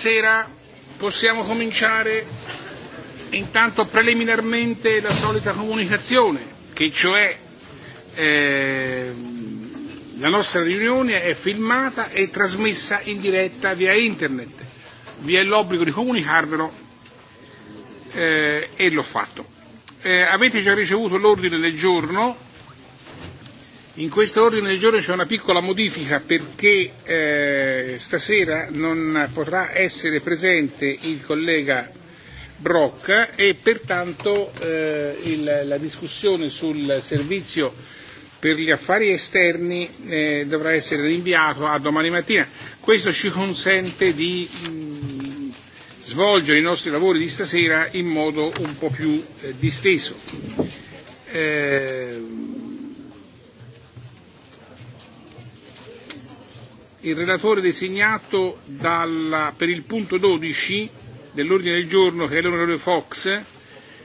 sera possiamo cominciare intanto preliminarmente la solita comunicazione, che cioè eh, la nostra riunione è filmata e trasmessa in diretta via internet. Vi è l'obbligo di comunicarvelo eh, e l'ho fatto. Eh, avete già ricevuto l'ordine del giorno In questo ordine del giorno c'è una piccola modifica perché eh, stasera non potrà essere presente il collega Brock e pertanto eh, il, la discussione sul servizio per gli affari esterni eh, dovrà essere rinviato a domani mattina. Questo ci consente di mh, mm, svolgere i nostri lavori di stasera in modo un po' più eh, disteso. Eh, il relatore designato dalla, per il punto 12 dell'ordine del giorno, che è l'onorevole Fox,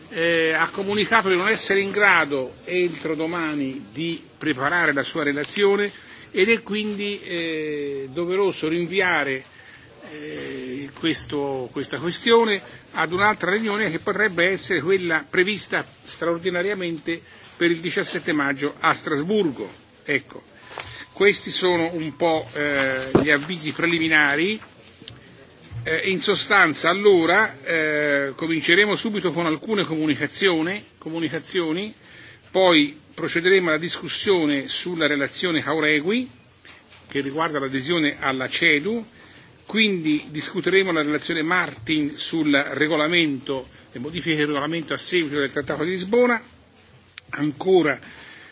eh, ha comunicato di non essere in grado entro domani di preparare la sua relazione ed è quindi eh, doveroso rinviare eh, questo, questa questione ad un'altra riunione che potrebbe essere quella prevista straordinariamente per il 17 maggio a Strasburgo. Ecco. Questi sono un po' eh, gli avvisi preliminari. Eh, in sostanza allora eh, cominceremo subito con alcune comunicazioni, comunicazioni, poi procederemo alla discussione sulla relazione Cauregui che riguarda l'adesione alla CEDU, quindi discuteremo la relazione Martin sul regolamento, le modifiche del regolamento a seguito del Trattato di Lisbona, ancora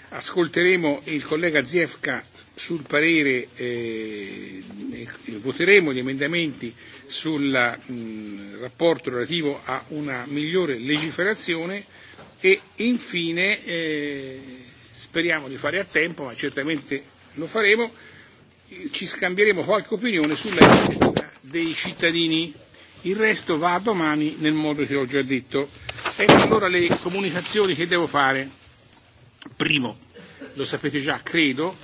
ascolteremo il collega Ziefka sul parere eh, eh, voteremo gli emendamenti sul mh, mm, rapporto relativo a una migliore legiferazione e infine eh, speriamo di fare a tempo, ma certamente lo faremo, ci scambieremo qualche opinione sulla iniziativa dei cittadini. Il resto va a domani nel modo che ho già detto. Ecco allora le comunicazioni che devo fare. Primo, lo sapete già, credo,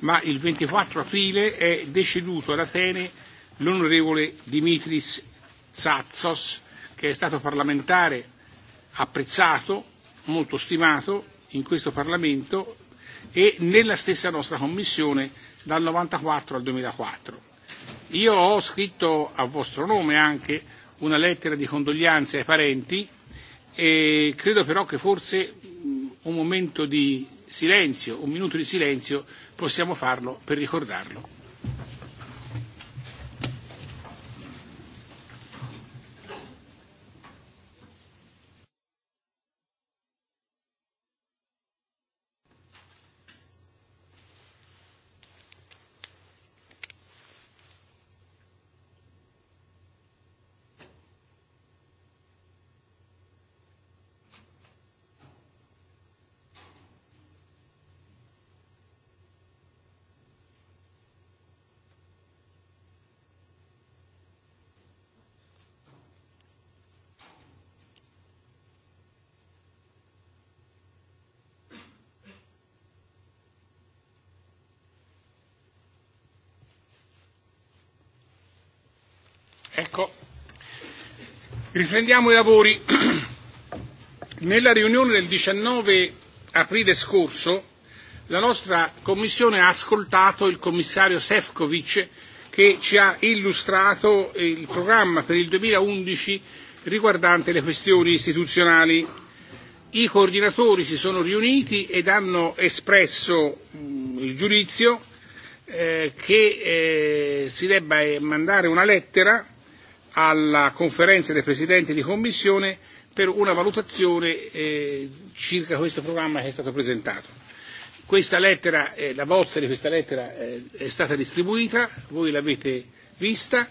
ma il 24 aprile è deceduto ad Atene l'onorevole Dimitris Tsatsos, che è stato parlamentare apprezzato, molto stimato in questo Parlamento e nella stessa nostra Commissione dal 1994 al 2004. Io ho scritto a vostro nome anche una lettera di condoglianze ai parenti e credo però che forse un momento di silenzio, un minuto di silenzio, possiamo farlo per ricordarlo. Riprendiamo i lavori. Nella riunione del 19 aprile scorso la nostra Commissione ha ascoltato il commissario Sefcovic che ci ha illustrato il programma per il 2011 riguardante le questioni istituzionali. I coordinatori si sono riuniti ed hanno espresso mm, il giudizio eh, che eh, si debba eh, mandare una lettera alla conferenza dei presidenti di commissione per una valutazione eh, circa questo programma che è stato presentato. Questa lettera, eh, la bozza di questa lettera eh, è stata distribuita, voi l'avete vista,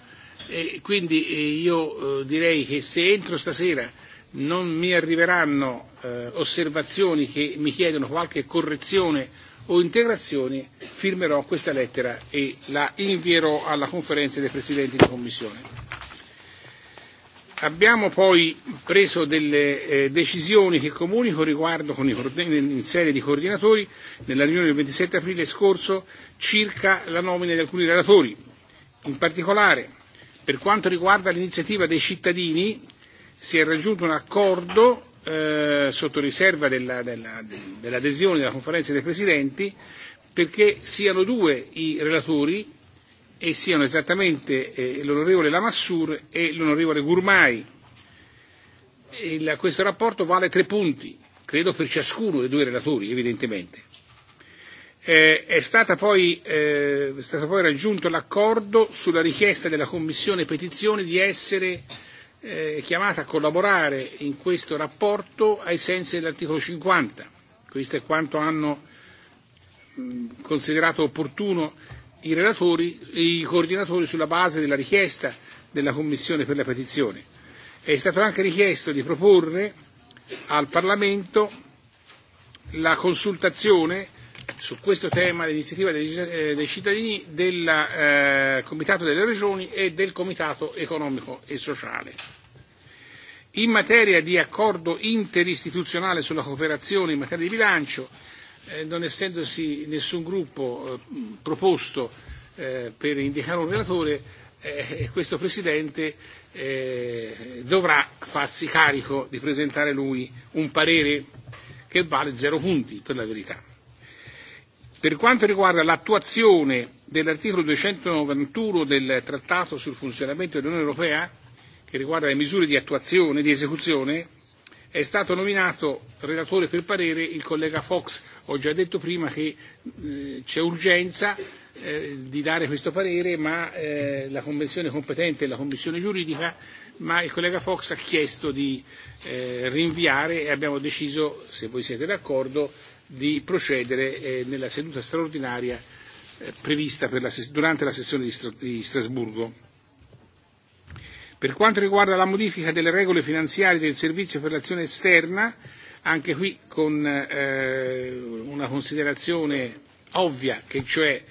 eh, quindi eh, io eh, direi che se entro stasera non mi arriveranno eh, osservazioni che mi chiedono qualche correzione o integrazione, firmerò questa lettera e la invierò alla conferenza dei Presidenti di Commissione. Abbiamo poi preso delle eh, decisioni che comunico riguardo con i, in sede di coordinatori nella riunione del 27 aprile scorso circa la nomina di alcuni relatori. In particolare, per quanto riguarda l'iniziativa dei cittadini, si è raggiunto un accordo eh, sotto riserva della, della, dell'adesione della conferenza dei presidenti perché siano due i relatori e siano esattamente eh, l'onorevole Lamassur e l'onorevole Gurmai. Il, questo rapporto vale tre punti, credo per ciascuno dei due relatori, evidentemente. Eh, è, stata poi, eh, è stato poi raggiunto l'accordo sulla richiesta della Commissione petizioni di essere eh, chiamata a collaborare in questo rapporto ai sensi dell'articolo 50. Questo è quanto hanno mh, considerato opportuno i, relatori, e i coordinatori sulla base della richiesta della Commissione per le petizioni. È stato anche richiesto di proporre al Parlamento la consultazione su questo tema l'iniziativa dei, eh, dei cittadini del eh, Comitato delle Regioni e del Comitato economico e sociale. In materia di accordo interistituzionale sulla cooperazione in materia di bilancio, eh, non essendosi nessun gruppo eh, proposto eh, per indicare un relatore, eh, eh, questo Presidente eh, dovrà farsi carico di presentare lui un parere che vale zero punti, per la verità. Per quanto riguarda l'attuazione dell'articolo 291 del Trattato sul funzionamento dell'Unione Europea, che riguarda le misure di attuazione, di esecuzione, È stato nominato relatore per parere il collega Fox. Ho già detto prima che eh, c'è urgenza eh, di dare questo parere, ma eh, la Convenzione competente è la Commissione giuridica, ma il collega Fox ha chiesto di eh, rinviare e abbiamo deciso, se voi siete d'accordo, di procedere eh, nella seduta straordinaria eh, prevista per la, durante la sessione di, Stra- di Strasburgo Per quanto riguarda la modifica delle regole finanziarie del servizio per l'azione esterna, anche qui con eh, una considerazione ovvia, che cioè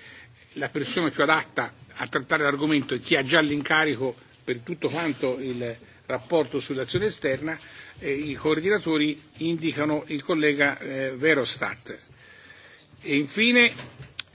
la persona più adatta a trattare l'argomento è e chi ha già l'incarico per tutto quanto il rapporto sull'azione esterna, eh, i coordinatori indicano il collega eh, Verostat. E infine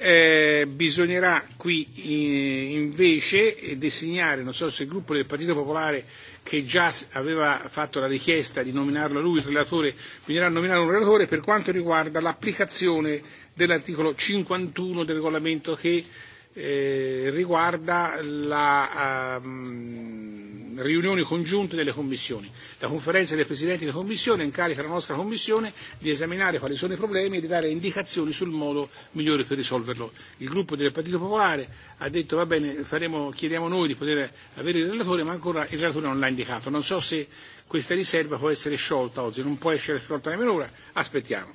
Eh, bisognerà qui eh, invece eh, designare, non so se il gruppo del Partito Popolare che già aveva fatto la richiesta di nominarlo lui il relatore, bisognerà nominare un relatore per quanto riguarda l'applicazione dell'articolo 51 del regolamento che eh, riguarda la ehm, riunioni congiunte delle commissioni. La conferenza dei presidenti delle commissioni incarica la nostra commissione di esaminare quali sono i problemi e di dare indicazioni sul modo migliore per risolverlo. Il gruppo del Partito Popolare ha detto va bene, faremo, chiediamo noi di poter avere il relatore, ma ancora il relatore non l'ha indicato. Non so se questa riserva può essere sciolta oggi, non può essere sciolta nemmeno ora, aspettiamo.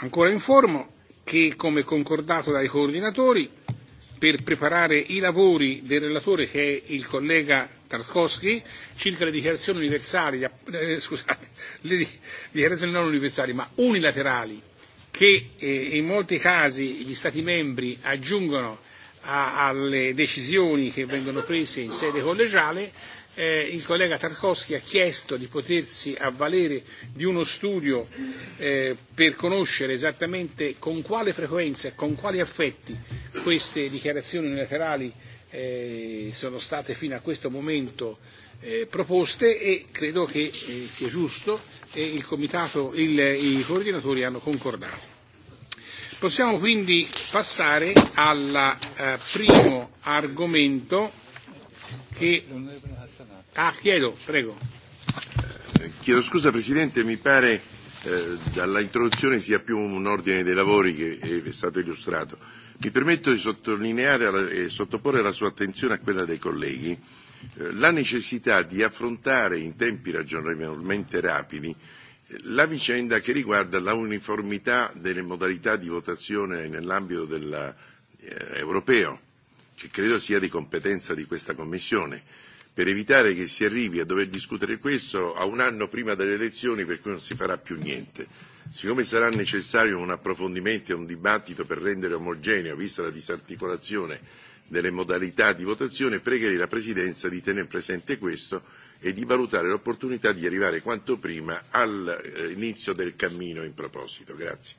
Ancora informo che, come concordato dai coordinatori, per preparare i lavori del relatore, che è il collega Tarkovsky, circa le dichiarazioni universali, eh, scusate, le dichiarazioni non universali, ma unilaterali, che eh, in molti casi gli Stati membri aggiungono a, alle decisioni che vengono prese in sede collegiale, eh, il collega Tarkovsky ha chiesto di potersi avvalere di uno studio eh, per conoscere esattamente con quale frequenza, e con quali affetti queste dichiarazioni unilaterali eh, sono state fino a questo momento eh, proposte e credo che eh, sia giusto e il comitato, il, i coordinatori hanno concordato. Possiamo quindi passare al eh, primo argomento che... Ah, chiedo, prego. Eh, chiedo scusa Presidente, mi pare eh, dalla introduzione sia più un ordine dei lavori che eh, è stato illustrato. Mi permetto di sottolineare e sottoporre la sua attenzione a quella dei colleghi eh, la necessità di affrontare in tempi ragionevolmente rapidi eh, la vicenda che riguarda la uniformità delle modalità di votazione nell'ambito della, eh, europeo che credo sia di competenza di questa Commissione, per evitare che si arrivi a dover discutere questo a un anno prima delle elezioni per cui non si farà più niente. Siccome sarà necessario un approfondimento e un dibattito per rendere omogeneo, vista la disarticolazione delle modalità di votazione, pregherei la Presidenza di tenere presente questo e di valutare l'opportunità di arrivare quanto prima all'inizio eh, del cammino in proposito. Grazie.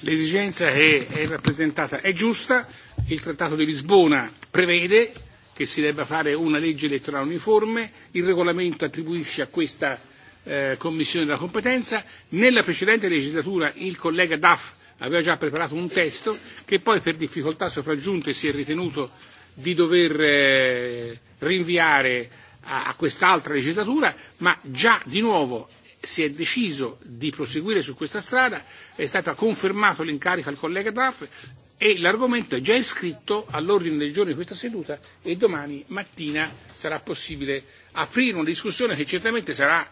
L'esigenza che è rappresentata è giusta, il Trattato di Lisbona prevede che si debba fare una legge elettorale uniforme, il regolamento attribuisce a questa eh, Commissione la competenza, nella precedente legislatura il collega Duff aveva già preparato un testo che poi per difficoltà sopraggiunte si è ritenuto di dover eh, rinviare a, a quest'altra legislatura, ma già di nuovo si è deciso di proseguire su questa strada, è stato confermato l'incarico al collega Duff e l'argomento è già iscritto all'ordine del giorno di questa seduta e domani mattina sarà possibile aprire una discussione che certamente sarà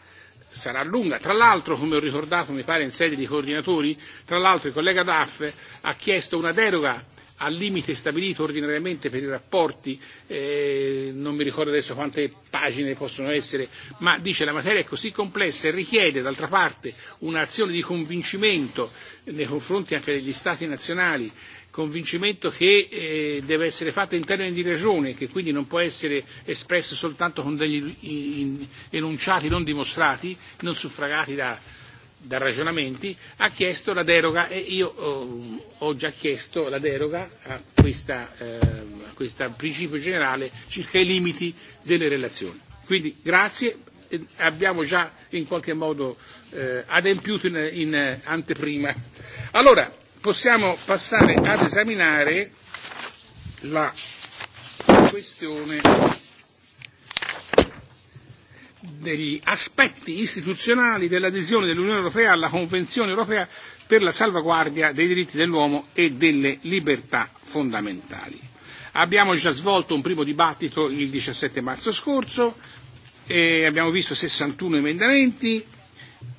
sarà lunga. Tra l'altro, come ho ricordato, mi pare in sede di coordinatori, tra l'altro il collega Daff ha chiesto una deroga al limite stabilito ordinariamente per i rapporti, eh, non mi ricordo adesso quante pagine possono essere, ma dice la materia è così complessa e richiede d'altra parte un'azione di convincimento nei confronti anche degli Stati nazionali convincimento che eh, deve essere fatto in termini di ragione, che quindi non può essere espresso soltanto con degli enunciati non dimostrati, non suffragati da da ragionamenti, ha chiesto la deroga e io oh, ho già chiesto la deroga a, questa, eh, a questo principio generale circa i limiti delle relazioni. Quindi grazie, eh, abbiamo già in qualche modo eh, adempiuto in, in anteprima. Allora, possiamo passare ad esaminare la questione degli aspetti istituzionali dell'adesione dell'Unione Europea alla Convenzione Europea per la salvaguardia dei diritti dell'uomo e delle libertà fondamentali. Abbiamo già svolto un primo dibattito il 17 marzo scorso, e abbiamo visto 61 emendamenti,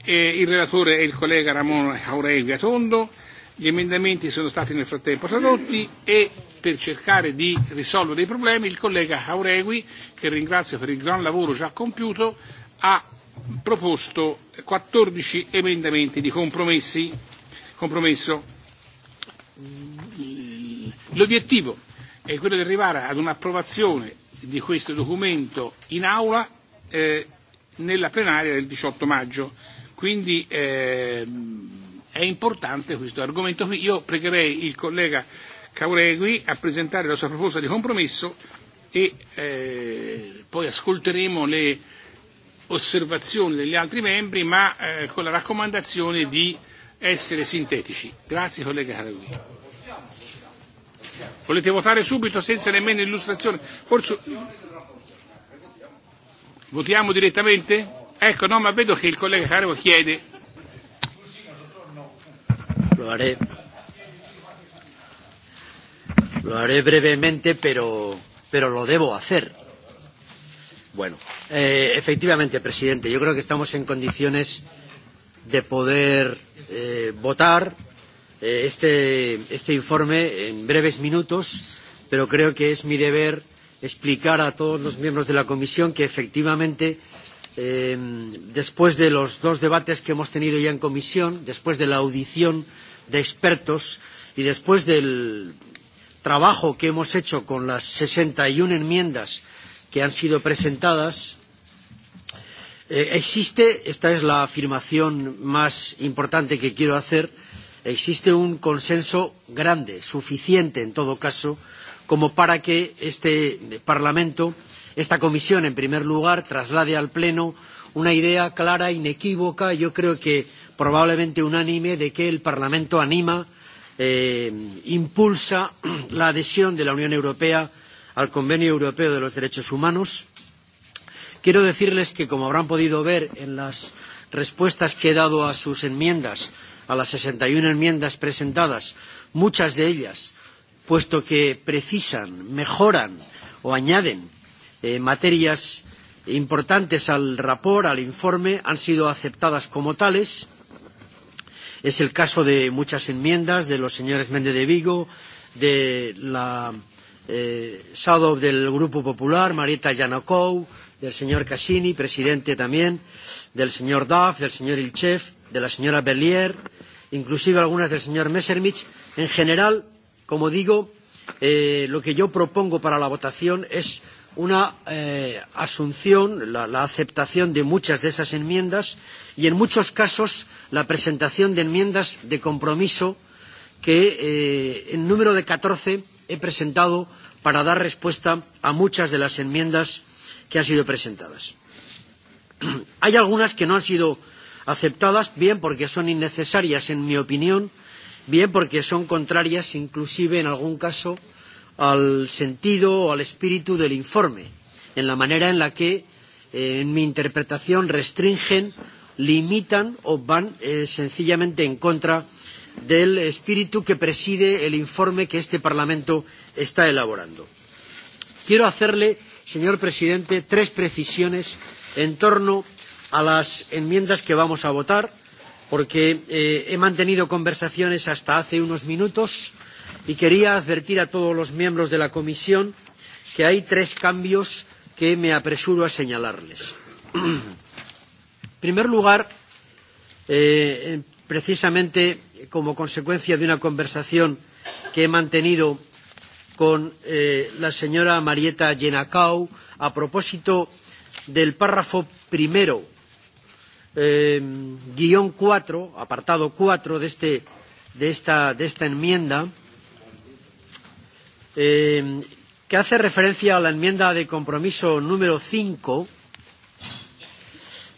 e il relatore è il collega Ramon Auregui Atondo, Gli emendamenti sono stati nel frattempo tradotti e per cercare di risolvere i problemi il collega Auregui, che ringrazio per il gran lavoro già compiuto, ha proposto 14 emendamenti di compromessi, compromesso. L'obiettivo è quello di arrivare ad un'approvazione di questo documento in aula eh, nella plenaria del 18 maggio. Quindi eh, È importante questo argomento qui. Io pregherei il collega Cauregui a presentare la sua proposta di compromesso e eh, poi ascolteremo le osservazioni degli altri membri, ma eh, con la raccomandazione di essere sintetici. Grazie collega Cauregui. Volete votare subito senza nemmeno illustrazione? Forse votiamo direttamente? Ecco, no, ma vedo che il collega Carego chiede Lo haré. Lo haré brevemente, pero, pero lo debo hacer. Bueno, eh, efectivamente, presidente, yo creo que estamos en condiciones de poder eh, votar eh, este, este informe en breves minutos, pero creo que es mi deber explicar a todos los miembros de la comisión que efectivamente eh, después de los dos debates que hemos tenido ya en comisión, después de la audición de expertos y después del trabajo que hemos hecho con las 61 enmiendas que han sido presentadas, eh, existe, esta es la afirmación más importante que quiero hacer, existe un consenso grande, suficiente en todo caso, como para que este Parlamento, esta comisión en primer lugar, traslade al Pleno una idea clara, inequívoca, yo creo que probablemente unánime de que el Parlamento anima, eh, impulsa la adhesión de la Unión Europea al Convenio Europeo de los Derechos Humanos. Quiero decirles que, como habrán podido ver en las respuestas que he dado a sus enmiendas, a las 61 enmiendas presentadas, muchas de ellas, puesto que precisan, mejoran o añaden eh, materias importantes al rapor, al informe, han sido aceptadas como tales Es el caso de muchas enmiendas de los señores Méndez de Vigo, de la eh, Shadow del Grupo Popular, Marieta Yanakou, del señor Cassini, presidente también, del señor Duff, del señor Ilchev, de la señora Bellier, inclusive algunas del señor Messermich. En general, como digo, eh, lo que yo propongo para la votación es una eh, asunción, la, la aceptación de muchas de esas enmiendas y en muchos casos la presentación de enmiendas de compromiso que eh, en número de 14 he presentado para dar respuesta a muchas de las enmiendas que han sido presentadas. Hay algunas que no han sido aceptadas, bien porque son innecesarias en mi opinión, bien porque son contrarias inclusive en algún caso al sentido o al espíritu del informe, en la manera en la que, eh, en mi interpretación, restringen, limitan o van eh, sencillamente en contra del espíritu que preside el informe que este Parlamento está elaborando. Quiero hacerle, señor presidente, tres precisiones en torno a las enmiendas que vamos a votar, porque eh, he mantenido conversaciones hasta hace unos minutos y quería advertir a todos los miembros de la comisión que hay tres cambios que me apresuro a señalarles. en primer lugar, eh, precisamente como consecuencia de una conversación que he mantenido con eh, la señora Marieta Yenacau a propósito del párrafo primero, eh, guión 4, apartado 4 de, este, de, esta, de esta enmienda, eh, que hace referencia a la enmienda de compromiso número 5,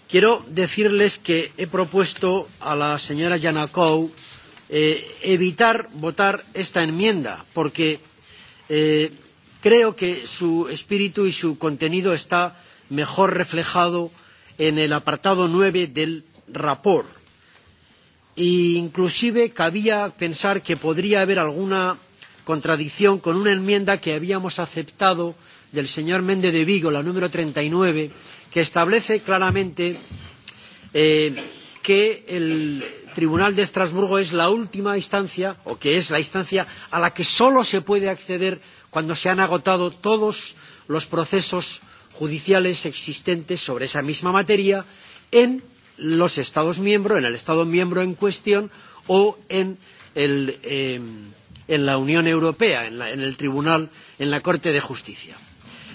quiero decirles que he propuesto a la señora Yanakou eh, evitar votar esta enmienda, porque eh, creo que su espíritu y su contenido está mejor reflejado en el apartado 9 del rapor. E inclusive cabía pensar que podría haber alguna contradicción con una enmienda que habíamos aceptado del señor Méndez de Vigo, la número 39, que establece claramente eh, que el Tribunal de Estrasburgo es la última instancia, o que es la instancia a la que solo se puede acceder cuando se han agotado todos los procesos judiciales existentes sobre esa misma materia en los Estados miembros, en el Estado miembro en cuestión o en el. Eh, en la Unión Europea, en, la, en el Tribunal, en la Corte de Justicia.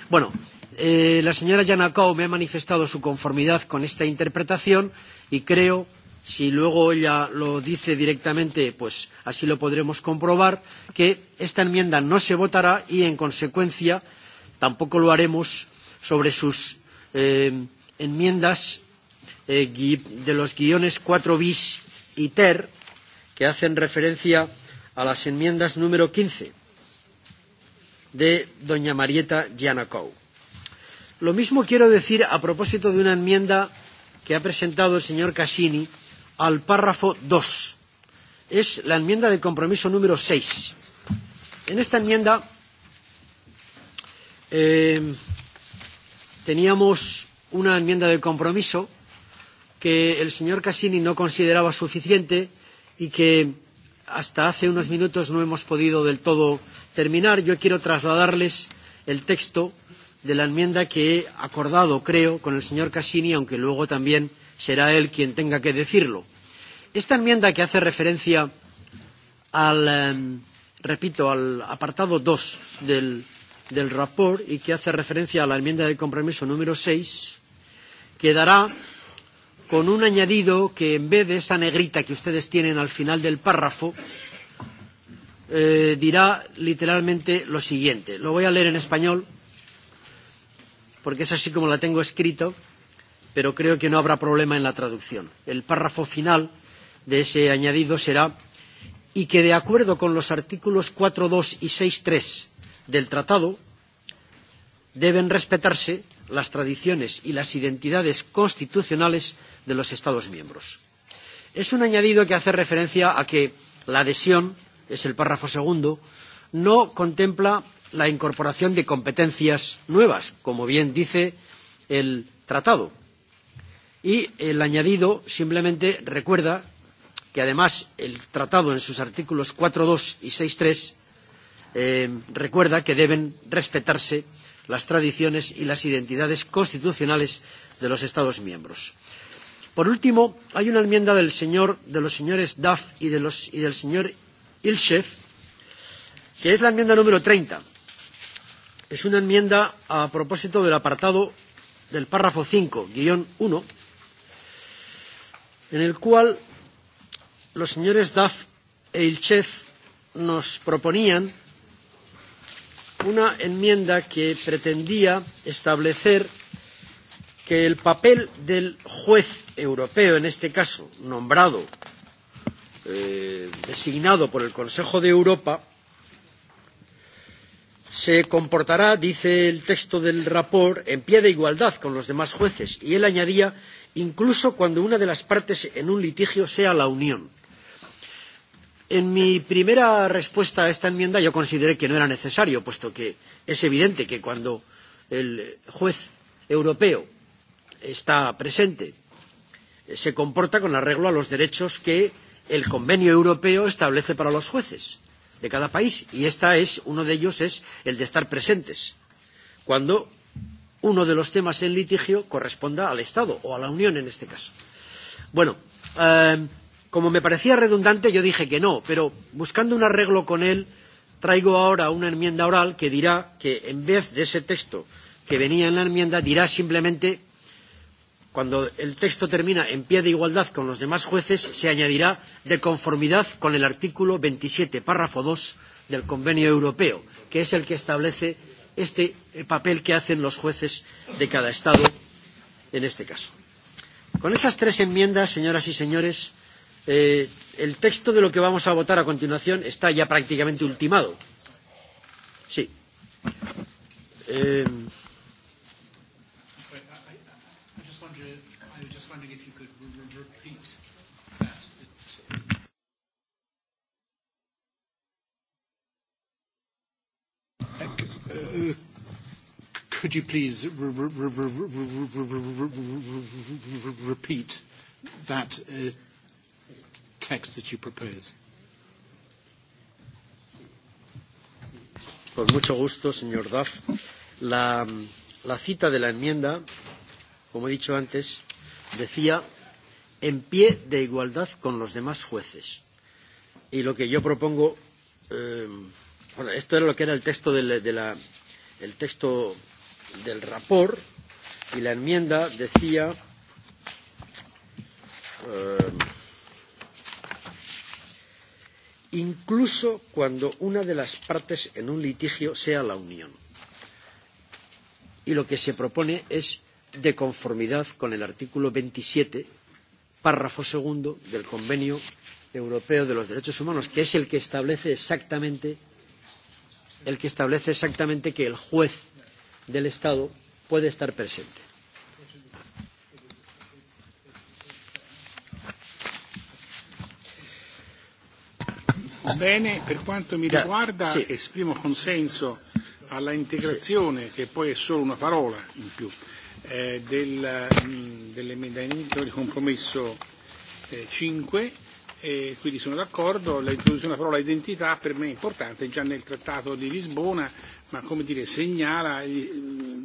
Bueno, eh, la señora Yanakao me ha manifestado su conformidad con esta interpretación y creo, si luego ella lo dice directamente, pues así lo podremos comprobar, que esta enmienda no se votará y, en consecuencia, tampoco lo haremos sobre sus eh, enmiendas eh, de los guiones 4 bis y ter, que hacen referencia a a las enmiendas número 15 de doña Marieta Giannacou. Lo mismo quiero decir a propósito de una enmienda que ha presentado el señor Cassini al párrafo 2. Es la enmienda de compromiso número 6. En esta enmienda eh, teníamos una enmienda de compromiso que el señor Cassini no consideraba suficiente y que hasta hace unos minutos no hemos podido del todo terminar. Yo quiero trasladarles el texto de la enmienda que he acordado, creo, con el señor Cassini, aunque luego también será él quien tenga que decirlo. Esta enmienda que hace referencia al, eh, repito, al apartado 2 del, del rapport y que hace referencia a la enmienda de compromiso número 6, quedará con un añadido que en vez de esa negrita que ustedes tienen al final del párrafo, eh, dirá literalmente lo siguiente. Lo voy a leer en español, porque es así como la tengo escrito, pero creo que no habrá problema en la traducción. El párrafo final de ese añadido será y que, de acuerdo con los artículos 4.2 y 6.3 del Tratado, deben respetarse las tradiciones y las identidades constitucionales de los Estados miembros. Es un añadido que hace referencia a que la adhesión, es el párrafo segundo, no contempla la incorporación de competencias nuevas, como bien dice el tratado. Y el añadido simplemente recuerda que además el tratado en sus artículos 4.2 y 6.3 eh, recuerda que deben respetarse las tradiciones y las identidades constitucionales de los Estados miembros. Por último, hay una enmienda del señor, de los señores Duff y, de los, y del señor Ilchev, que es la enmienda número 30. Es una enmienda a propósito del apartado del párrafo 5, guión 1, en el cual los señores Duff e Ilchev nos proponían una enmienda que pretendía establecer que el papel del juez europeo, en este caso nombrado, eh, designado por el Consejo de Europa, se comportará, dice el texto del rapor, en pie de igualdad con los demás jueces. Y él añadía, incluso cuando una de las partes en un litigio sea la Unión. En mi primera respuesta a esta enmienda yo consideré que no era necesario, puesto que es evidente que cuando el juez europeo está presente eh, se comporta con arreglo a los derechos que el convenio europeo establece para los jueces de cada país y esta es uno de ellos es el de estar presentes cuando uno de los temas en litigio corresponda al Estado o a la Unión en este caso. Bueno, eh, Como me parecía redundante, yo dije que no, pero buscando un arreglo con él, traigo ahora una enmienda oral que dirá que en vez de ese texto que venía en la enmienda, dirá simplemente, cuando el texto termina en pie de igualdad con los demás jueces, se añadirá de conformidad con el artículo 27, párrafo 2 del Convenio Europeo, que es el que establece este papel que hacen los jueces de cada Estado en este caso. Con esas tres enmiendas, señoras y señores, Eh, el texto de lo que vamos a votar a continuación está ya prácticamente ultimado. Sí. Eh, could you please repeat that text that you propose. Con mucho gusto, señor Duff. La, la cita de la enmienda, como he dicho antes, decía en pie de igualdad con los demás jueces. Y lo que yo propongo, eh, bueno, esto era lo que era el texto, de la, de la, el texto del rapor y la enmienda decía. Eh, incluso cuando una de las partes en un litigio sea la Unión. Y lo que se propone es, de conformidad con el artículo 27, párrafo segundo del Convenio Europeo de los Derechos Humanos, que es el que establece exactamente, el que, establece exactamente que el juez del Estado puede estar presente. Bene, per quanto mi riguarda sì. esprimo consenso alla integrazione, sì. che poi è solo una parola in più, eh, del, mh, dell'emendamento di compromesso eh, 5, e quindi sono d'accordo, l'introduzione della parola identità per me è importante, già nel Trattato di Lisbona, ma come dire, segnala gli,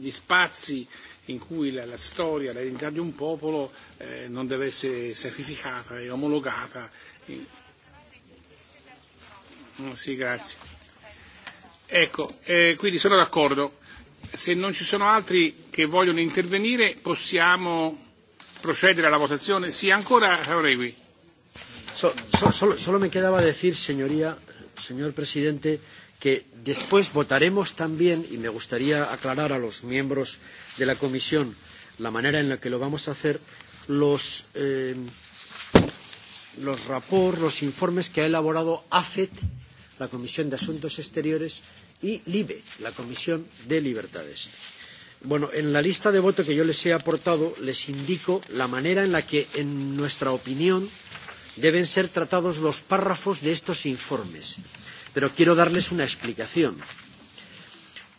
gli spazi in cui la, la storia, l'identità di un popolo eh, non deve essere sacrificata e omologata. In, Sì, grazie. Ecco, eh, quindi sono d'accordo. Se non ci sono altri che vogliono intervenire, possiamo procedere alla votazione. Sì, ancora Jauregui. So, so, solo, solo me quedaba decir, señoría, señor presidente, que después votaremos también, y me gustaría aclarar a los miembros de la comisión la manera en la que lo vamos a hacer, los, eh, los rapports, los informes que ha elaborado AFET la Comisión de Asuntos Exteriores, y LIBE, la Comisión de Libertades. Bueno, en la lista de voto que yo les he aportado les indico la manera en la que, en nuestra opinión, deben ser tratados los párrafos de estos informes. Pero quiero darles una explicación.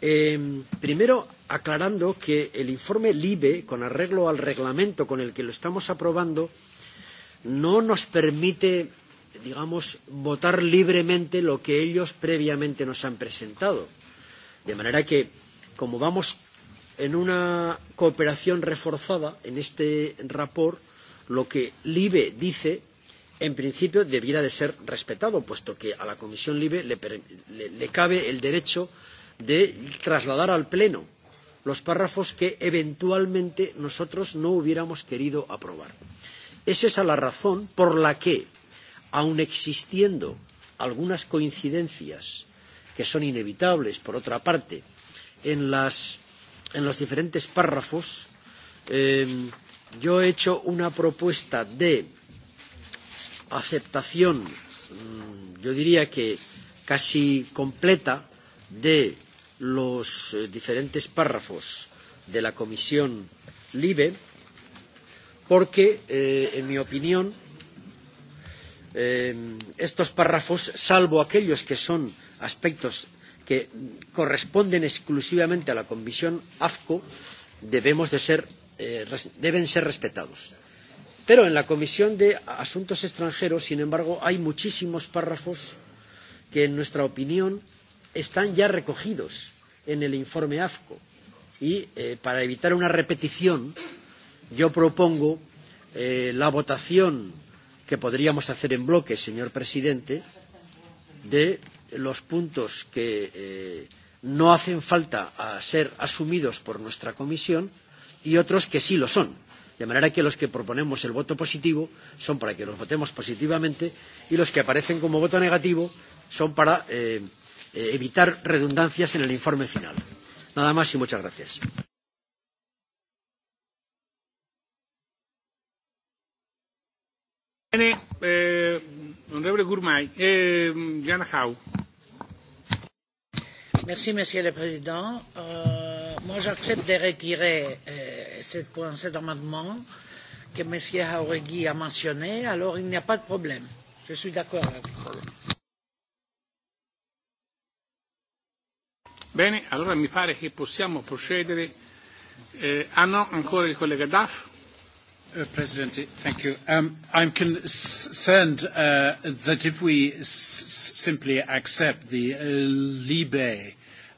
Eh, primero, aclarando que el informe LIBE, con arreglo al reglamento con el que lo estamos aprobando, no nos permite digamos, votar libremente lo que ellos previamente nos han presentado. De manera que, como vamos en una cooperación reforzada en este rapport, lo que LIBE dice, en principio, debiera de ser respetado, puesto que a la Comisión LIBE le, le, le cabe el derecho de trasladar al Pleno los párrafos que eventualmente nosotros no hubiéramos querido aprobar. Es esa la razón por la que aun existiendo algunas coincidencias que son inevitables, por otra parte, en, las, en los diferentes párrafos, eh, yo he hecho una propuesta de aceptación, mm, yo diría que casi completa, de los eh, diferentes párrafos de la Comisión LIBE, porque, eh, en mi opinión, eh, estos párrafos, salvo aquellos que son aspectos que corresponden exclusivamente a la Comisión AFCO, debemos de ser, eh, deben ser respetados. Pero en la Comisión de Asuntos Extranjeros, sin embargo, hay muchísimos párrafos que, en nuestra opinión, están ya recogidos en el informe AFCO. Y eh, para evitar una repetición, yo propongo eh, la votación que podríamos hacer en bloque, señor presidente, de los puntos que eh, no hacen falta a ser asumidos por nuestra comisión y otros que sí lo son. De manera que los que proponemos el voto positivo son para que los votemos positivamente y los que aparecen como voto negativo son para eh, eh evitar redundancias en el informe final. Nada más y muchas gracias. Bene, eh, onorevole Gourmay, eh, Ganahau. Merci, Monsieur le Président. Euh, moi, j'accepte de retirer euh, cette, cet amendement que M. Hauregui a mentionné, alors il n'y a pas de problème. Je suis d'accord avec vous. Bene, allora mi pare che possiamo procedere. Eh, ah no, ancora il collega Daff. Uh, President. Thank you. Um, I'm concerned uh, that if we s- simply accept the uh, Libe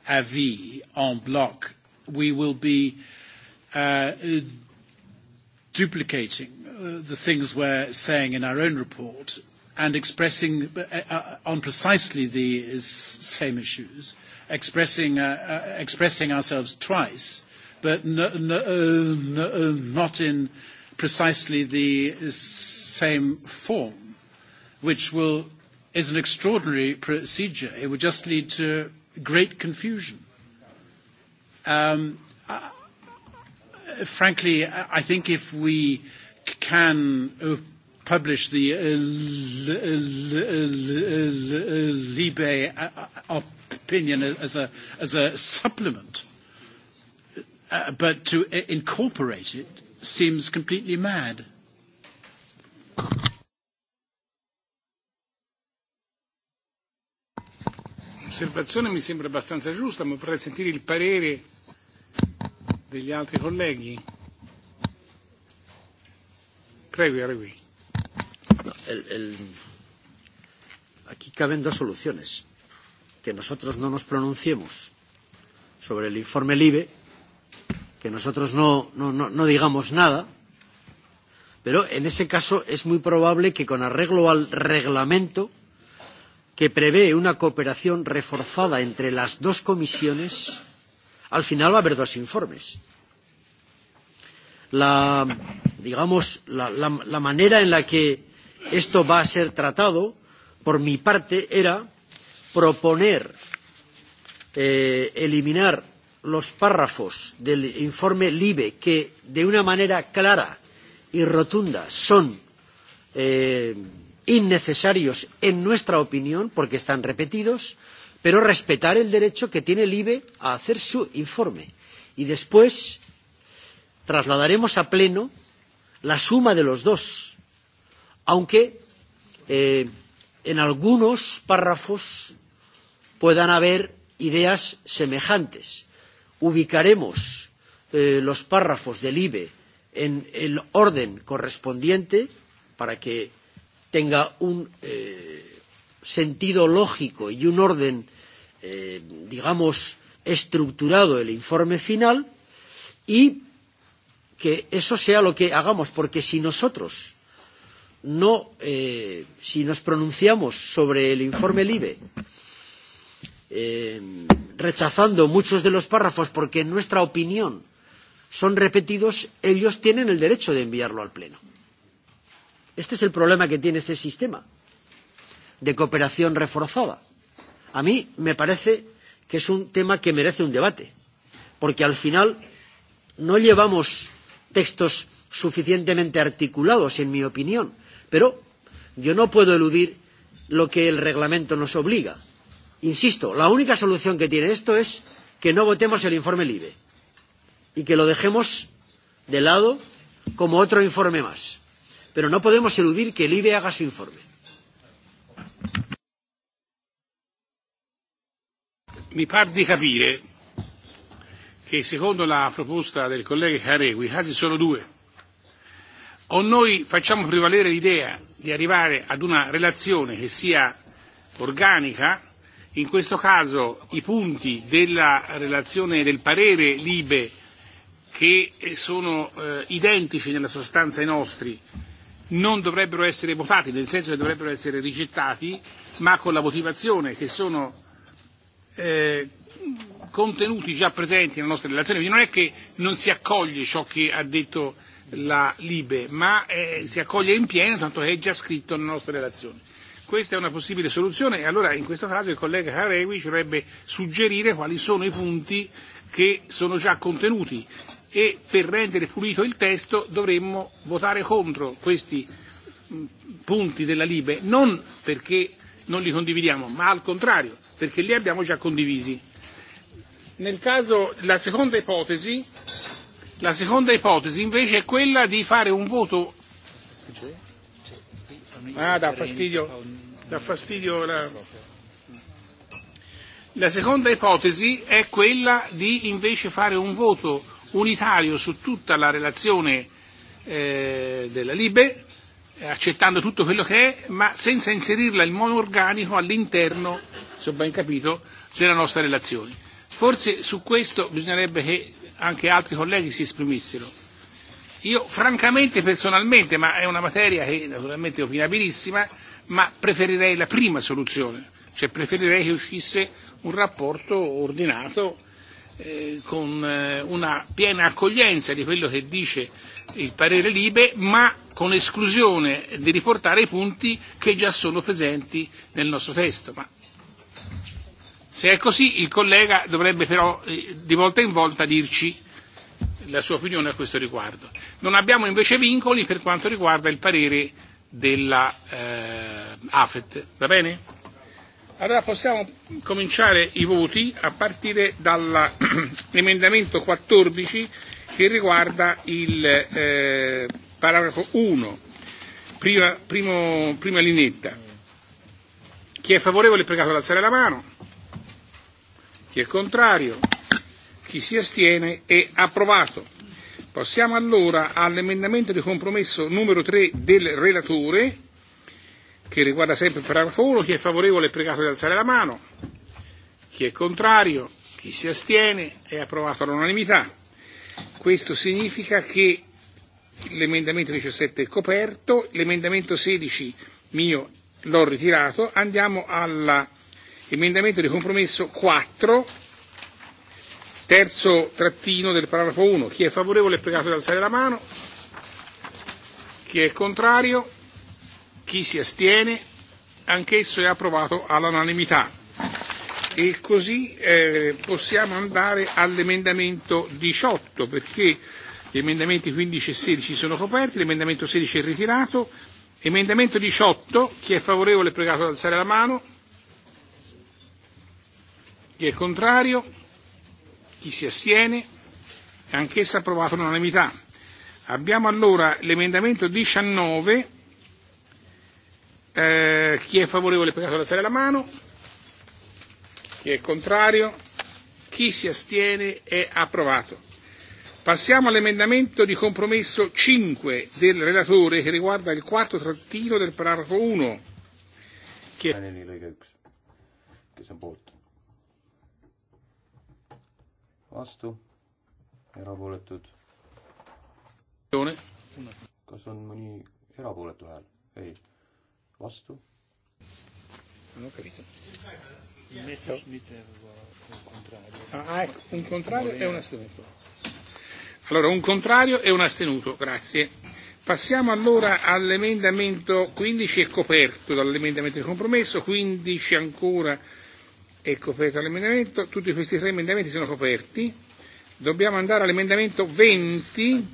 avis en bloc, we will be uh, duplicating uh, the things we're saying in our own report and expressing uh, uh, on precisely the uh, same issues, expressing, uh, uh, expressing ourselves twice, but no, no, uh, no, uh, not in uh, precisely the same form, which will, is an extraordinary procedure. It would just lead to great confusion. Um, uh, frankly, I think if we can uh, publish the uh, Libe uh, uh, opinion as a, as a supplement, uh, but to incorporate it seems completely mad. L'osservazione mi sembra abbastanza giusta, ma vorrei sentire il parere degli altri colleghi. Prego, Arregui. El, el, aquí caben dos soluciones. Que nosotros no nos pronunciemos sobre el informe LIBE que nosotros no, no, no, no digamos nada, pero en ese caso es muy probable que con arreglo al reglamento que prevé una cooperación reforzada entre las dos comisiones, al final va a haber dos informes. La, digamos, la, la, la manera en la que esto va a ser tratado, por mi parte, era proponer eh, eliminar los párrafos del informe LIBE que, de una manera clara y rotunda, son eh, innecesarios en nuestra opinión porque están repetidos, pero respetar el derecho que tiene el IBE a hacer su informe. Y después trasladaremos a pleno la suma de los dos, aunque eh, en algunos párrafos puedan haber ideas semejantes ubicaremos eh, los párrafos del IBE en el orden correspondiente para que tenga un eh, sentido lógico y un orden, eh, digamos, estructurado el informe final y que eso sea lo que hagamos, porque si nosotros no, eh, si nos pronunciamos sobre el informe LIBE, eh, rechazando muchos de los párrafos porque, en nuestra opinión, son repetidos, ellos tienen el derecho de enviarlo al Pleno. Este es el problema que tiene este sistema de cooperación reforzada. A mí me parece que es un tema que merece un debate, porque al final no llevamos textos suficientemente articulados, en mi opinión, pero yo no puedo eludir lo que el reglamento nos obliga, Insisto, la única solución que tiene esto es que no votemos el informe LIBE y que lo dejemos de lado como otro informe más. Pero no podemos eludir que el IBE haga su informe. Mi par di capire che secondo la proposta del collega Caregui i casi sono due. O noi facciamo prevalere l'idea di arrivare ad una relazione che sia organica In questo caso i punti della relazione del parere Libe che sono eh, identici nella sostanza ai nostri non dovrebbero essere votati, nel senso che dovrebbero essere rigettati, ma con la motivazione che sono eh, contenuti già presenti nella nostra relazione. Quindi non è che non si accoglie ciò che ha detto la Libe, ma eh, si accoglie in pieno, tanto che è già scritto nella nostra relazione. Questa è una possibile soluzione e allora in questo caso il collega Carewi ci dovrebbe suggerire quali sono i punti che sono già contenuti e per rendere pulito il testo dovremmo votare contro questi mm, punti della Libe, non perché non li condividiamo, ma al contrario, perché li abbiamo già condivisi. Nel caso, la seconda ipotesi, la seconda ipotesi invece è quella di fare un voto. Ah, dà fastidio dà fastidio la... La seconda ipotesi è quella di invece fare un voto unitario su tutta la relazione eh, della Libe, eh, accettando tutto quello che è, ma senza inserirla in modo organico all'interno, se ho ben capito, della nostra relazione. Forse su questo bisognerebbe che anche altri colleghi si esprimessero. Io francamente, personalmente, ma è una materia che naturalmente è opinabilissima, ma preferirei la prima soluzione, cioè preferirei che uscisse un rapporto ordinato eh, con eh, una piena accoglienza di quello che dice il parere libe, ma con esclusione di riportare i punti che già sono presenti nel nostro testo. Ma se è così, il collega dovrebbe però eh, di volta in volta dirci la sua opinione a questo riguardo. Non abbiamo invece vincoli per quanto riguarda il parere della eh, AFET, va bene? Allora possiamo cominciare i voti a partire dall'emendamento 14 che riguarda il eh, paragrafo 1, prima, primo, prima linetta. Chi è favorevole è pregato ad alzare la mano. Chi è contrario? Chi si astiene è approvato. Passiamo allora all'emendamento di compromesso numero 3 del relatore, che riguarda sempre il paragrafo 1. Chi è favorevole è pregato di alzare la mano. Chi è contrario, chi si astiene, è approvato all'unanimità. Questo significa che l'emendamento 17 è coperto, l'emendamento 16 mio l'ho ritirato, andiamo all'emendamento di compromesso 4 Terzo trattino del paragrafo 1. Chi è favorevole è pregato di alzare la mano. Chi è contrario? Chi si astiene? Anch'esso è approvato all'unanimità. E così eh, possiamo andare all'emendamento 18 perché gli emendamenti 15 e 16 sono coperti, l'emendamento 16 è ritirato. Emendamento 18, chi è favorevole è pregato ad alzare la mano. Chi è contrario? Chi si astiene? Anch'essa approvata all'unanimità. Abbiamo allora l'emendamento 19. Eh, chi è favorevole per caso alzare la mano? Chi è contrario? Chi si astiene è approvato. Passiamo all'emendamento di compromesso 5 del relatore che riguarda il quarto trattino del paragrafo 1. Chi è... Kes on poolt? vastu, erapooletud. kas on mõni erapooletu hääl? ei, vastu. no capito. Ah, ah, ecco, un contrario e un astenuto. Allora, un contrario e un astenuto, grazie. Passiamo allora all'emendamento 15, è e coperto dall'emendamento di compromesso, 15 ancora è coperto l'emendamento, tutti questi tre emendamenti sono coperti. Dobbiamo andare all'emendamento 20.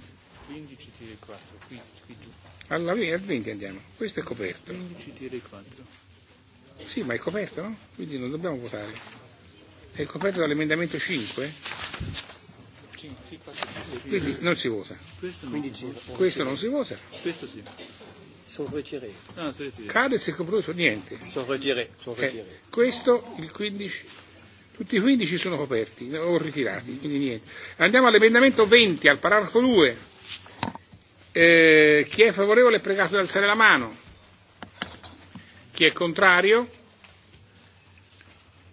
15 TR4, qui, qui giù. Alla fine, al 20 andiamo. Questo è coperto. 15 TR4. Sì, ma è coperto, no? Quindi non dobbiamo votare. È coperto dall'emendamento 5? Quindi non si vota. Questo non, Quindi, si vota. Questo non si vota. Questo sì. Sono retiré. Ah, sono retiré. Cade se compromesso niente. Sono retiré. Sono eh, retiré. Eh, questo il 15. Tutti i 15 sono coperti o ritirati, quindi niente. Andiamo all'emendamento 20, al paragrafo 2. Eh, chi è favorevole è pregato di alzare la mano. Chi è contrario?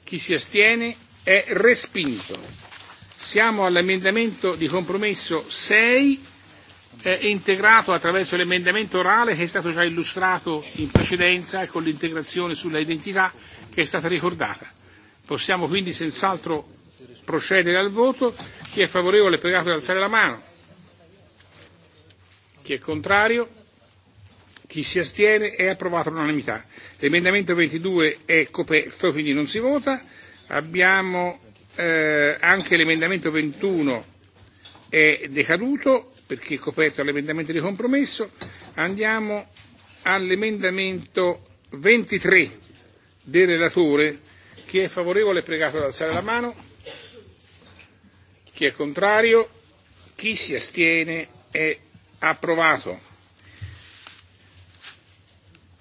Chi si astiene è respinto. Siamo all'emendamento di compromesso 6 è integrato attraverso l'emendamento orale che è stato già illustrato in precedenza e con l'integrazione sulla identità che è stata ricordata. Possiamo quindi senz'altro procedere al voto. Chi è favorevole è pregato di alzare la mano. Chi è contrario? Chi si astiene è approvato all'unanimità. L'emendamento 22 è coperto, quindi non si vota. Abbiamo eh, anche l'emendamento 21 è decaduto perché è coperto all'emendamento di compromesso. Andiamo all'emendamento 23 del relatore. Chi è favorevole è e pregato ad alzare la mano. Chi è contrario? Chi si astiene è approvato.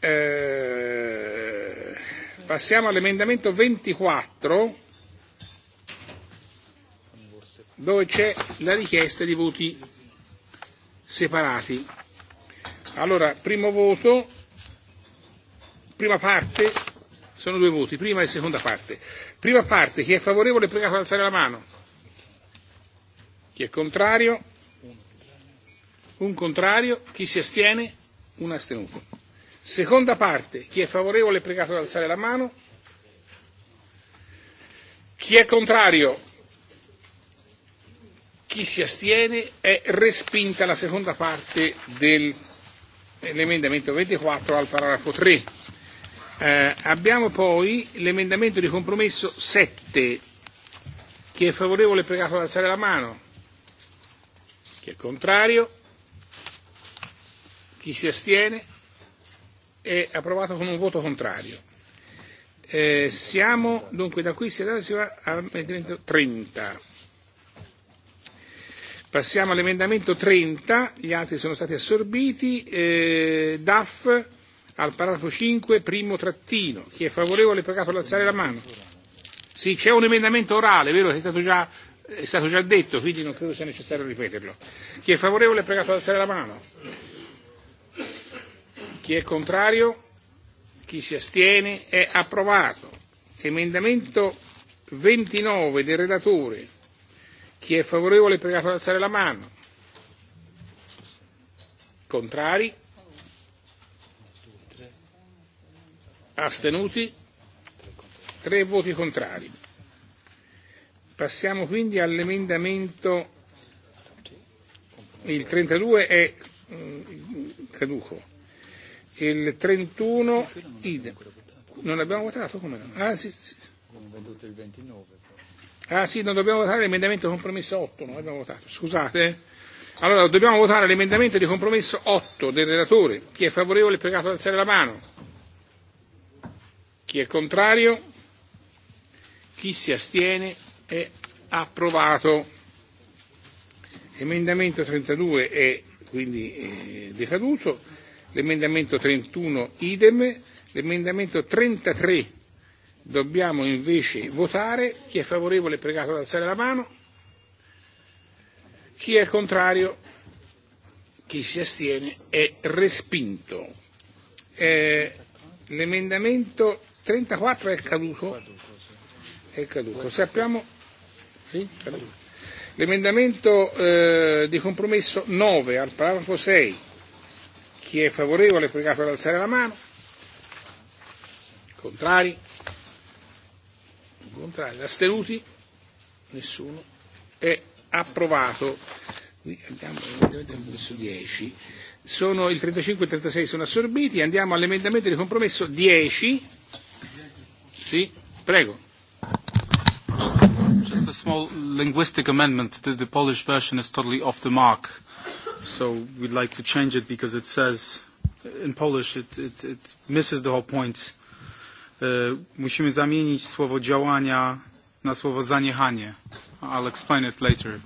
Eh, passiamo all'emendamento 24 dove c'è la richiesta di voti separati. Allora, primo voto, prima parte, sono due voti, prima e seconda parte. Prima parte, chi è favorevole prega ad alzare la mano. Chi è contrario? Un contrario. Chi si astiene? Un astenuto. Seconda parte, chi è favorevole è pregato ad alzare la mano. Chi è contrario? Chi si astiene è respinta la seconda parte dell'emendamento 24 al paragrafo 3. Eh, abbiamo poi l'emendamento di compromesso 7. Chi è favorevole è pregato ad alzare la mano. Chi è contrario? Chi si astiene? È approvato con un voto contrario. Eh, siamo, dunque, da qui si va all'emendamento 30. Passiamo all'emendamento 30, gli altri sono stati assorbiti. Eh, DAF al paragrafo 5, primo trattino. Chi è favorevole è pregato ad alzare la mano. Sì, c'è un emendamento orale, vero? Che è stato già è stato già detto, quindi non credo sia necessario ripeterlo. Chi è favorevole è pregato ad alzare la mano. Chi è contrario? Chi si astiene? È approvato. Emendamento 29 del relatore Chi è favorevole è pregato ad alzare la mano. Contrari? Astenuti? Tre voti contrari. Passiamo quindi all'emendamento. Il 32 è mm, caduco. Il 31 id. Non abbiamo votato? Come no? Ah, sì, sì. Abbiamo venduto il 29. Ah sì, non dobbiamo votare l'emendamento di compromesso 8, non abbiamo votato, scusate. Allora dobbiamo votare l'emendamento di compromesso 8 del relatore. Chi è favorevole è pregato ad alzare la mano. Chi è contrario? Chi si astiene? È approvato. Emendamento 32 è quindi eh, decaduto. L'emendamento 31 idem. L'emendamento 33 Dobbiamo invece votare. Chi è favorevole è pregato ad alzare la mano. Chi è contrario, chi si astiene è respinto. Eh, l'emendamento 34 è caduto. È caduto. Sappiamo. Sì? Caduto. L'emendamento eh, di compromesso 9 al paragrafo 6. Chi è favorevole è pregato ad alzare la mano. Contrari Contrari? Astenuti? Nessuno. È approvato. Qui abbiamo l'emendamento del compromesso 10. Sono il 35 e il 36 sono assorbiti. Andiamo all'emendamento di compromesso 10. Sì, prego. Just a small linguistic amendment. The, the Polish version is totally off the mark. So we'd like to change it because it says in Polish it, it, it misses the whole point. Uh, E, musimy zamienić słowo działania na słowo zaniechanie. I'll explain it later.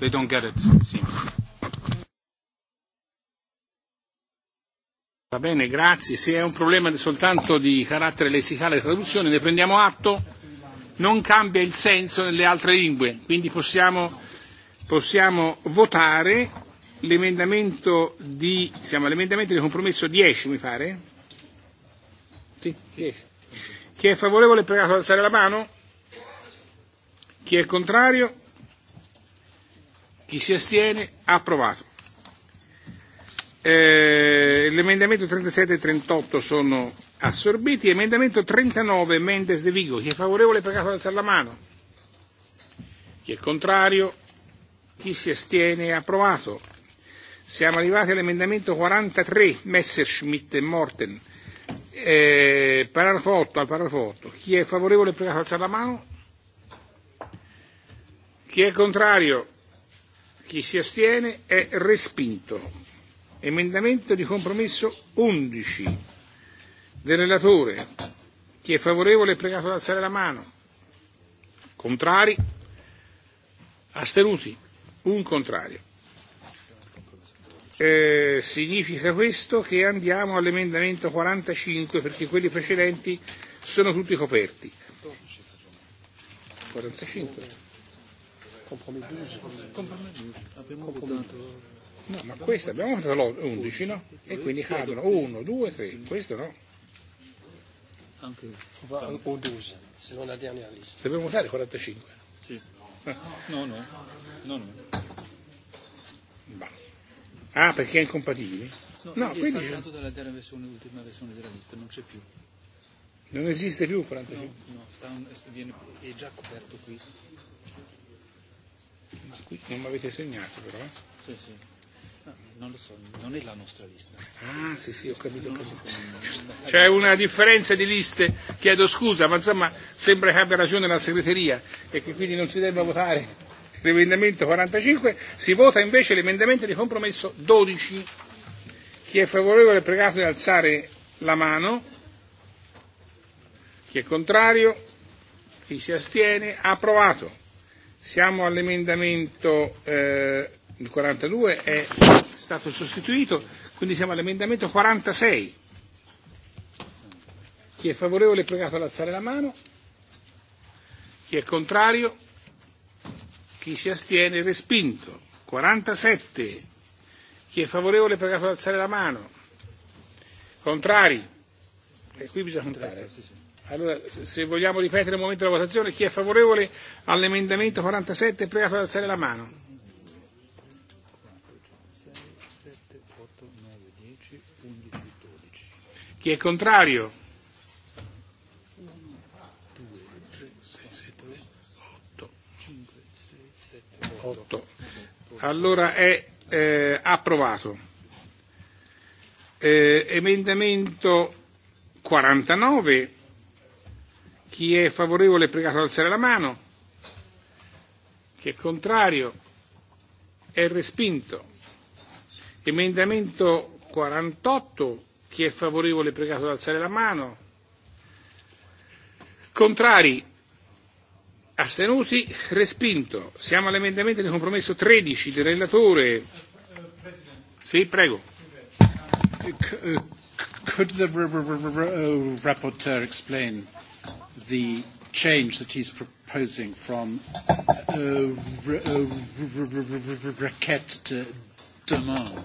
They don't get it, it seems. Va bene, grazie. Se è un problema soltanto di carattere lessicale e traduzione, ne prendiamo atto. Non cambia il senso nelle altre lingue, quindi possiamo, possiamo votare l'emendamento di, siamo all'emendamento di compromesso 10, mi pare Sì, 10. Chi è favorevole è pregato ad alzare la mano. Chi è contrario? Chi si astiene? Approvato. Eh, l'emendamento 37 e 38 sono assorbiti. Emendamento 39, Mendes de Vigo. Chi è favorevole è pregato ad alzare la mano. Chi è contrario? Chi si astiene? Approvato. Siamo arrivati all'emendamento 43, Messerschmitt e Morten. Eh, paragrafo 8, al paragrafo 8. Chi è favorevole prega di alzare la mano. Chi è contrario? Chi si astiene è respinto. Emendamento di compromesso 11 del relatore. Chi è favorevole è pregato ad alzare la mano. Contrari? Astenuti? Un contrario eh, significa questo che andiamo all'emendamento 45 perché quelli precedenti sono tutti coperti. 45? Compromesso 12. Compromesso 12. Abbiamo votato. No, ma questa abbiamo votato l'11, no? E quindi cadono 1, 2, 3. Questo no. Anche o 12, se non la dernière lista. Dobbiamo votare 45. Sì. Eh. No, no. No, no. Va. Ah, perché è incompatibile? No, no quindi... è saltato dalla terza versione, ultima versione della lista, non c'è più. Non esiste più 45? No, no sta un, viene, è già coperto qui. Ma qui non mi avete segnato però? Eh? Sì, sì. No, non lo so, non è la nostra lista. Ah, sì, sì, ho capito. Non so come... C'è una differenza di liste, chiedo scusa, ma insomma sembra che abbia ragione la segreteria e che quindi non si debba votare dell'emendamento 45, si vota invece l'emendamento di compromesso 12. Chi è favorevole è pregato di alzare la mano. Chi è contrario? Chi si astiene? Approvato. Siamo all'emendamento eh, il 42 è stato sostituito, quindi siamo all'emendamento 46. Chi è favorevole è pregato ad alzare la mano. Chi è contrario? Chi si astiene? Respinto. 47. Chi è favorevole è pregato ad alzare la mano. Contrari? E qui bisogna contare. Allora, se vogliamo ripetere il momento della votazione, chi è favorevole all'emendamento 47 è pregato ad alzare la mano. Chi è contrario? 8. Allora è eh, approvato. Eh, emendamento 49. Chi è favorevole è pregato ad alzare la mano. Chi è contrario è respinto. Emendamento 48. Chi è favorevole è pregato ad alzare la mano. Contrari Astenuti? Respinto. Siamo all'emendamento di compromesso 13 del relatore. Sì, prego. Could the uh, rapporteur explain the change that he's proposing from uh, uh, requête to demand?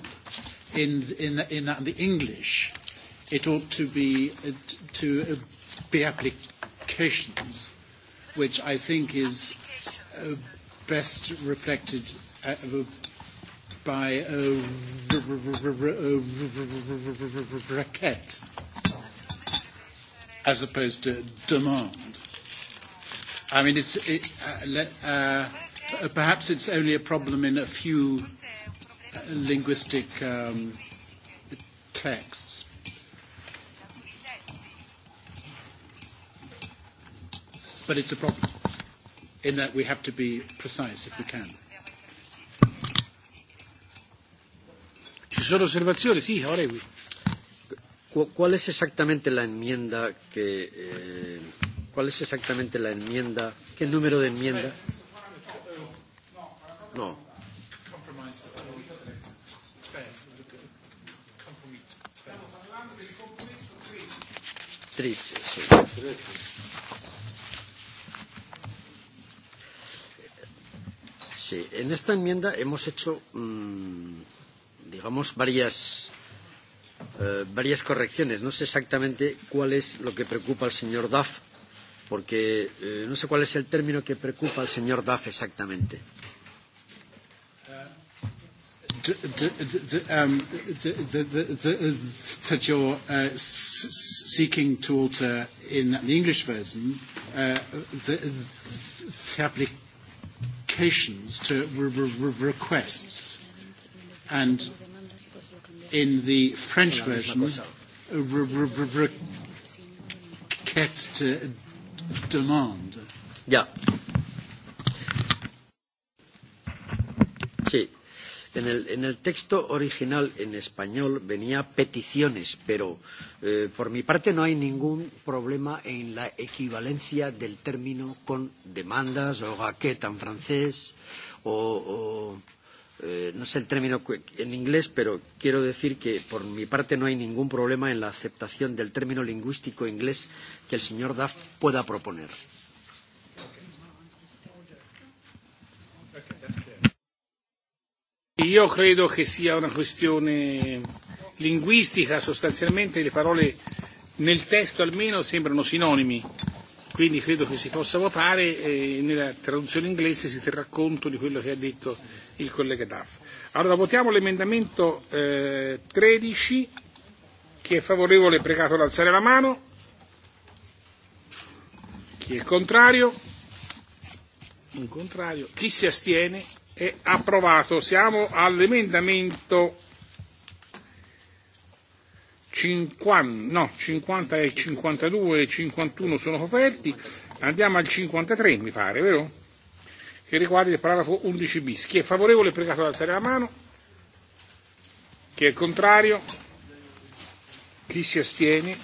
In, in, in the English, it ought to be to be applications which I think is uh, best reflected uh, by uh, requête as opposed to demand. I mean, it's, it, uh, uh, perhaps it's only a problem in a few uh, linguistic um, texts, But it's a problem in that we have to be precise if we can. Ci sono osservazioni? Sì, Orevi. ¿Cuál es exactamente la enmienda que... Eh, ¿Cuál es exactamente la enmienda? ¿Qué número de enmienda? No. Tritz, sí. Sí, en esta enmienda hemos hecho, mmm, digamos, varias, eh, varias correcciones. No sé exactamente cuál es lo que preocupa al señor Duff, porque eh, no sé cuál es el término que preocupa al señor Duff exactamente. That you're uh, seeking to alter in the English version uh, the, the application modifications to re- re- requests. And in the French version, re- re- re- requête demande. Yeah. En el, en el texto original en español venía peticiones, pero eh, por mi parte no hay ningún problema en la equivalencia del término con demandas o raqueta en francés o, o eh, no sé el término en inglés, pero quiero decir que por mi parte no hay ningún problema en la aceptación del término lingüístico inglés que el señor Duff pueda proponer. Eh, Io credo che sia una questione linguistica, sostanzialmente le parole nel testo almeno sembrano sinonimi, quindi credo che si possa votare e nella traduzione inglese si terrà conto di quello che ha detto il collega Duff. Allora votiamo l'emendamento eh, 13, chi è favorevole è pregato ad alzare la mano, chi è contrario, un contrario, chi si astiene è approvato. Siamo all'emendamento 50, no, 50 e 52 e 51 sono coperti, andiamo al 53 mi pare, vero? Che riguarda il paragrafo 11 bis. Chi è favorevole è pregato ad alzare la mano, chi è contrario, chi si astiene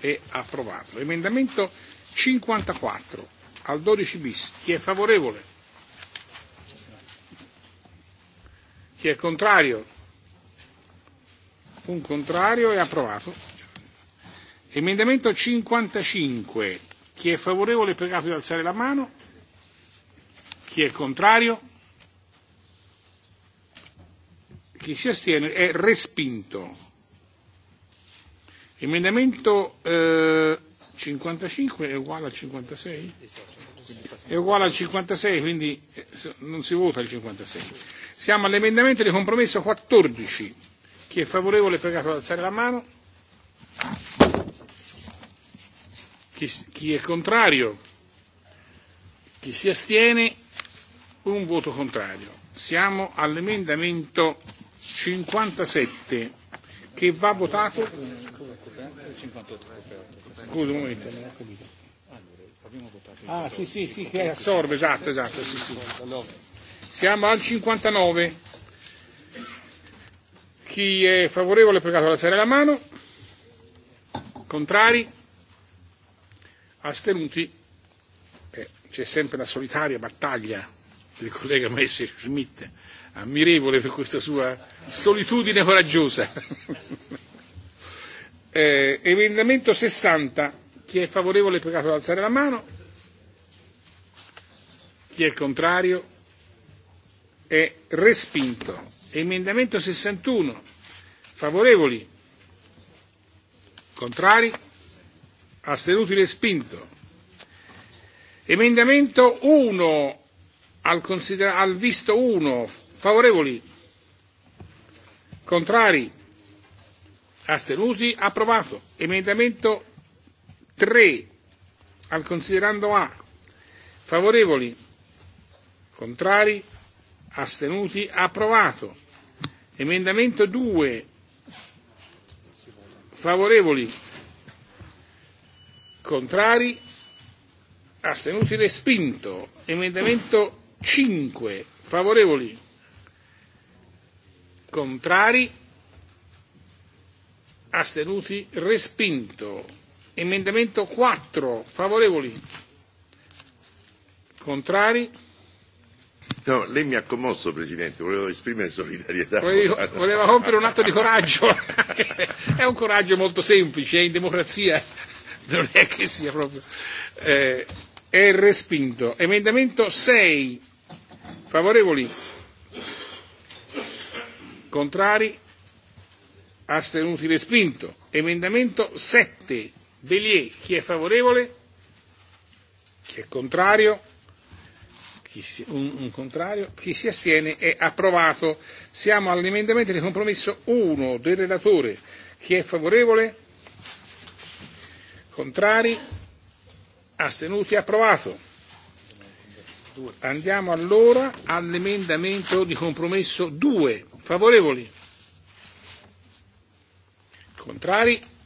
è approvato. Emendamento 54 al 12 bis. Chi è favorevole? Chi è contrario? Un contrario è approvato. Emendamento 55. Chi è favorevole è pregato di alzare la mano. Chi è contrario? Chi si astiene è respinto. Emendamento eh, 55 è uguale a 56? è uguale al 56, quindi eh, non si vota il 56. Siamo all'emendamento di compromesso 14. Chi è favorevole è pregato ad alzare la mano. Chi, chi è contrario? Chi si astiene? Un voto contrario. Siamo all'emendamento 57 che va votato. Scusa un momento, non ho capito. Abbiamo votato ah sì sì sì che assorbe esatto esatto sì, sì. siamo al 59 chi è favorevole è pregato ad alzare la mano contrari astenuti eh, c'è sempre la solitaria battaglia del collega Messerschmidt ammirevole per questa sua solitudine coraggiosa eh, emendamento 60 Chi è favorevole è pregato ad alzare la mano. Chi è contrario è respinto. Emendamento 61. Favorevoli? Contrari? Astenuti respinto. Emendamento 1 al, considera- al visto 1. Favorevoli? Contrari? Astenuti? Approvato. Emendamento 3 al considerando A. Favorevoli? Contrari? Astenuti? Approvato. Emendamento 2. Favorevoli? Contrari? Astenuti? Respinto. Emendamento 5. Favorevoli? Contrari? Astenuti? Respinto Emendamento 4, favorevoli? Contrari? No, lei mi ha commosso, Presidente, volevo esprimere solidarietà. Voleva, voleva compiere un atto di coraggio, è un coraggio molto semplice, è in democrazia, non è che sia proprio... Eh, è respinto. Emendamento 6, favorevoli? Contrari? Astenuti respinto. Emendamento 7, Bélier, chi è favorevole? Chi è contrario? Chi si, un, un contrario? Chi si astiene è approvato. Siamo all'emendamento di compromesso 1 del relatore. Chi è favorevole? Contrari? Astenuti? Approvato. Andiamo allora all'emendamento di compromesso 2. Favorevoli? Contrari?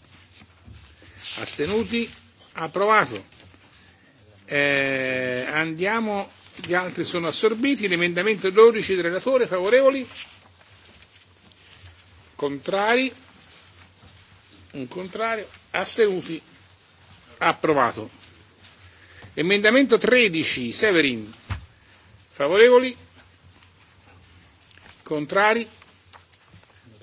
astenuti, approvato. Eh, andiamo, gli altri sono assorbiti, l'emendamento 12 del relatore, favorevoli, contrari, un contrario, astenuti, approvato. Emendamento 13, Severin, favorevoli, contrari,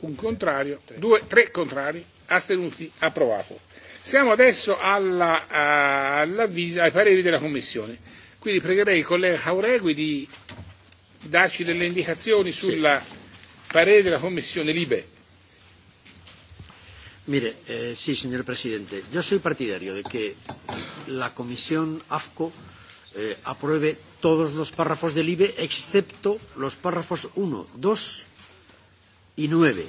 un contrario, due, tre contrari, astenuti, approvato. Siamo adesso alla, eh, all'avviso, ai pareri della Commissione. Quindi pregherei il collega Cauregui di darci delle indicazioni sul sì. parere della Commissione Libe. Mire, eh, sí, señor presidente. Yo soy partidario de que la comisión AFCO eh, apruebe todos los párrafos del IBE, excepto los párrafos 1, 2 y 9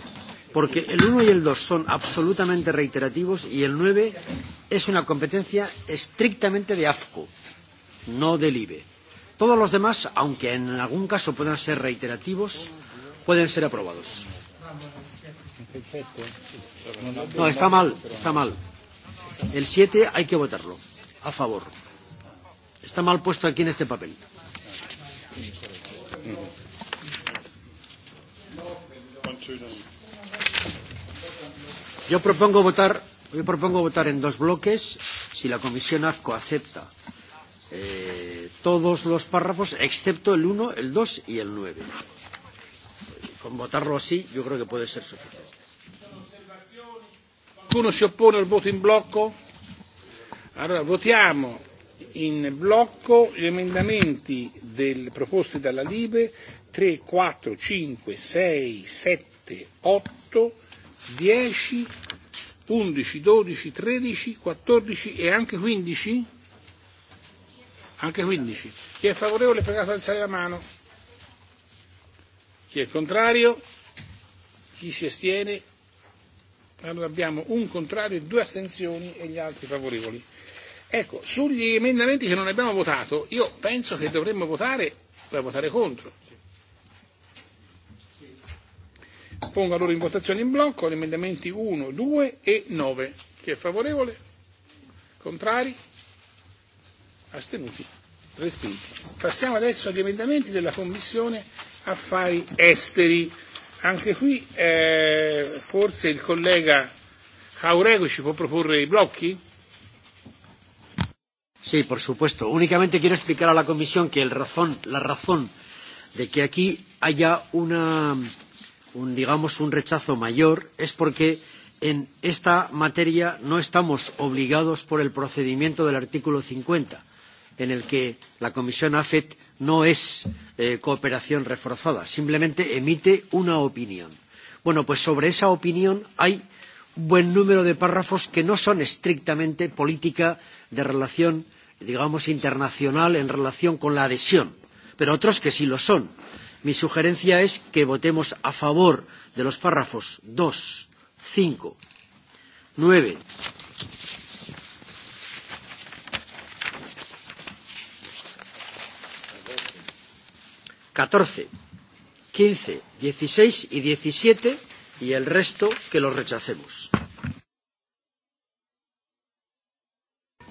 porque el 1 y el 2 son absolutamente reiterativos y el 9 es una competencia estrictamente de AFCO, no del IBE. Todos los demás, aunque en algún caso puedan ser reiterativos, pueden ser aprobados. No, está mal, está mal. El 7 hay que votarlo, a favor. Está mal puesto aquí en este papel. One, two, nine. Yo propongo votar, yo propongo votar en dos bloques si la comisión AFCO acepta eh, todos los párrafos excepto el 1, el 2 y el 9. Con votarlo así yo creo que puede ser suficiente. Qualcuno si oppone al voto in blocco? Allora votiamo in blocco gli emendamenti del, proposti dalla Libe 3, 4, 5, 6, 7, 8 10, 11, 12, 13, 14 e anche 15? Anche 15. Chi è favorevole pregato ad alzare la mano. Chi è contrario? Chi si astiene? Allora abbiamo un contrario, due astensioni e gli altri favorevoli. Ecco, sugli emendamenti che non abbiamo votato, io penso che dovremmo votare per votare contro. Pongo allora in votazione in blocco gli emendamenti 1, 2 e 9. Chi è favorevole? Contrari? Astenuti? Respinti. Passiamo adesso agli emendamenti della Commissione Affari Esteri. Anche qui eh, forse il collega Caurego ci può proporre i blocchi? Sí, por supuesto. Únicamente quiero explicar a la Comisión que el razón, la razón de que aquí haya una un, digamos, un rechazo mayor es porque en esta materia no estamos obligados por el procedimiento del artículo 50, en el que la Comisión AFET no es eh, cooperación reforzada, simplemente emite una opinión. Bueno, pues sobre esa opinión hay un buen número de párrafos que no son estrictamente política de relación, digamos, internacional en relación con la adhesión, pero otros que sí lo son Mi sugerencia es que votemos a favor de los párrafos 2, 5, 9, 14, 15, 16 y 17 y el resto que los rechacemos.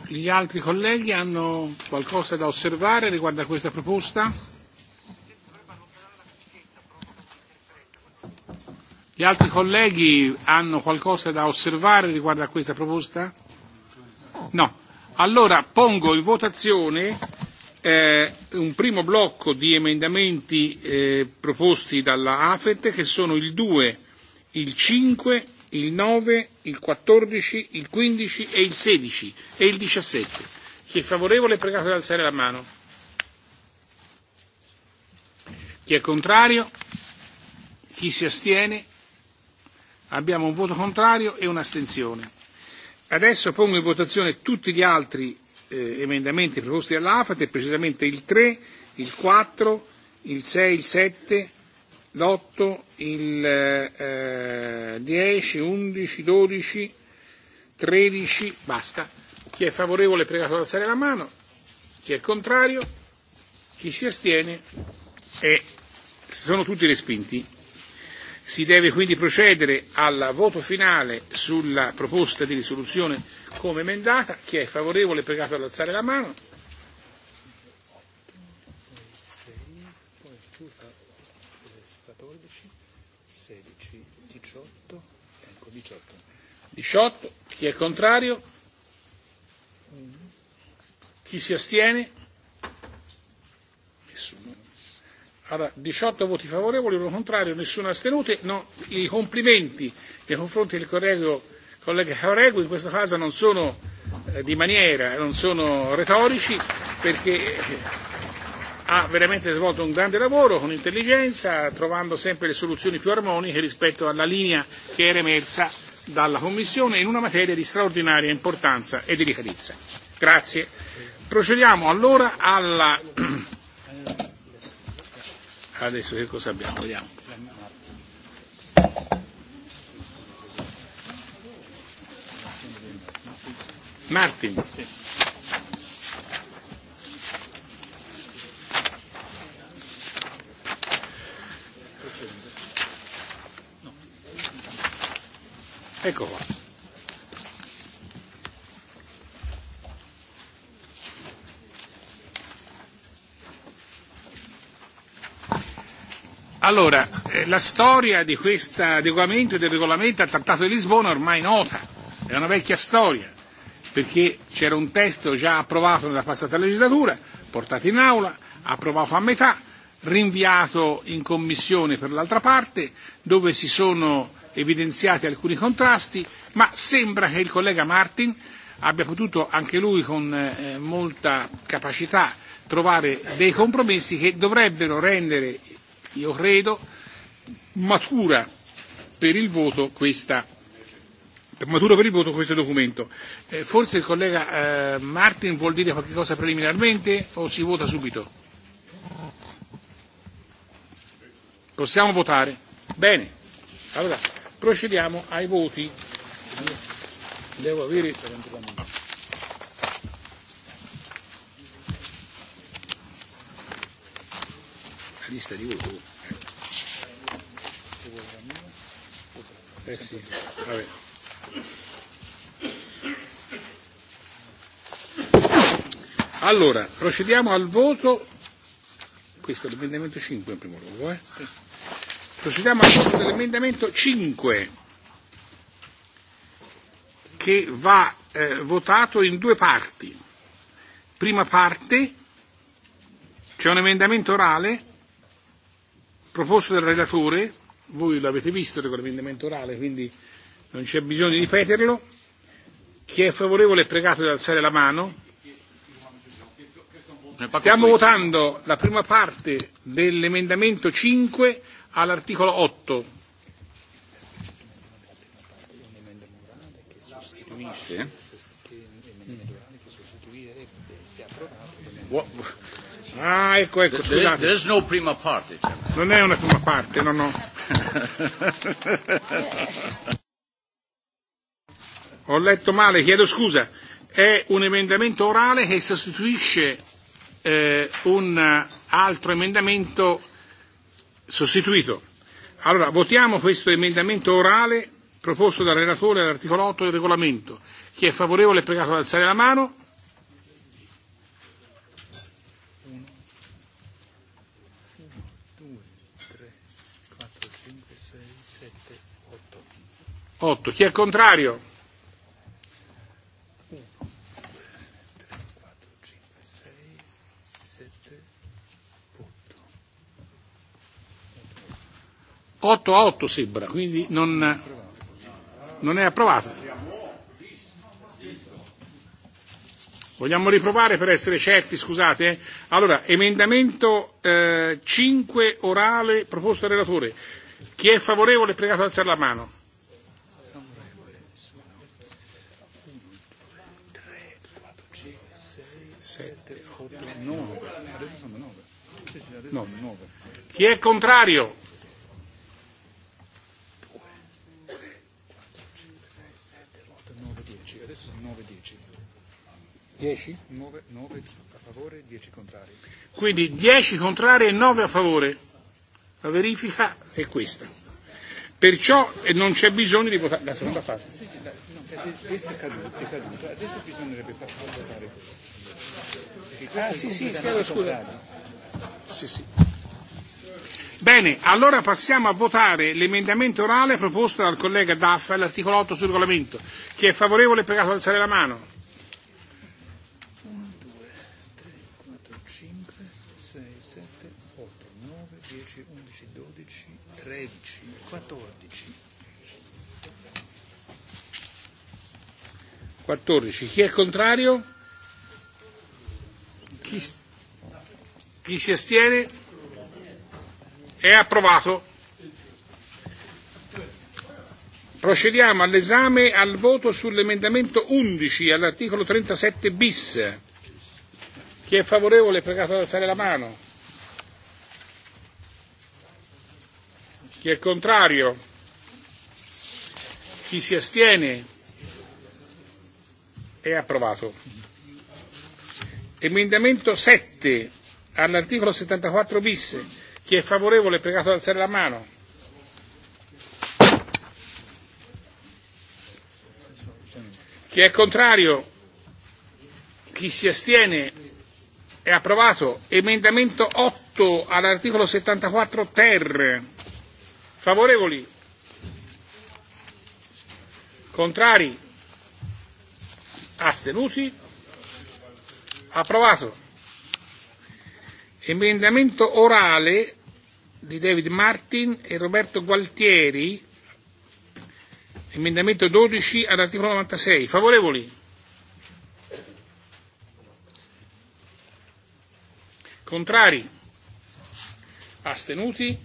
Gli altri colleghi hanno qualcosa da osservare riguardo a questa proposta? Gli altri colleghi hanno qualcosa da osservare riguardo a questa proposta? No. Allora pongo in votazione eh, un primo blocco di emendamenti eh, proposti dalla AFET che sono il 2, il 5, il 9, il 14, il 15 e il 16 e il 17. Chi è favorevole è pregato ad alzare la mano. Chi è contrario? Chi si astiene? Abbiamo un voto contrario e un'astensione. Adesso pongo in votazione tutti gli altri eh, emendamenti proposti dall'AFAT, e precisamente il 3, il 4, il 6, il 7, l'8, il eh, 10, 11, 12, 13, basta. Chi è favorevole è pregato ad alzare la mano, chi è contrario, chi si astiene e sono tutti respinti. Si deve quindi procedere al voto finale sulla proposta di risoluzione come emendata. Chi è favorevole è pregato ad alzare la mano. Diciotto. Chi è contrario? Chi si astiene? Allora, 18 voti favorevoli, 1 contrario, nessuno astenuto. No, I complimenti nei confronti del collega, collega Caorego in questo caso non sono eh, di maniera, eh, non sono retorici, perché eh, ha veramente svolto un grande lavoro con intelligenza, trovando sempre le soluzioni più armoniche rispetto alla linea che era emersa dalla Commissione in una materia di straordinaria importanza e delicatezza. Grazie. Procediamo allora alla Adesso che cosa abbiamo? Vediamo. Martin. Ecco qua. Allora, eh, la storia di questo adeguamento e del regolamento al Trattato di Lisbona è ormai nota, è una vecchia storia, perché c'era un testo già approvato nella passata legislatura, portato in aula, approvato a metà, rinviato in commissione per l'altra parte, dove si sono evidenziati alcuni contrasti, ma sembra che il collega Martin abbia potuto anche lui con eh, molta capacità trovare dei compromessi che dovrebbero rendere io credo, matura per il voto questa maturo per il voto questo documento. Eh, forse il collega eh, Martin vuol dire qualche cosa preliminarmente o si vota subito? Possiamo votare? Bene, allora procediamo ai voti. Devo avere. lista di voti. Eh sì, vabbè. Allora, procediamo al voto. Questo è l'emendamento 5 in primo luogo. Eh? Procediamo al voto dell'emendamento 5 che va eh, votato in due parti. Prima parte c'è un emendamento orale proposto dal relatore, voi l'avete visto l'emendamento orale, quindi non c'è bisogno di ripeterlo. Chi è favorevole è pregato di alzare la mano. Stiamo votando la prima parte dell'emendamento 5 all'articolo 8. Sì. Vu- Ah, ecco, ecco, scusate. There is no prima parte. Cioè. Non è una prima parte, no, no. Ho letto male, chiedo scusa. È un emendamento orale che sostituisce eh, un altro emendamento sostituito. Allora, votiamo questo emendamento orale proposto dal relatore all'articolo 8 del regolamento. Chi è favorevole è pregato ad alzare la mano. 8. Chi è contrario? Otto a otto sembra, quindi non, non è approvata. Vogliamo riprovare per essere certi, scusate? Eh? Allora, emendamento eh, 5 orale proposto dal relatore. Chi è favorevole è pregato ad alzare la mano. Chi è contrario? Adesso sono 9-10. 10? 9, 9 a favore, 10 contrari. Quindi 10 contrari e 9 a favore. La verifica è questa. Perciò eh, non c'è bisogno di votare la seconda parte. Sì, sì, la, no, questa è caduta, è caduta. Adesso bisognerebbe votare questa. Ah sì sì, chiedo scusa. Sì, sì. Bene, allora passiamo a votare l'emendamento orale proposto dal collega Daff all'articolo 8 sul regolamento. Chi è favorevole è pregato ad alzare la mano. 1, 2, 3, 4, 5, 6, 7, 8, 9, 10, 11, 12, 13, 14. 14. Chi è contrario? Chi sta? Chi si astiene? È approvato. Procediamo all'esame al voto sull'emendamento 11 all'articolo 37 bis. Chi è favorevole è pregato ad alzare la mano. Chi è contrario? Chi si astiene? È approvato. Emendamento 7 All'articolo 74 bis, chi è favorevole è pregato ad alzare la mano. Chi è contrario? Chi si astiene? È approvato. Emendamento 8 all'articolo 74 ter. Favorevoli? Contrari? Astenuti? Approvato. Emendamento orale di David Martin e Roberto Gualtieri, emendamento 12 all'articolo 96. Favorevoli? Contrari? Astenuti?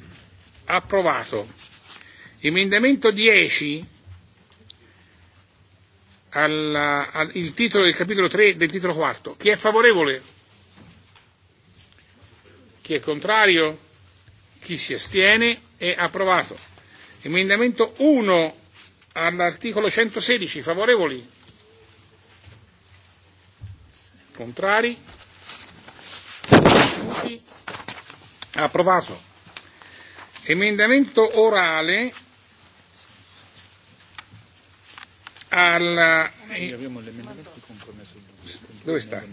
Approvato. Emendamento 10 alla, al, il titolo del capitolo 3 del titolo 4. Chi è favorevole? Chi è contrario? Chi si astiene? È approvato. Emendamento 1 all'articolo 116. Favorevoli? Contrari? Tutti? Approvato. Emendamento orale alla... Dove sta?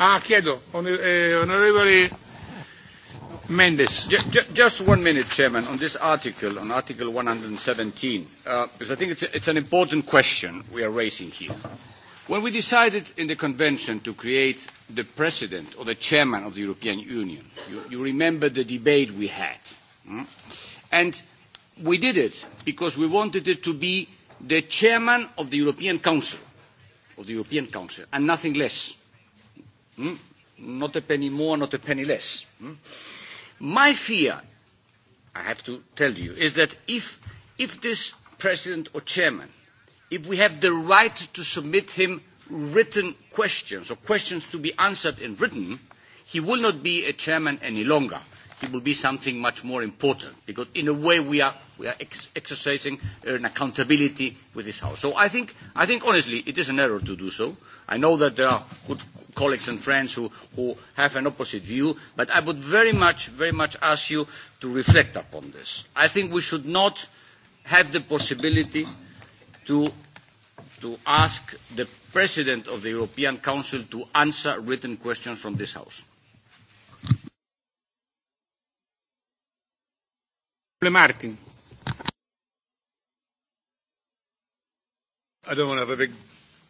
Ah, chiedo, on, eh, onorevole Mendes. Just one minute, Chairman, on this article, on Article 117, uh, because I think it's, a, it's an important question we are raising here. When we decided in the Convention to create the President or the Chairman of the European Union, you, you remember the debate we had. Hmm? And we did it because we wanted it to be the Chairman of the European Council, of the European Council, and nothing less. Mm? Not a penny more, not a penny less. Mm? My fear, I have to tell you, is that if, if this president or chairman, if we have the right to submit him written questions or questions to be answered in written, he will not be a chairman any longer it will be something much more important because in a way we are, we are ex- exercising an accountability with this house. So I think, I think honestly it is an error to do so. I know that there are good colleagues and friends who, who have an opposite view, but I would very much, very much ask you to reflect upon this. I think we should not have the possibility to, to ask the President of the European Council to answer written questions from this House. Martin. I don't want to have a big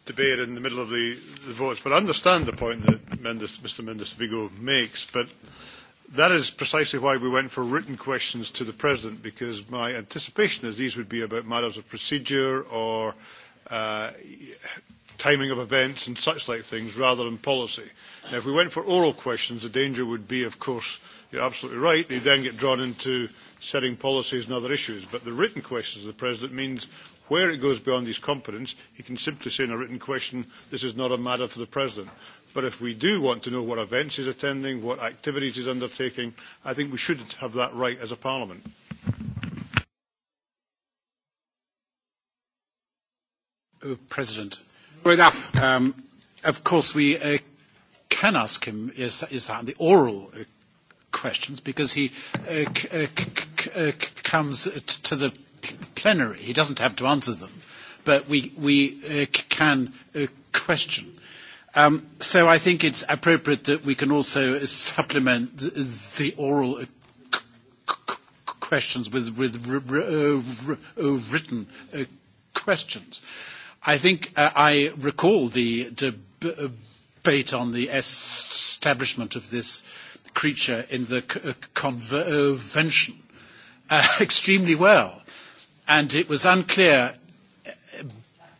debate in the middle of the, the votes, but I understand the point that Mendes, Mr. Mendes Vigo makes, but that is precisely why we went for written questions to the President, because my anticipation is these would be about matters of procedure or uh, timing of events and such like things rather than policy. Now, if we went for oral questions, the danger would be, of course, You're absolutely right. They then get drawn into setting policies and other issues. But the written questions of the President means where it goes beyond his competence, he can simply say in a written question, this is not a matter for the President. But if we do want to know what events he's attending, what activities he's undertaking, I think we should have that right as a Parliament. Oh, President, enough. Um, of course, we uh, can ask him, is, is that the oral uh, questions because he uh, c- uh, c- uh, comes to the plenary. He doesn't have to answer them, but we, we uh, can uh, question. Um, so I think it's appropriate that we can also supplement the oral uh, questions with, with uh, written uh, questions. I think uh, I recall the uh, debate on the establishment of this uh, creature in the uh, convention uh, extremely well. And it was unclear uh,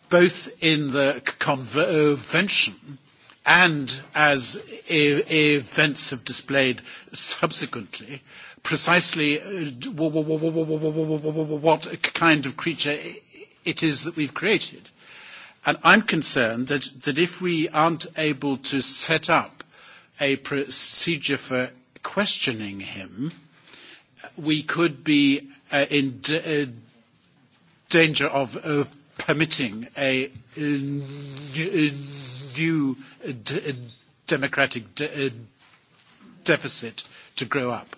both in the convention and as e, events have displayed subsequently, precisely what kind of creature it is that we've created. And I'm concerned that, that if we aren't able to set up a procedure for questioning him, we could be uh, in d- uh, danger of uh, permitting a, uh, new uh, uh d- uh, democratic de- uh, deficit to grow up.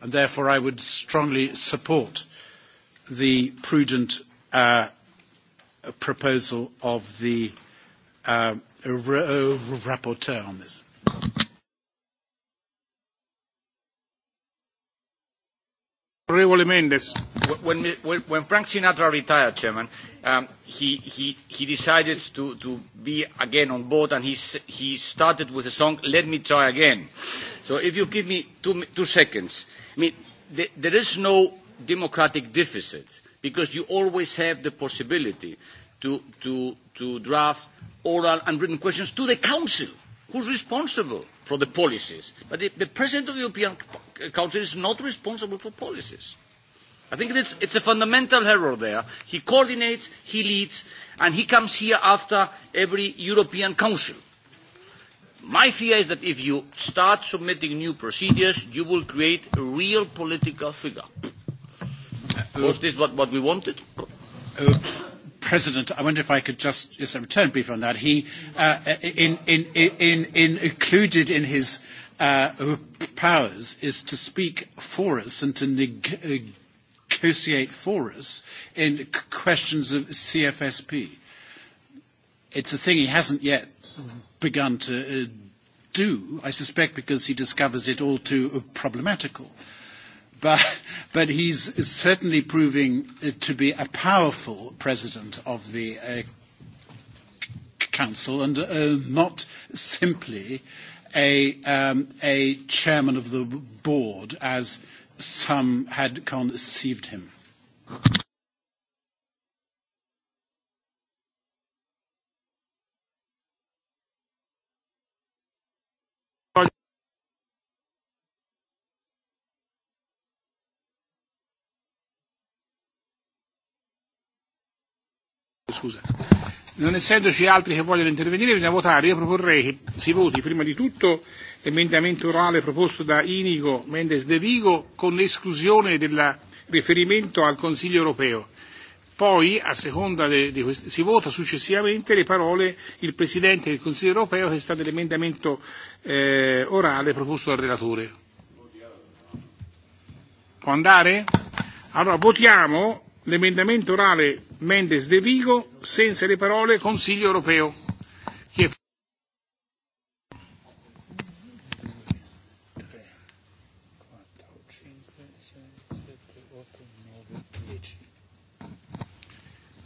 And therefore, I would strongly support the prudent uh, proposal of the uh, uh rapporteur on this. Honorable Mendes. When, when Frank Sinatra retired, Chairman, um, he, he, he decided to, to be again on board and he, he started with the song Let Me Try Again. So if you give me two, two seconds, I mean, th- there is no democratic deficit because you always have the possibility to, to, to draft oral and written questions to the Council, who's responsible for the policies. But the, the President of the European Council is not responsible for policies. I think it's, it's a fundamental error there. He coordinates, he leads, and he comes here after every European Council. My fear is that if you start submitting new procedures, you will create a real political figure. Was this what, what we wanted? Uh, uh, President, I wonder if I could just, just return briefly on that. He, uh, in, in, in, in included in his uh, powers is to speak for us and to neg- negotiate for us in questions of CFSP. It's a thing he hasn't yet begun to uh, do, I suspect because he discovers it all too uh, problematical. But, but he's certainly proving uh, to be a powerful president of the uh, Council and uh, not simply uh, a, um, a chairman of the board as some had conceived him. Scusa. Non essendoci altri che vogliono intervenire, bisogna votare. Io proporrei che si voti prima di tutto l'emendamento orale proposto da Inigo Mendes De Vigo con esclusione del riferimento al Consiglio europeo. Poi, a seconda de, de, si vota successivamente le parole il Presidente del Consiglio europeo che è stato l'emendamento eh, orale proposto dal relatore. Può andare? Allora, votiamo l'emendamento orale Mendes De Vigo senza le parole Consiglio europeo. Chi è...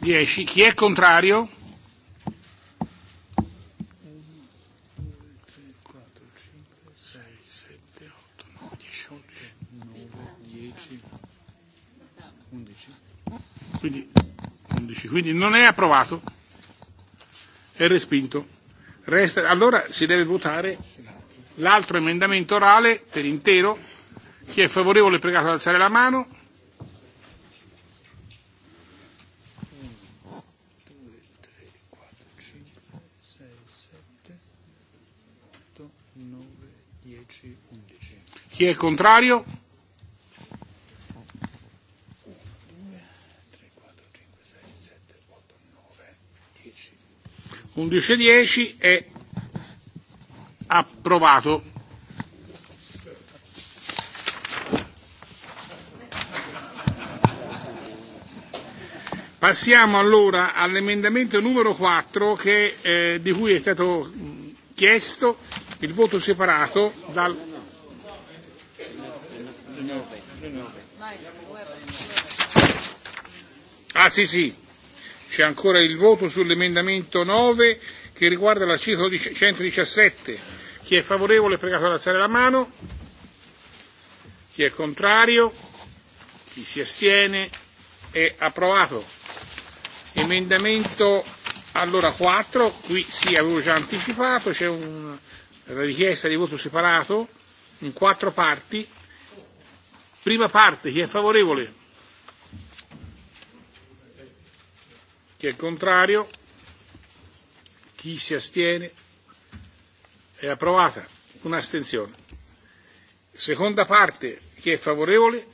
Dieci. Chi è contrario? quindi, 11, quindi non è approvato, è respinto. Resta, allora si deve votare l'altro emendamento orale per intero. Chi è favorevole è pregato ad alzare la mano. Chi è contrario? 11.10 è approvato. Passiamo allora all'emendamento numero 4 che, eh, di cui è stato chiesto il voto separato dal. Ah sì sì, C'è ancora il voto sull'emendamento 9 che riguarda l'articolo 117. Chi è favorevole è pregato ad alzare la mano. Chi è contrario? Chi si astiene? È approvato. Emendamento allora 4, qui sì avevo già anticipato, c'è una richiesta di voto separato in quattro parti. Prima parte, chi è favorevole? Chi è contrario? Chi si astiene? È approvata. Un'astensione. Seconda parte. Chi è favorevole?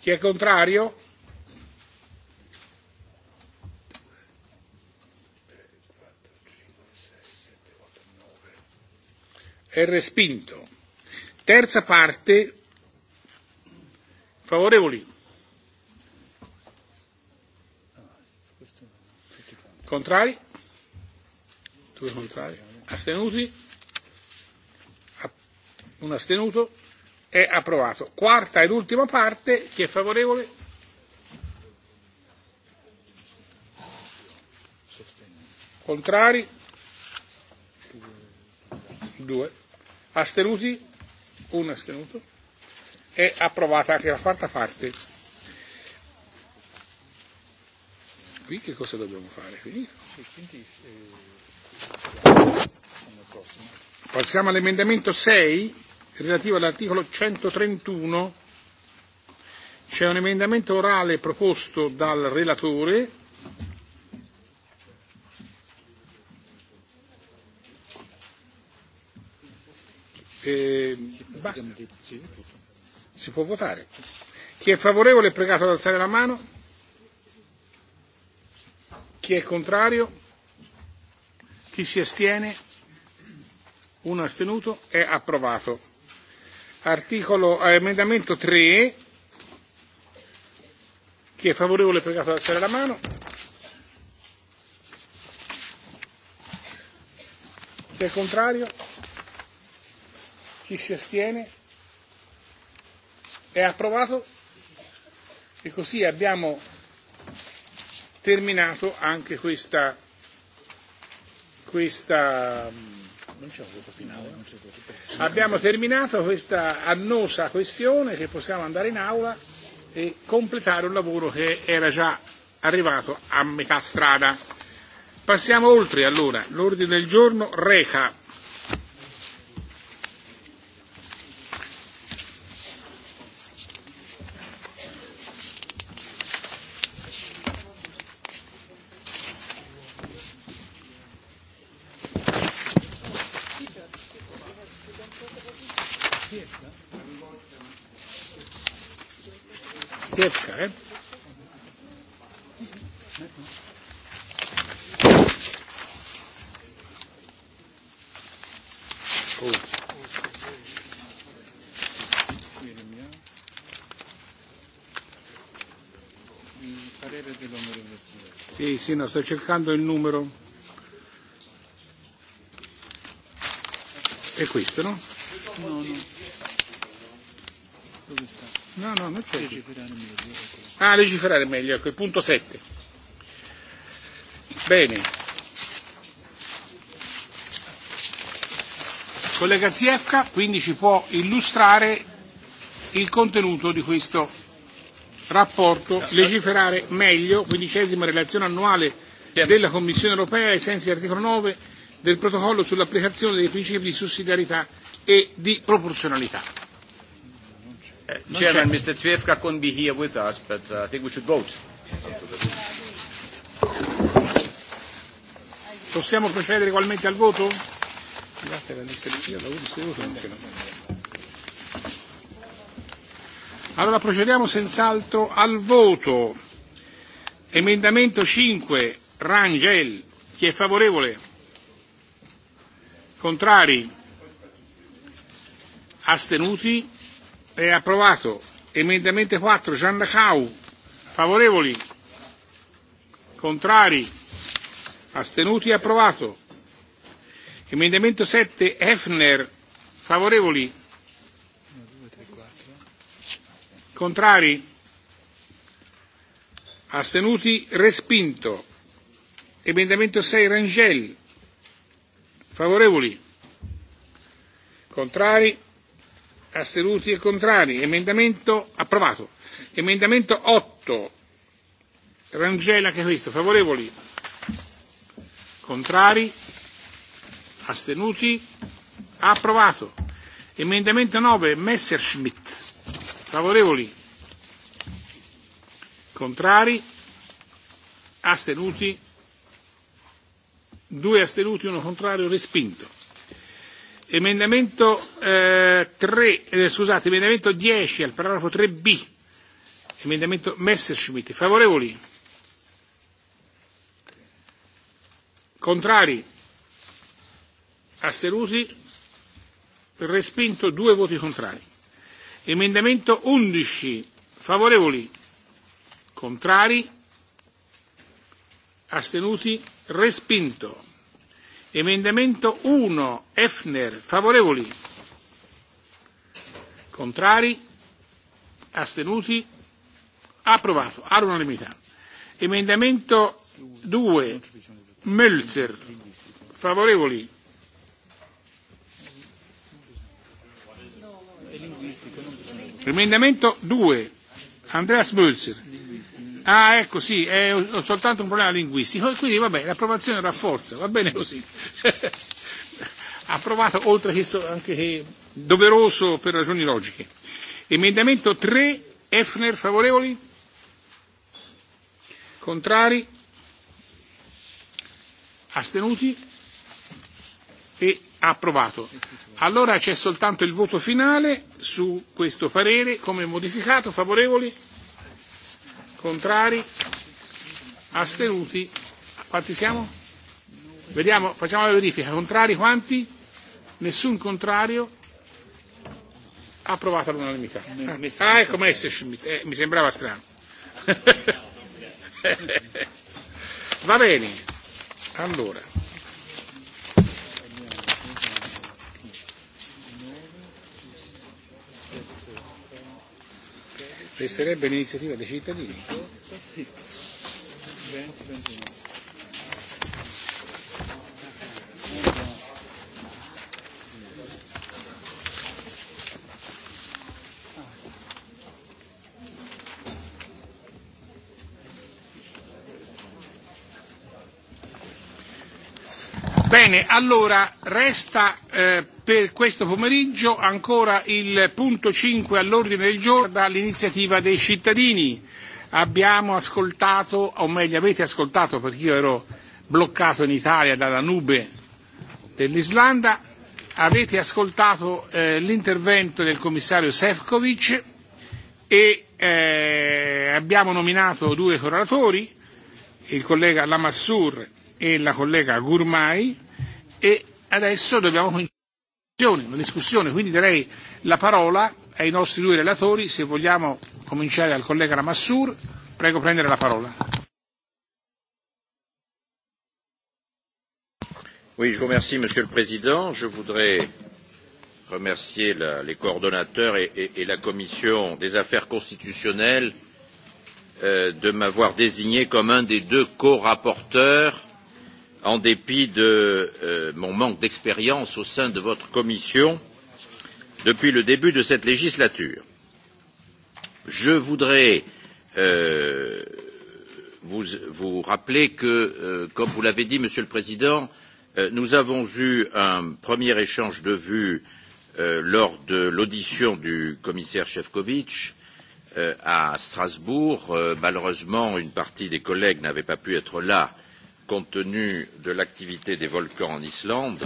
Chi è contrario? è respinto. Terza parte, favorevoli. Contrari? Due contrari. Astenuti? Un astenuto? È approvato. Quarta ed ultima parte, chi è favorevole? Contrari? Due astenuti, un astenuto, è approvata anche la quarta parte. Qui che cosa dobbiamo fare? Qui? Passiamo all'emendamento 6 relativo all'articolo 131. C'è un emendamento orale proposto dal relatore Eh, basta. Si può votare. Chi è favorevole è pregato ad alzare la mano. Chi è contrario? Chi si astiene? Uno astenuto. È approvato. Articolo, eh, emendamento 3. Chi è favorevole è pregato ad alzare la mano. Chi è contrario? Chi si astiene? È approvato e così abbiamo terminato anche questa, questa mm, non c'è un voto finale. Non c'è voto finale. Abbiamo terminato questa annosa questione che possiamo andare in aula e completare un lavoro che era già arrivato a metà strada. Passiamo oltre allora. L'ordine del giorno reca Sì, sì, no, sto cercando il numero. È questo, no? No, no. Dove sta? No, no, non c'è. Legiferare meglio. Ah, legiferare meglio, ecco, il punto 7. Bene. Il collega Ziefka quindi ci può illustrare il contenuto di questo rapporto legiferare meglio, quindicesima relazione annuale della Commissione europea ai sensi dell'articolo 9 del protocollo sull'applicazione dei principi di sussidiarietà e di proporzionalità. Uh, Chairman, Mr. Zwiefka couldn't be here with us, but uh, I think we should vote. Yes, yeah. Possiamo procedere ugualmente al voto? Grazie alla distribuzione, l'avevo distribuito anche no. Allora procediamo senz'altro al voto. Emendamento 5, Rangel. Chi è favorevole? Contrari? Astenuti? È approvato. Emendamento 4, Giannacau. Favorevoli? Contrari? astenuti, approvato. Emendamento 7, Hefner, favorevoli? Contrari? Astenuti? Respinto. Emendamento 6, Rangel, favorevoli? Contrari? Astenuti e contrari. Emendamento approvato. Emendamento 8, Rangel, anche questo, favorevoli? Contrari? Astenuti? Approvato. Emendamento 9, Messerschmitt. Favorevoli? Contrari? Astenuti? Due astenuti, uno contrario, respinto. Emendamento, eh, 3, eh, scusate, emendamento 10 al paragrafo 3b. Emendamento Messerschmitt. Favorevoli? Contrari? Astenuti? Respinto due voti contrari. Emendamento 11. Favorevoli? Contrari? Astenuti? Respinto. Emendamento 1. Efner. Favorevoli? Contrari? Astenuti? Approvato. All'unanimità. Emendamento 2 Mölzer. Favorevoli? Emendamento 2. Andreas Mölzer. Ah, ecco, sì, è soltanto un problema linguistico. Quindi, vabbè, l'approvazione rafforza, va bene così. Approvato, oltre che, so, anche che doveroso per ragioni logiche. Emendamento 3. Efner, favorevoli? Contrari? astenuti e approvato. Allora c'è soltanto il voto finale su questo parere come modificato, favorevoli, contrari, astenuti, quanti siamo? Vediamo, facciamo la verifica, contrari quanti? Nessun contrario, approvata all'unanimità. Ah, ecco Messerschmitt, eh, mi sembrava strano. Va bene. Allora, resterebbe l'iniziativa dei cittadini. 20, 21. Bene, allora resta eh, per questo pomeriggio ancora il punto 5 all'ordine del giorno dall'iniziativa dei cittadini. Abbiamo ascoltato, o meglio avete ascoltato perché io ero bloccato in Italia dalla nube dell'Islanda, avete ascoltato eh, l'intervento del commissario Sefcovic e eh, abbiamo nominato due correlatori, il collega Lamassur e la collega Gurmai e adesso dobbiamo cominciare una discussione, quindi darei la parola ai nostri due relatori, se vogliamo cominciare dal collega Ramassur, prego prendere la parola. Oui, je vous remercie, Monsieur le Président. Je voudrais remercier la, les coordonnateurs et, et, et la Commission des affaires constitutionnelles euh, de m'avoir désigné comme un des deux co-rapporteurs en dépit de euh, mon manque d'expérience au sein de votre commission depuis le début de cette législature. Je voudrais euh, vous, vous rappeler que, euh, comme vous l'avez dit, Monsieur le Président, euh, nous avons eu un premier échange de vues euh, lors de l'audition du commissaire Shevkovitch euh, à Strasbourg. Euh, malheureusement, une partie des collègues n'avait pas pu être là euh, compte tenu de l'activité des volcans en Islande,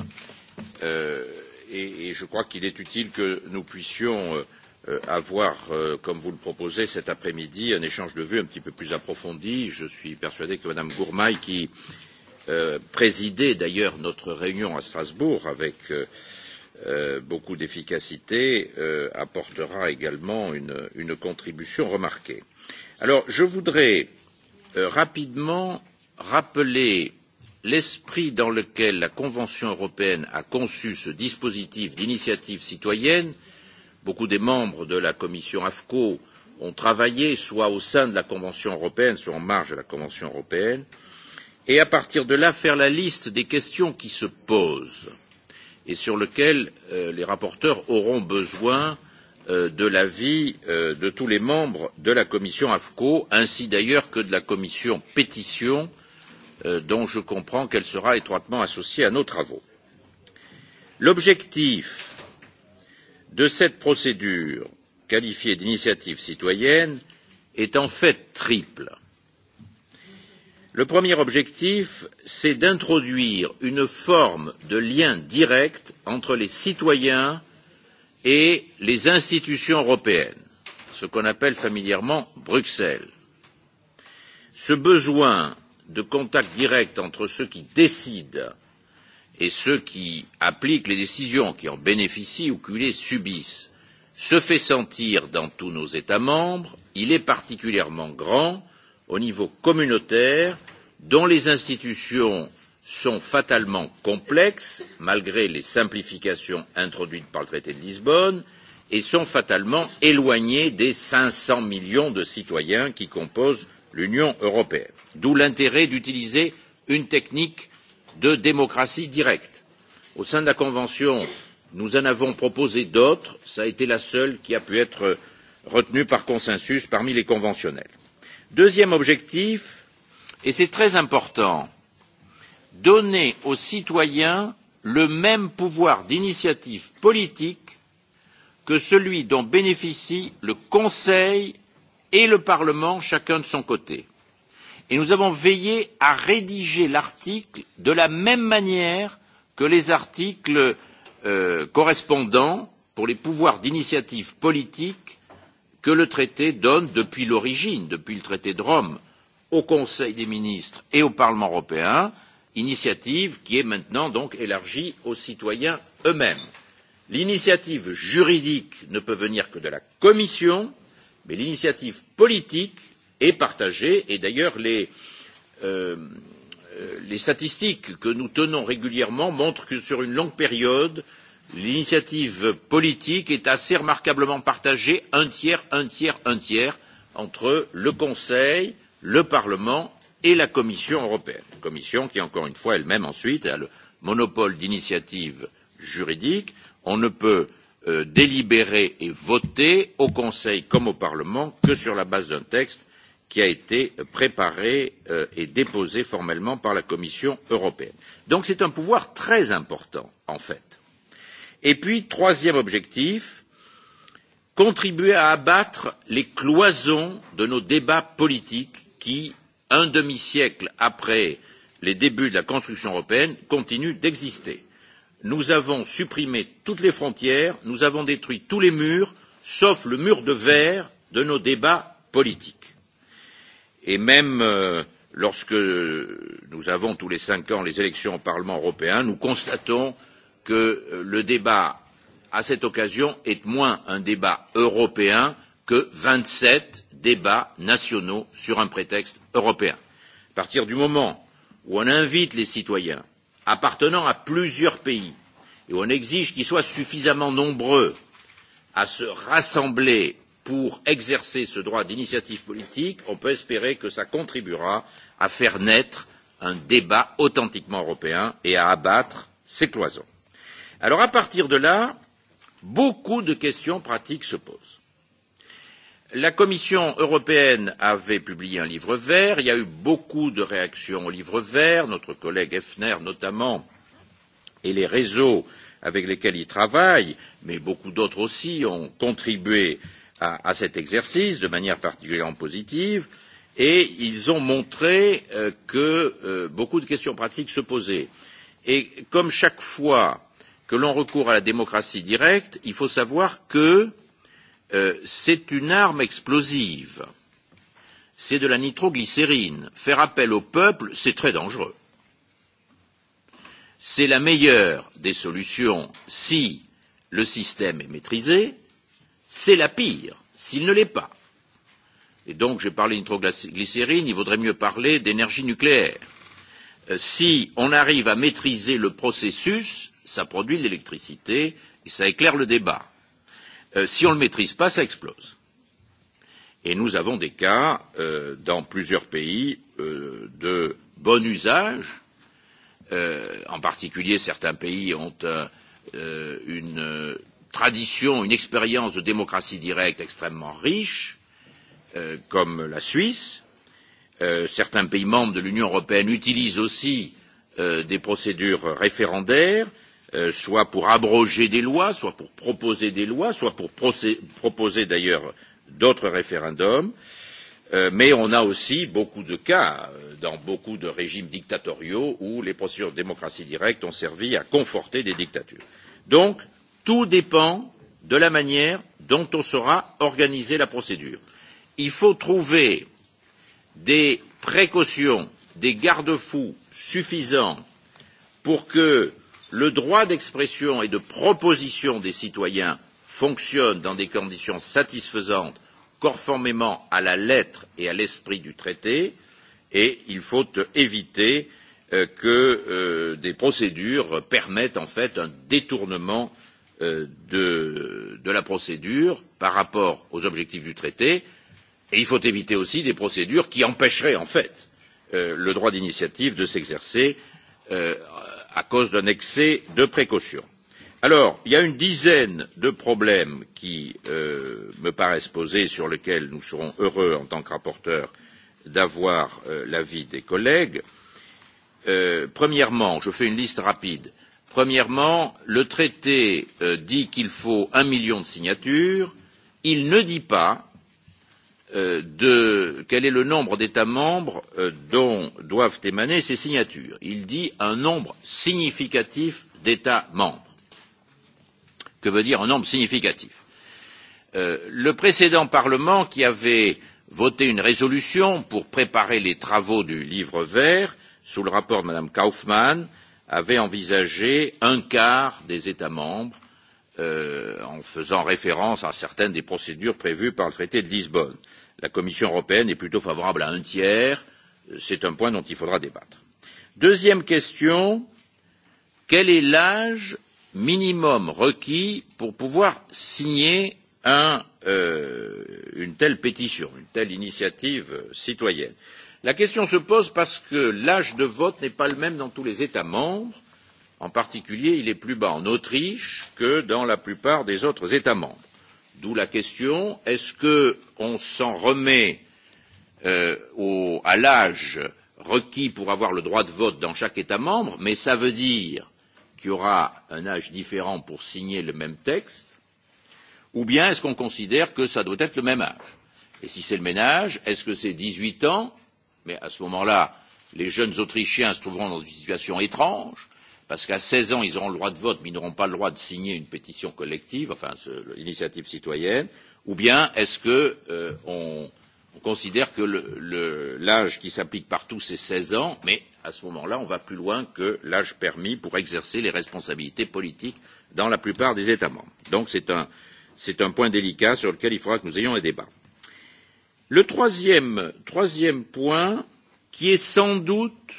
euh, et, et je crois qu'il est utile que nous puissions euh, avoir, euh, comme vous le proposez cet après-midi, un échange de vues un petit peu plus approfondi. Je suis persuadé que Madame Gourmaille, qui euh, présidait d'ailleurs notre réunion à Strasbourg avec euh, euh, beaucoup d'efficacité, euh, apportera également une, une contribution remarquée. Alors, je voudrais euh, rapidement rappeler l'esprit dans lequel la Convention européenne a conçu ce dispositif d'initiative citoyenne. Beaucoup des membres de la commission AFCO ont travaillé soit au sein de la Convention européenne, soit en marge de la Convention européenne, et à partir de là faire la liste des questions qui se posent et sur lesquelles euh, les rapporteurs auront besoin euh, de l'avis euh, de tous les membres de la commission AFCO, ainsi d'ailleurs que de la commission pétition, euh, dont je comprends qu'elle sera étroitement associée à nos travaux. L'objectif de cette procédure qualifiée d'initiative citoyenne est en fait triple. Le premier objectif, c'est d'introduire une forme de lien direct entre les citoyens et les institutions européennes, ce qu'on appelle familièrement Bruxelles. Ce besoin de contact direct entre ceux qui décident et ceux qui appliquent les décisions, qui en bénéficient ou qui les subissent, se fait sentir dans tous nos États membres, il est particulièrement grand au niveau communautaire, dont les institutions sont fatalement complexes, malgré les simplifications introduites par le traité de Lisbonne, et sont fatalement éloignées des 500 millions de citoyens qui composent l'Union européenne d'où l'intérêt d'utiliser une technique de démocratie directe. Au sein de la Convention, nous en avons proposé d'autres, ça a été la seule qui a pu être retenue par consensus parmi les conventionnels. Deuxième objectif, et c'est très important, donner aux citoyens le même pouvoir d'initiative politique que celui dont bénéficient le Conseil et le Parlement chacun de son côté et nous avons veillé à rédiger l'article de la même manière que les articles euh, correspondants pour les pouvoirs d'initiative politique que le traité donne depuis l'origine, depuis le traité de Rome, au Conseil des ministres et au Parlement européen, initiative qui est maintenant donc élargie aux citoyens eux-mêmes. L'initiative juridique ne peut venir que de la Commission, mais l'initiative politique et partagée et d'ailleurs les, euh, les statistiques que nous tenons régulièrement montrent que sur une longue période l'initiative politique est assez remarquablement partagée un tiers un tiers un tiers entre le conseil le parlement et la commission européenne commission qui encore une fois elle même ensuite a le monopole d'initiative juridique on ne peut euh, délibérer et voter au conseil comme au parlement que sur la base d'un texte qui a été préparé euh, et déposé formellement par la Commission européenne. Donc c'est un pouvoir très important, en fait. Et puis, troisième objectif, contribuer à abattre les cloisons de nos débats politiques qui, un demi-siècle après les débuts de la construction européenne, continuent d'exister. Nous avons supprimé toutes les frontières, nous avons détruit tous les murs, sauf le mur de verre de nos débats politiques et même euh, lorsque nous avons tous les cinq ans les élections au Parlement européen, nous constatons que euh, le débat à cette occasion est moins un débat européen que vingt sept débats nationaux sur un prétexte européen. À partir du moment où on invite les citoyens appartenant à plusieurs pays et où on exige qu'ils soient suffisamment nombreux à se rassembler pour exercer ce droit d'initiative politique, on peut espérer que ça contribuera à faire naître un débat authentiquement européen et à abattre ces cloisons. Alors à partir de là, beaucoup de questions pratiques se posent. La Commission européenne avait publié un livre vert, il y a eu beaucoup de réactions au livre vert, notre collègue Hefner notamment, et les réseaux avec lesquels il travaille, mais beaucoup d'autres aussi ont contribué euh, à, à cet exercice de manière particulièrement positive et ils ont montré euh, que euh, beaucoup de questions pratiques se posaient. Et comme chaque fois que l'on recourt à la démocratie directe, il faut savoir que euh, c'est une arme explosive. C'est de la nitroglycérine. Faire appel au peuple, c'est très dangereux. C'est la meilleure des solutions si le système est maîtrisé, c'est la pire, s'il ne l'est pas. Et donc, j'ai parlé d'hydroglycérine, il vaudrait mieux parler d'énergie nucléaire. Euh, si on arrive à maîtriser le processus, ça produit de l'électricité et ça éclaire le débat. Euh, si on ne le maîtrise pas, ça explose. Et nous avons des cas euh, dans plusieurs pays euh, de bon usage. Euh, en particulier, certains pays ont un, euh, une euh, tradition, une expérience de démocratie directe extrêmement riche, euh, comme la Suisse. Euh, certains pays membres de l'Union européenne utilisent aussi euh, des procédures référendaires, euh, soit pour abroger des lois, soit pour proposer des lois, soit pour proposer d'ailleurs d'autres référendums. Euh, mais on a aussi beaucoup de cas euh, dans beaucoup de régimes dictatoriaux où les procédures de démocratie directe ont servi à conforter des dictatures. Donc, euh, Tout dépend de la manière dont on saura organiser la procédure. Il faut trouver des précautions, des garde-fous suffisants pour que le droit d'expression et de proposition des citoyens fonctionne dans des conditions satisfaisantes, conformément à la lettre et à l'esprit du traité, et il faut éviter euh, que euh, des procédures permettent en fait un détournement Euh, de, de la procédure par rapport aux objectifs du traité et il faut éviter aussi des procédures qui empêcheraient en fait euh, le droit d'initiative de s'exercer euh, à cause d'un excès de précaution. Alors, il y a une dizaine de problèmes qui euh, me paraissent posés sur lesquels nous serons heureux en tant que rapporteurs d'avoir euh, l'avis des collègues. Euh, premièrement, je fais une liste rapide euh, Premièrement, le traité euh, dit qu'il faut un million de signatures. Il ne dit pas euh, de, quel est le nombre d'États membres euh, dont doivent émaner ces signatures. Il dit un nombre significatif d'États membres. Que veut dire un nombre significatif euh, Le précédent Parlement qui avait voté une résolution pour préparer les travaux du livre vert sous le rapport de Mme Kaufmann euh, avait envisagé un quart des États membres euh, en faisant référence à certaines des procédures prévues par le traité de Lisbonne. La Commission européenne est plutôt favorable à un tiers. C'est un point dont il faudra débattre. Deuxième question quel est l'âge minimum requis pour pouvoir signer un, euh, une telle pétition, une telle initiative citoyenne? Euh, La question se pose parce que l'âge de vote n'est pas le même dans tous les États membres. En particulier, il est plus bas en Autriche que dans la plupart des autres États membres. D'où la question est-ce qu'on s'en remet euh, au, à l'âge requis pour avoir le droit de vote dans chaque État membre, mais ça veut dire qu'il y aura un âge différent pour signer le même texte, ou bien est-ce qu'on considère que ça doit être le même âge Et si c'est le même âge, est-ce que c'est 18 ans Mais à ce moment-là, les jeunes Autrichiens se trouveront dans une situation étrange, parce qu'à 16 ans, ils auront le droit de vote, mais ils n'auront pas le droit de signer une pétition collective, enfin, l'initiative citoyenne, ou bien est-ce que euh, on, on considère que l'âge qui s'applique partout, c'est 16 ans, mais à ce moment-là, on va plus loin que l'âge permis pour exercer les responsabilités politiques dans la plupart des États membres. Donc c'est un, c'est un point délicat sur lequel il faudra que nous ayons un débat. Le troisième, troisième point, qui est sans doute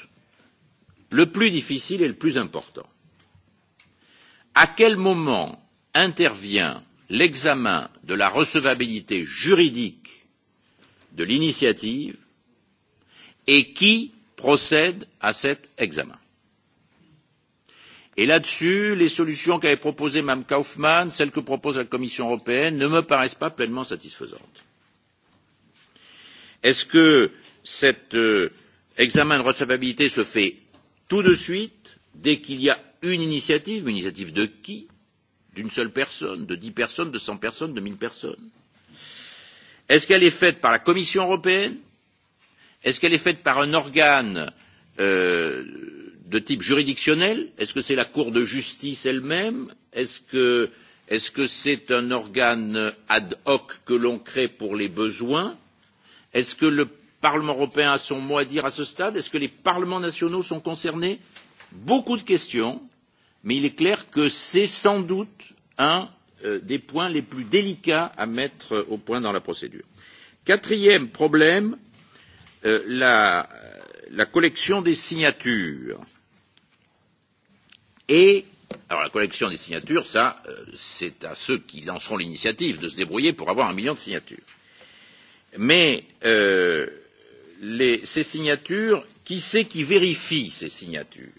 le plus difficile et le plus important. À quel moment intervient l'examen de la recevabilité juridique de l'initiative et qui procède à cet examen. Et là-dessus, les solutions qu'avait proposées Mme Kaufmann, celles que propose la Commission européenne, ne me paraissent pas pleinement satisfaisantes. Est-ce que cet euh, examen de recevabilité se fait tout de suite, dès qu'il y a une initiative, une initiative de qui D'une seule personne, de dix personnes, de cent personnes, de mille personnes Est-ce qu'elle est faite par la Commission européenne Est-ce qu'elle est faite par un organe euh, de type juridictionnel Est-ce que c'est la Cour de justice elle-même Est-ce que c'est -ce que est un organe ad hoc que l'on crée pour les besoins Est-ce que le Parlement européen a son mot à dire à ce stade Est-ce que les parlements nationaux sont concernés Beaucoup de questions, mais il est clair que c'est sans doute un euh, des points les plus délicats à mettre euh, au point dans la procédure. Quatrième problème, euh, la, euh, la collection des signatures. Et alors la collection des signatures, ça, euh, c'est à ceux qui lanceront l'initiative de se débrouiller pour avoir un million de signatures mais euh, les, ces signatures, qui c'est qui vérifie ces signatures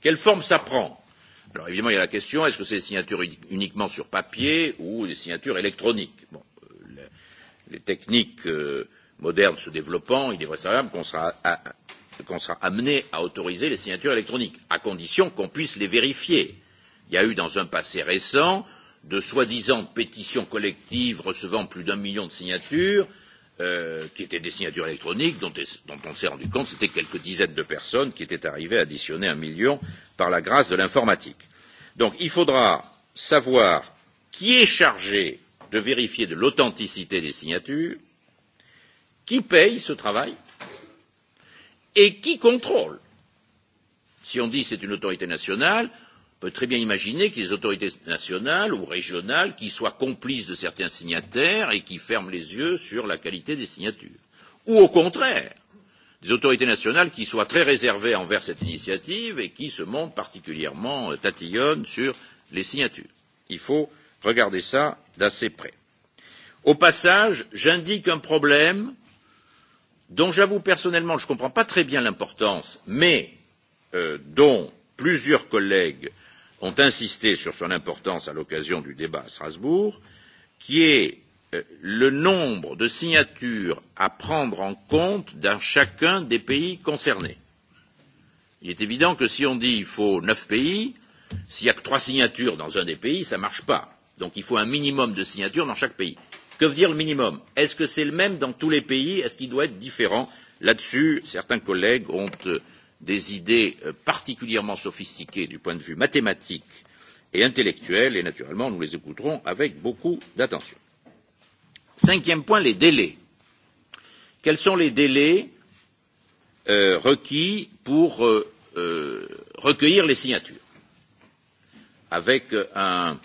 Quelle forme ça prend Alors évidemment, il y a la question est-ce que c'est des signatures uniquement sur papier ou des signatures électroniques bon, euh, les, les techniques euh, modernes se développant, il est vraisemblable qu'on sera, à, qu'on sera amené à autoriser les signatures électroniques, à condition qu'on puisse les vérifier. Il y a eu dans un passé récent de soi-disant pétitions collectives recevant plus d'un million de signatures, euh, euh, qui étaient des signatures électroniques dont, dont on s'est rendu compte c'était quelques dizaines de personnes qui étaient arrivées à additionner un million par la grâce de l'informatique. Donc il faudra savoir qui est chargé de vérifier de l'authenticité des signatures, qui paye ce travail et qui contrôle. Si on dit c'est une autorité nationale, peut très bien imaginer que les autorités nationales ou régionales qui soient complices de certains signataires et qui ferment les yeux sur la qualité des signatures ou au contraire des autorités nationales qui soient très réservées envers cette initiative et qui se montrent particulièrement euh, tatillonnes sur les signatures. Il faut regarder ça d'assez près. Au passage, j'indique un problème dont j'avoue personnellement je ne comprends pas très bien l'importance, mais euh, dont plusieurs collègues ont insisté sur son importance à l'occasion du débat à Strasbourg, qui est euh, le nombre de signatures à prendre en compte dans chacun des pays concernés. Il est évident que si on dit il faut neuf pays, s'il n'y a que trois signatures dans un des pays, ça ne marche pas. Donc il faut un minimum de signatures dans chaque pays. Que veut dire le minimum Est-ce que c'est le même dans tous les pays Est-ce qu'il doit être différent Là-dessus, certains collègues ont euh, des idées euh, particulièrement sophistiquées du point de vue mathématique et intellectuel et naturellement nous les écouterons avec beaucoup d'attention. Cinquième point, les délais. Quels sont les délais euh, requis pour euh, euh, recueillir les signatures Avec euh, un,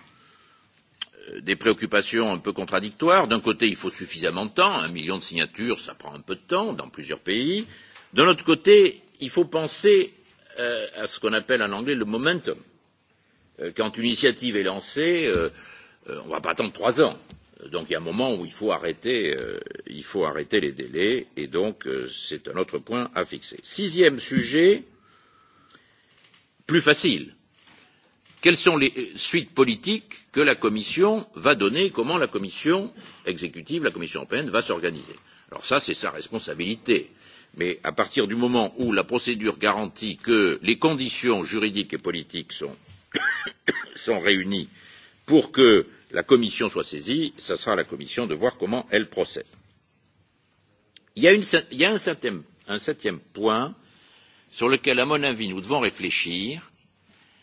euh, des préoccupations un peu contradictoires. D'un côté, il faut suffisamment de temps, un million de signatures, ça prend un peu de temps dans plusieurs pays. D'un autre côté, il faut penser euh, à ce qu'on appelle en anglais le momentum. Euh, quand une initiative est lancée, euh, euh, on ne va pas attendre trois ans. Donc il y a un moment où il faut arrêter, euh, il faut arrêter les délais, et donc euh, c'est un autre point à fixer. Sixième sujet, plus facile. Quelles sont les euh, suites politiques que la Commission va donner, comment la Commission exécutive, la Commission européenne va s'organiser Alors ça, c'est sa responsabilité. Mais à partir du moment où la procédure garantit que les conditions juridiques et politiques sont, sont réunies pour que la Commission soit saisie, ce sera à la Commission de voir comment elle procède. Il y a, une, il y a un, septième, un septième point sur lequel, à mon avis, nous devons réfléchir,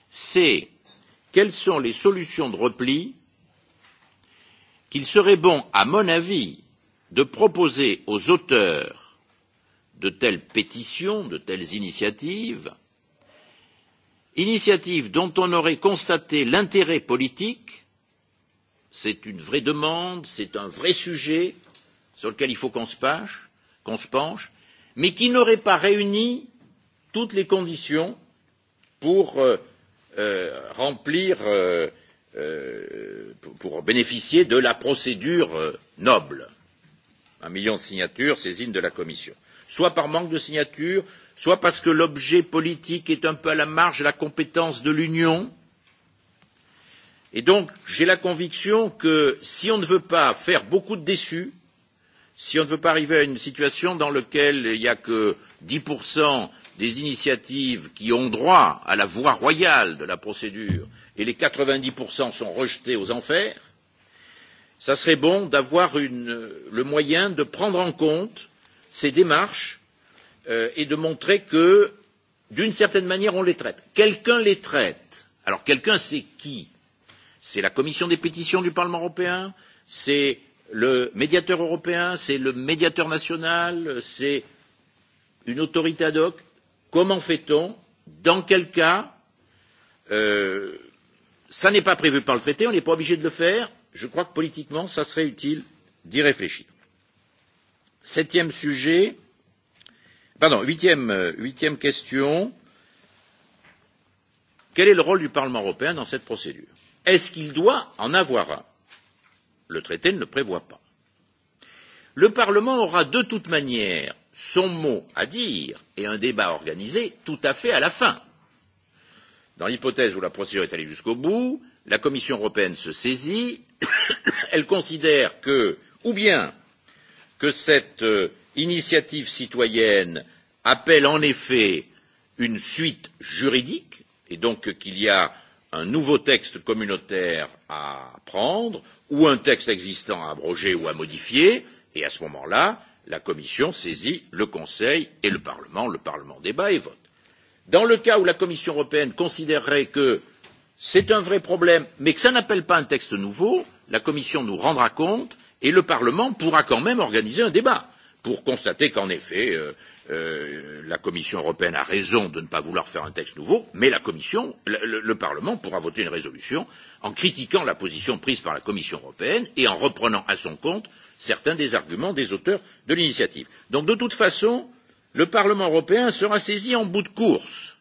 c'est quelles sont les solutions de repli qu'il serait bon, à mon avis, de proposer aux auteurs de telles pétitions, de telles initiatives, initiatives dont on aurait constaté l'intérêt politique, c'est une vraie demande, c'est un vrai sujet sur lequel il faut qu'on se penche, qu'on se penche, mais qui n'aurait pas réuni toutes les conditions pour euh, euh, remplir euh, euh, pour, pour bénéficier de la procédure euh, noble. Un million de signatures saisine de la Commission soit par manque de signature, soit parce que l'objet politique est un peu à la marge de la compétence de l'Union. Et donc, j'ai la conviction que si on ne veut pas faire beaucoup de déçus, si on ne veut pas arriver à une situation dans laquelle il n'y a que 10% des initiatives qui ont droit à la voie royale de la procédure et les 90% sont rejetés aux enfers, ça serait bon d'avoir le moyen de prendre en compte ces démarches euh, et de montrer que, d'une certaine manière, on les traite. Quelqu'un les traite. Alors quelqu'un, c'est qui C'est la commission des pétitions du Parlement européen C'est le médiateur européen C'est le médiateur national C'est une autorité ad hoc Comment fait-on Dans quel cas euh, Ça n'est pas prévu par le traité, on n'est pas obligé de le faire. Je crois que politiquement, ça serait utile d'y réfléchir. Septième sujet, pardon, huitième, euh, huitième question. Quel est le rôle du Parlement européen dans cette procédure Est-ce qu'il doit en avoir un Le traité ne le prévoit pas. Le Parlement aura de toute manière son mot à dire et un débat organisé tout à fait à la fin. Dans l'hypothèse où la procédure est allée jusqu'au bout, la Commission européenne se saisit, elle considère que, ou bien que cette euh, initiative citoyenne appelle en effet une suite juridique et donc qu'il y a un nouveau texte communautaire à prendre ou un texte existant à abroger ou à modifier et à ce moment là la commission saisit le conseil et le parlement le parlement débat et vote. dans le cas où la commission européenne considérerait que c'est un vrai problème mais que cela n'appelle pas un texte nouveau la commission nous rendra compte et le Parlement pourra quand même organiser un débat pour constater qu'en effet, euh, euh, la Commission européenne a raison de ne pas vouloir faire un texte nouveau, mais la Commission, le, le Parlement pourra voter une résolution en critiquant la position prise par la Commission européenne et en reprenant à son compte certains des arguments des auteurs de l'initiative. Donc, de toute façon, le Parlement européen sera saisi en bout de course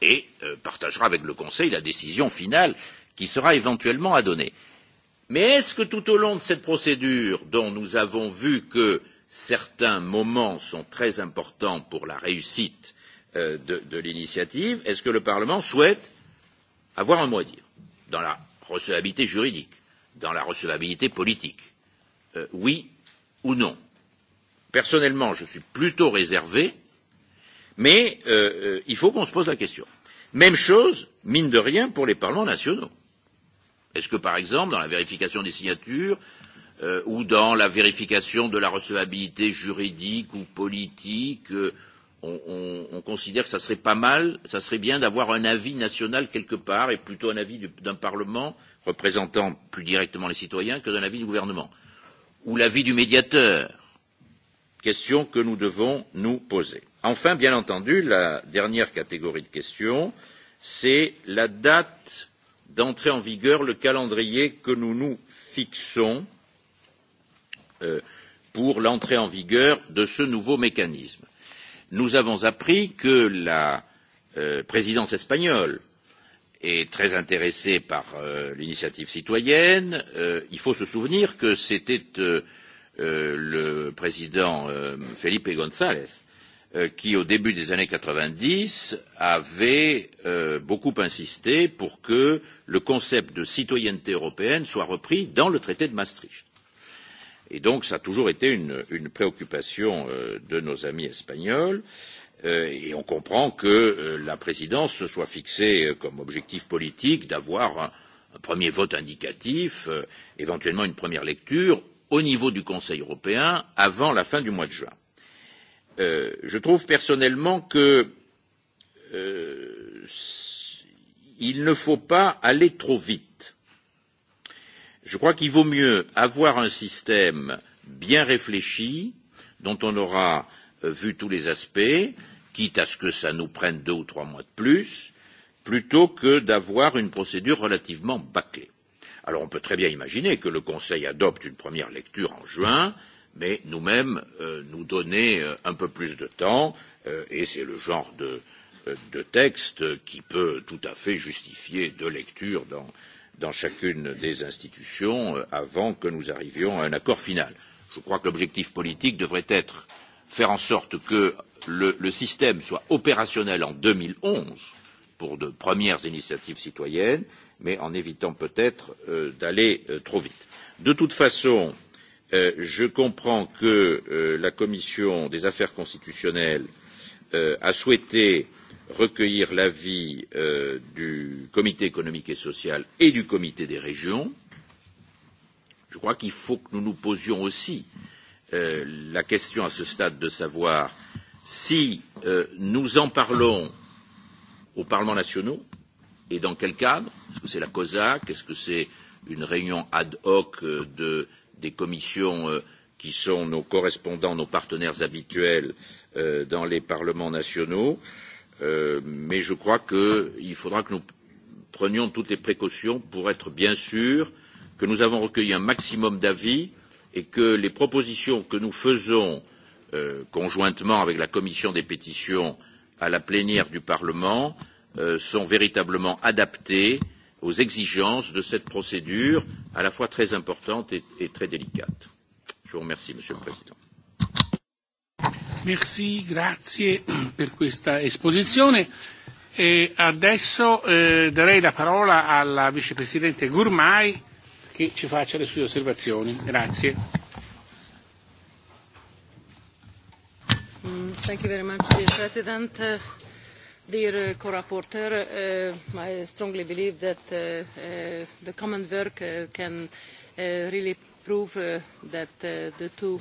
et euh, partagera avec le Conseil la décision finale qui sera éventuellement à donner. Euh, Mais est-ce que tout au long de cette procédure, dont nous avons vu que certains moments sont très importants pour la réussite euh, de, de l'initiative, est-ce que le Parlement souhaite avoir un mot à dire dans la recevabilité juridique, dans la recevabilité politique euh, Oui ou non Personnellement, je suis plutôt réservé, mais euh, euh, il faut qu'on se pose la question. Même chose, mine de rien, pour les parlements nationaux Est-ce que, par exemple, dans la vérification des signatures euh, ou dans la vérification de la recevabilité juridique ou politique, euh, on, on, on considère que ça serait pas mal, ça serait bien d'avoir un avis national quelque part et plutôt un avis d'un Parlement représentant plus directement les citoyens que d'un avis du gouvernement ou l'avis du médiateur question que nous devons nous poser. Enfin, bien entendu, la dernière catégorie de questions, c'est la date d'entrée en vigueur le calendrier que nous nous fixons euh, pour l'entrée en vigueur de ce nouveau mécanisme. Nous avons appris que la euh, présidence espagnole est très intéressée par euh, l'initiative citoyenne. Euh, il faut se souvenir que c'était euh, euh, le président euh, Felipe González Euh, qui, au début des années 90, avait euh, beaucoup insisté pour que le concept de citoyenneté européenne soit repris dans le traité de Maastricht. Et donc, ça a toujours été une, une préoccupation euh, de nos amis espagnols. Euh, et on comprend que euh, la présidence se soit fixée euh, comme objectif politique d'avoir un, un premier vote indicatif, euh, éventuellement une première lecture, au niveau du Conseil européen avant la fin du mois de juin Euh, je trouve personnellement que euh, il ne faut pas aller trop vite. Je crois qu'il vaut mieux avoir un système bien réfléchi, dont on aura euh, vu tous les aspects, quitte à ce que ça nous prenne deux ou trois mois de plus, plutôt que d'avoir une procédure relativement bâclée. Alors on peut très bien imaginer que le Conseil adopte une première lecture en juin, euh, mais nous-mêmes euh, nous donner euh, un peu plus de temps, euh, et c'est le genre de, euh, de texte qui peut tout à fait justifier deux lectures dans, dans chacune des institutions euh, avant que nous arrivions à un accord final. Je crois que l'objectif politique devrait être faire en sorte que le, le système soit opérationnel en 2011 pour de premières initiatives citoyennes, mais en évitant peut-être euh, d'aller euh, trop vite. De toute façon, euh, Euh, je comprends que euh, la commission des affaires constitutionnelles euh, a souhaité recueillir l'avis euh, du comité économique et social et du comité des régions. Je crois qu'il faut que nous nous posions aussi euh, la question à ce stade de savoir si euh, nous en parlons aux parlements nationaux et dans quel cadre Est-ce que c'est la COSAC Est-ce que c'est une réunion ad hoc euh, de des commissions euh, qui sont nos correspondants, nos partenaires habituels euh, dans les parlements nationaux. Euh, mais je crois qu'il faudra que nous prenions toutes les précautions pour être bien sûrs que nous avons recueilli un maximum d'avis et que les propositions que nous faisons euh, conjointement avec la commission des pétitions à la plénière du Parlement euh, sont véritablement adaptées euh, aux exigences de cette procédure à la fois très importante et, et très délicate. Je vous remercie, Monsieur le Président. Merci, grazie per questa esposizione. E adesso eh, darei la parola alla vicepresidente Gourmai che ci faccia le sue osservazioni. Grazie. Mm, thank you very much, dear President. Uh, dear uh, co-rapporteur, uh, I strongly believe that uh, the common work can really prove that the two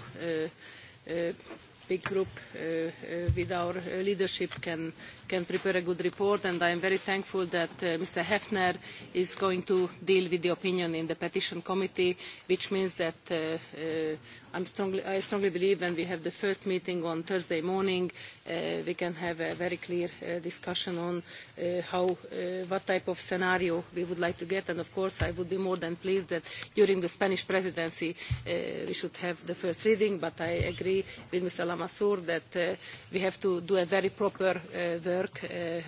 big group uh, uh, with our uh, leadership can, can prepare a good report and I am very thankful that uh, Mr. Hefner is going to deal with the opinion in the petition committee which means that uh, uh, I'm strongly, I strongly believe when we have the first meeting on Thursday morning, uh, we can have a very clear uh, discussion on uh, how, uh, what type of scenario we would like to get. And of course, I would be more than pleased that during the Spanish presidency, uh, we should have the first reading. But I agree with Mr. Lamassoure that uh, we have to do a very proper uh, work, uh, uh,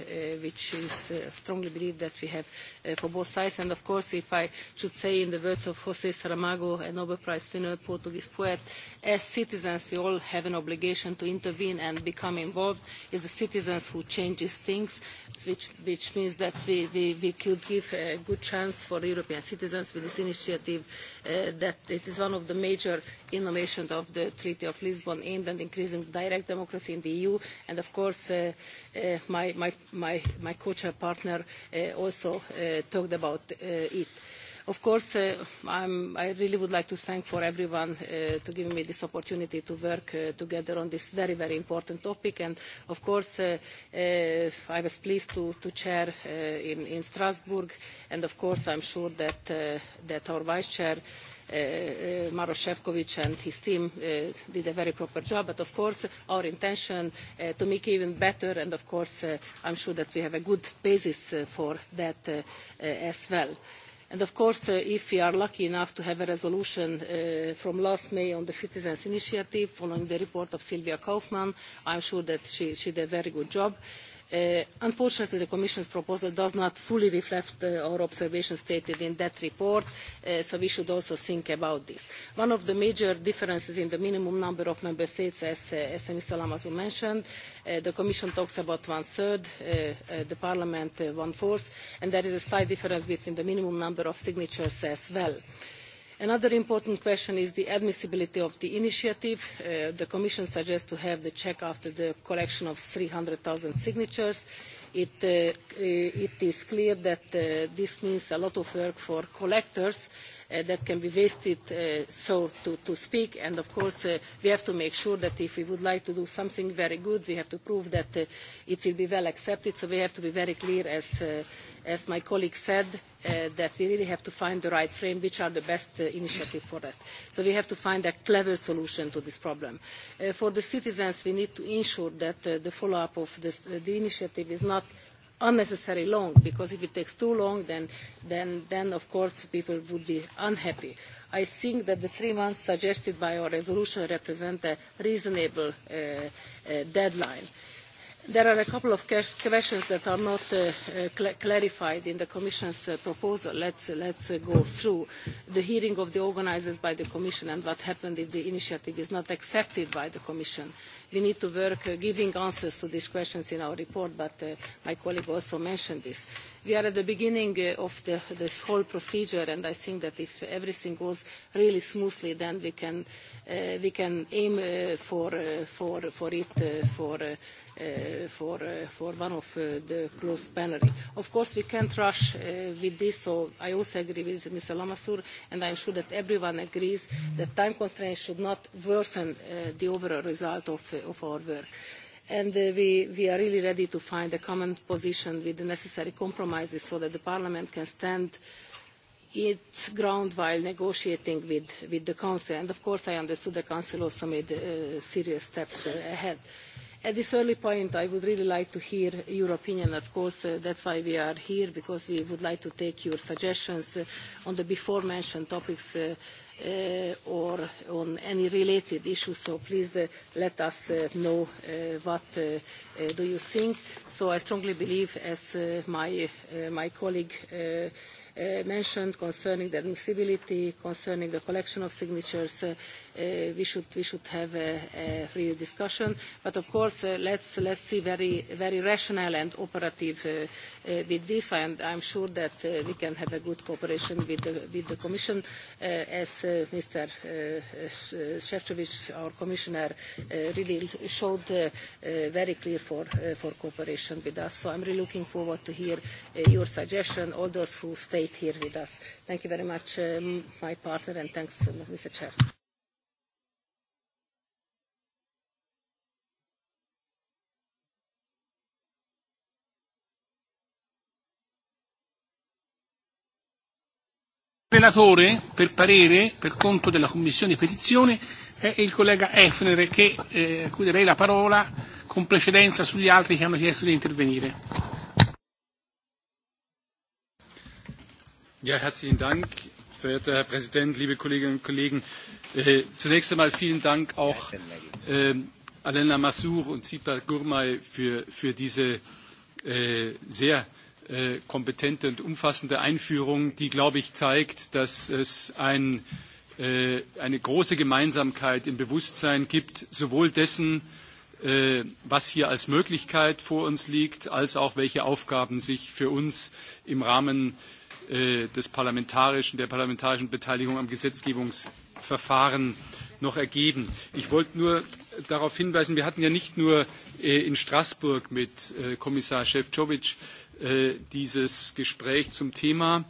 which is uh, strongly believed that we have uh, for both sides. And of course, if I should say in the words of José Saramago, a Nobel Prize winner, Portuguese poet, that as citizens we all have an obligation to intervene and become involved. It's the citizens who changes things, which, which means that we, we, we could give a good chance for European citizens with this initiative uh, that it is one of the major innovations of the Treaty of Lisbon aimed at increasing direct democracy in the EU. And of course, uh, uh, my, my, my, my co-chair partner uh, also uh, talked about uh, it. Uh, Of course, uh, I'm, I really would like to thank for everyone uh, to give me this opportunity to work uh, together on this very, very important topic. And of course, uh, uh, I was pleased to, to chair uh, in, in Strasbourg. And of course, I'm sure that, uh, that our vice chair, uh, uh, Maros Shevkovich and his team uh, did a very proper job. But of course, our intention uh, to make it even better. And of course, uh, I'm sure that we have a good basis uh, for that uh, uh, as well. Uh, And of course, uh, if we are lucky enough to have a resolution uh, from last May on the Citizens Initiative, following the report of Sylvia Kaufman, I'm sure that she, she did a very good job. Uh, Uh, unfortunately, the Commission's proposal does not fully reflect uh, our observations stated in that report, uh, so we should also think about this. One of the major differences in the minimum number of member states, as, uh, as Mr. Lamazu mentioned, uh, the Commission talks about one-third, uh, uh, the Parliament uh, one-fourth, and there is a slight difference between the minimum number of signatures as well. Uh, another important question is the admissibility of the initiative. Uh, the commission suggests to have the check after the collection of 300,000 signatures. It, uh, uh, it is clear that uh, this means a lot of work for collectors uh, uh, that can be wasted, uh, so to, to speak. And of course, uh, we have to make sure that if we would like to do something very good, we have to prove that uh, it will be well accepted. So we have to be very clear, as, uh, as my colleague said, uh, that we really have to find the right frame, which are the best uh, initiative for that. So we have to find a clever solution to this problem. Uh, for the citizens, we need to ensure that uh, the follow-up of this, uh, the initiative is not unnecessarily long because if it takes too long then then then of course people would be unhappy i think that the three months suggested by our resolution represent a reasonable uh, uh, deadline uh, There are a couple of questions that are not uh, uh cl clarified in the Commission's uh, proposal. Let's, uh, let's uh, go through the hearing of the organizers by the Commission and what happened if the initiative is not accepted by the Commission. We need to work uh, giving answers to these questions in our report, but uh, my colleague also mentioned this. Uh, we are at the beginning uh, of the, this whole procedure, and I think that if everything goes really smoothly, then we can, uh, we can aim uh, for, uh, for, for it uh, for, uh, uh for, uh, for one of uh, the closed plenary. Of course, we can't rush uh, with this, so I also agree with Mr. Lamassoure, and I'm sure that everyone agrees that time constraints should not worsen uh, the overall result of, of our work. Uh, and uh, we, we are really ready to find a common position with the necessary compromises so that the Parliament can stand its ground while negotiating with, with the Council. And of course I understood the Council also made uh, serious steps uh, ahead. Uh, At this early point, I would really like to hear your opinion, of course. Uh, that's why we are here, because we would like to take your suggestions uh, on the before-mentioned topics uh, uh, or on any related issues. So please uh, let us uh, know uh, what uh, uh, do you think. So I strongly believe, as uh, my, uh, my colleague uh, uh, mentioned concerning the admissibility, concerning the collection of signatures, uh, uh, we should we should have a, a real discussion. But of course, uh, let's let's see very very rational and operative uh, uh, with this, and I'm sure that uh, we can have a good cooperation with the with the Commission, uh, as uh, Mr. Uh, uh, Shevchovich, our Commissioner, uh, really showed uh, uh, very clear for uh, for cooperation with us. So I'm really looking forward to hear uh, your suggestion. All those who stay debate here with us. Thank you very much, um, my partner, and thanks, uh, Mr. Chair. relatore per parere per conto della Commissione petizione è il collega Effner che eh, a cui darei la parola con precedenza sugli altri che hanno chiesto di intervenire. Ja, herzlichen Dank, verehrter Herr Präsident, liebe Kolleginnen und Kollegen. Äh, zunächst einmal vielen Dank auch äh, Alena Massour und Sipa Gurmai für, für diese äh, sehr äh, kompetente und umfassende Einführung, die, glaube ich, zeigt, dass es ein, äh, eine große Gemeinsamkeit im Bewusstsein gibt, sowohl dessen, äh, was hier als Möglichkeit vor uns liegt, als auch welche Aufgaben sich für uns im Rahmen äh, äh, des parlamentarischen, der parlamentarischen Beteiligung am Gesetzgebungsverfahren noch ergeben. Ich wollte nur darauf hinweisen, wir hatten ja nicht nur äh, in Straßburg mit äh, Kommissar Šefčovič äh, dieses Gespräch zum Thema,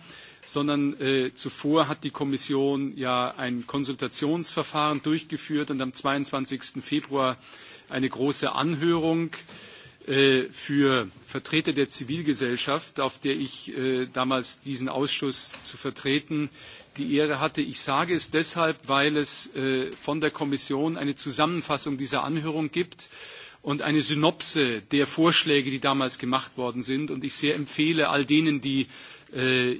sondern äh, zuvor hat die Kommission ja ein Konsultationsverfahren durchgeführt und am 22. Februar eine große Anhörung äh, Äh, für Vertreter der Zivilgesellschaft, auf der ich äh, damals diesen Ausschuss zu vertreten die Ehre hatte. Ich sage es deshalb, weil es äh, von der Kommission eine Zusammenfassung dieser Anhörung gibt und eine Synopse der Vorschläge, die damals gemacht worden sind. Und ich sehr empfehle all denen, die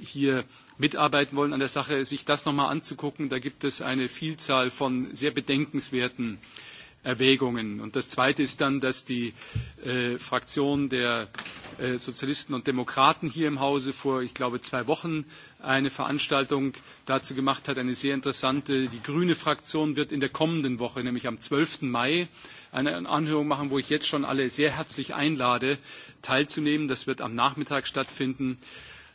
hier mitarbeiten wollen an der Sache, sich das nochmal anzugucken. Da gibt es eine Vielzahl von sehr bedenkenswerten äh, Erwägungen. Und das Zweite ist dann, dass die äh, Fraktion der äh, Sozialisten und Demokraten hier im Hause vor, ich glaube, zwei Wochen eine Veranstaltung dazu gemacht hat, eine sehr interessante. Die grüne Fraktion wird in der kommenden Woche, nämlich am 12. Mai, eine Anhörung machen, wo ich jetzt schon alle sehr herzlich einlade, teilzunehmen. Das wird am Nachmittag stattfinden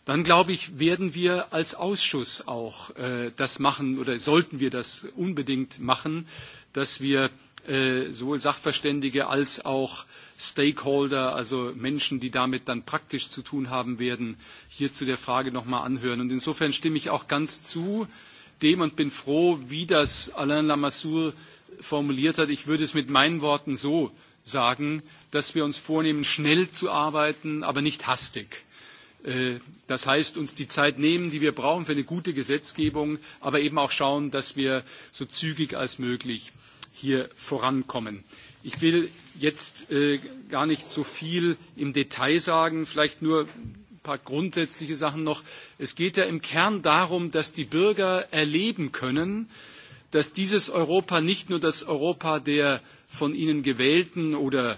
dann glaube ich, werden wir als Ausschuss auch äh, das machen oder sollten wir das unbedingt machen, dass wir äh, sowohl Sachverständige als auch Stakeholder, also Menschen, die damit dann praktisch zu tun haben werden, hier zu der Frage nochmal anhören. Und insofern stimme ich auch ganz zu dem und bin froh, wie das Alain Lamassoure formuliert hat. Ich würde es mit meinen Worten so sagen, dass wir uns vornehmen, schnell zu arbeiten, aber nicht hastig. Äh, das heißt, uns die Zeit nehmen, die wir brauchen für eine gute Gesetzgebung, aber eben auch schauen, dass wir so zügig als möglich hier vorankommen. Ich will jetzt äh, gar nicht so viel im Detail sagen, vielleicht nur ein paar grundsätzliche Sachen noch. Es geht ja im Kern darum, dass die Bürger erleben können, dass dieses Europa nicht nur das Europa der von ihnen gewählten oder äh,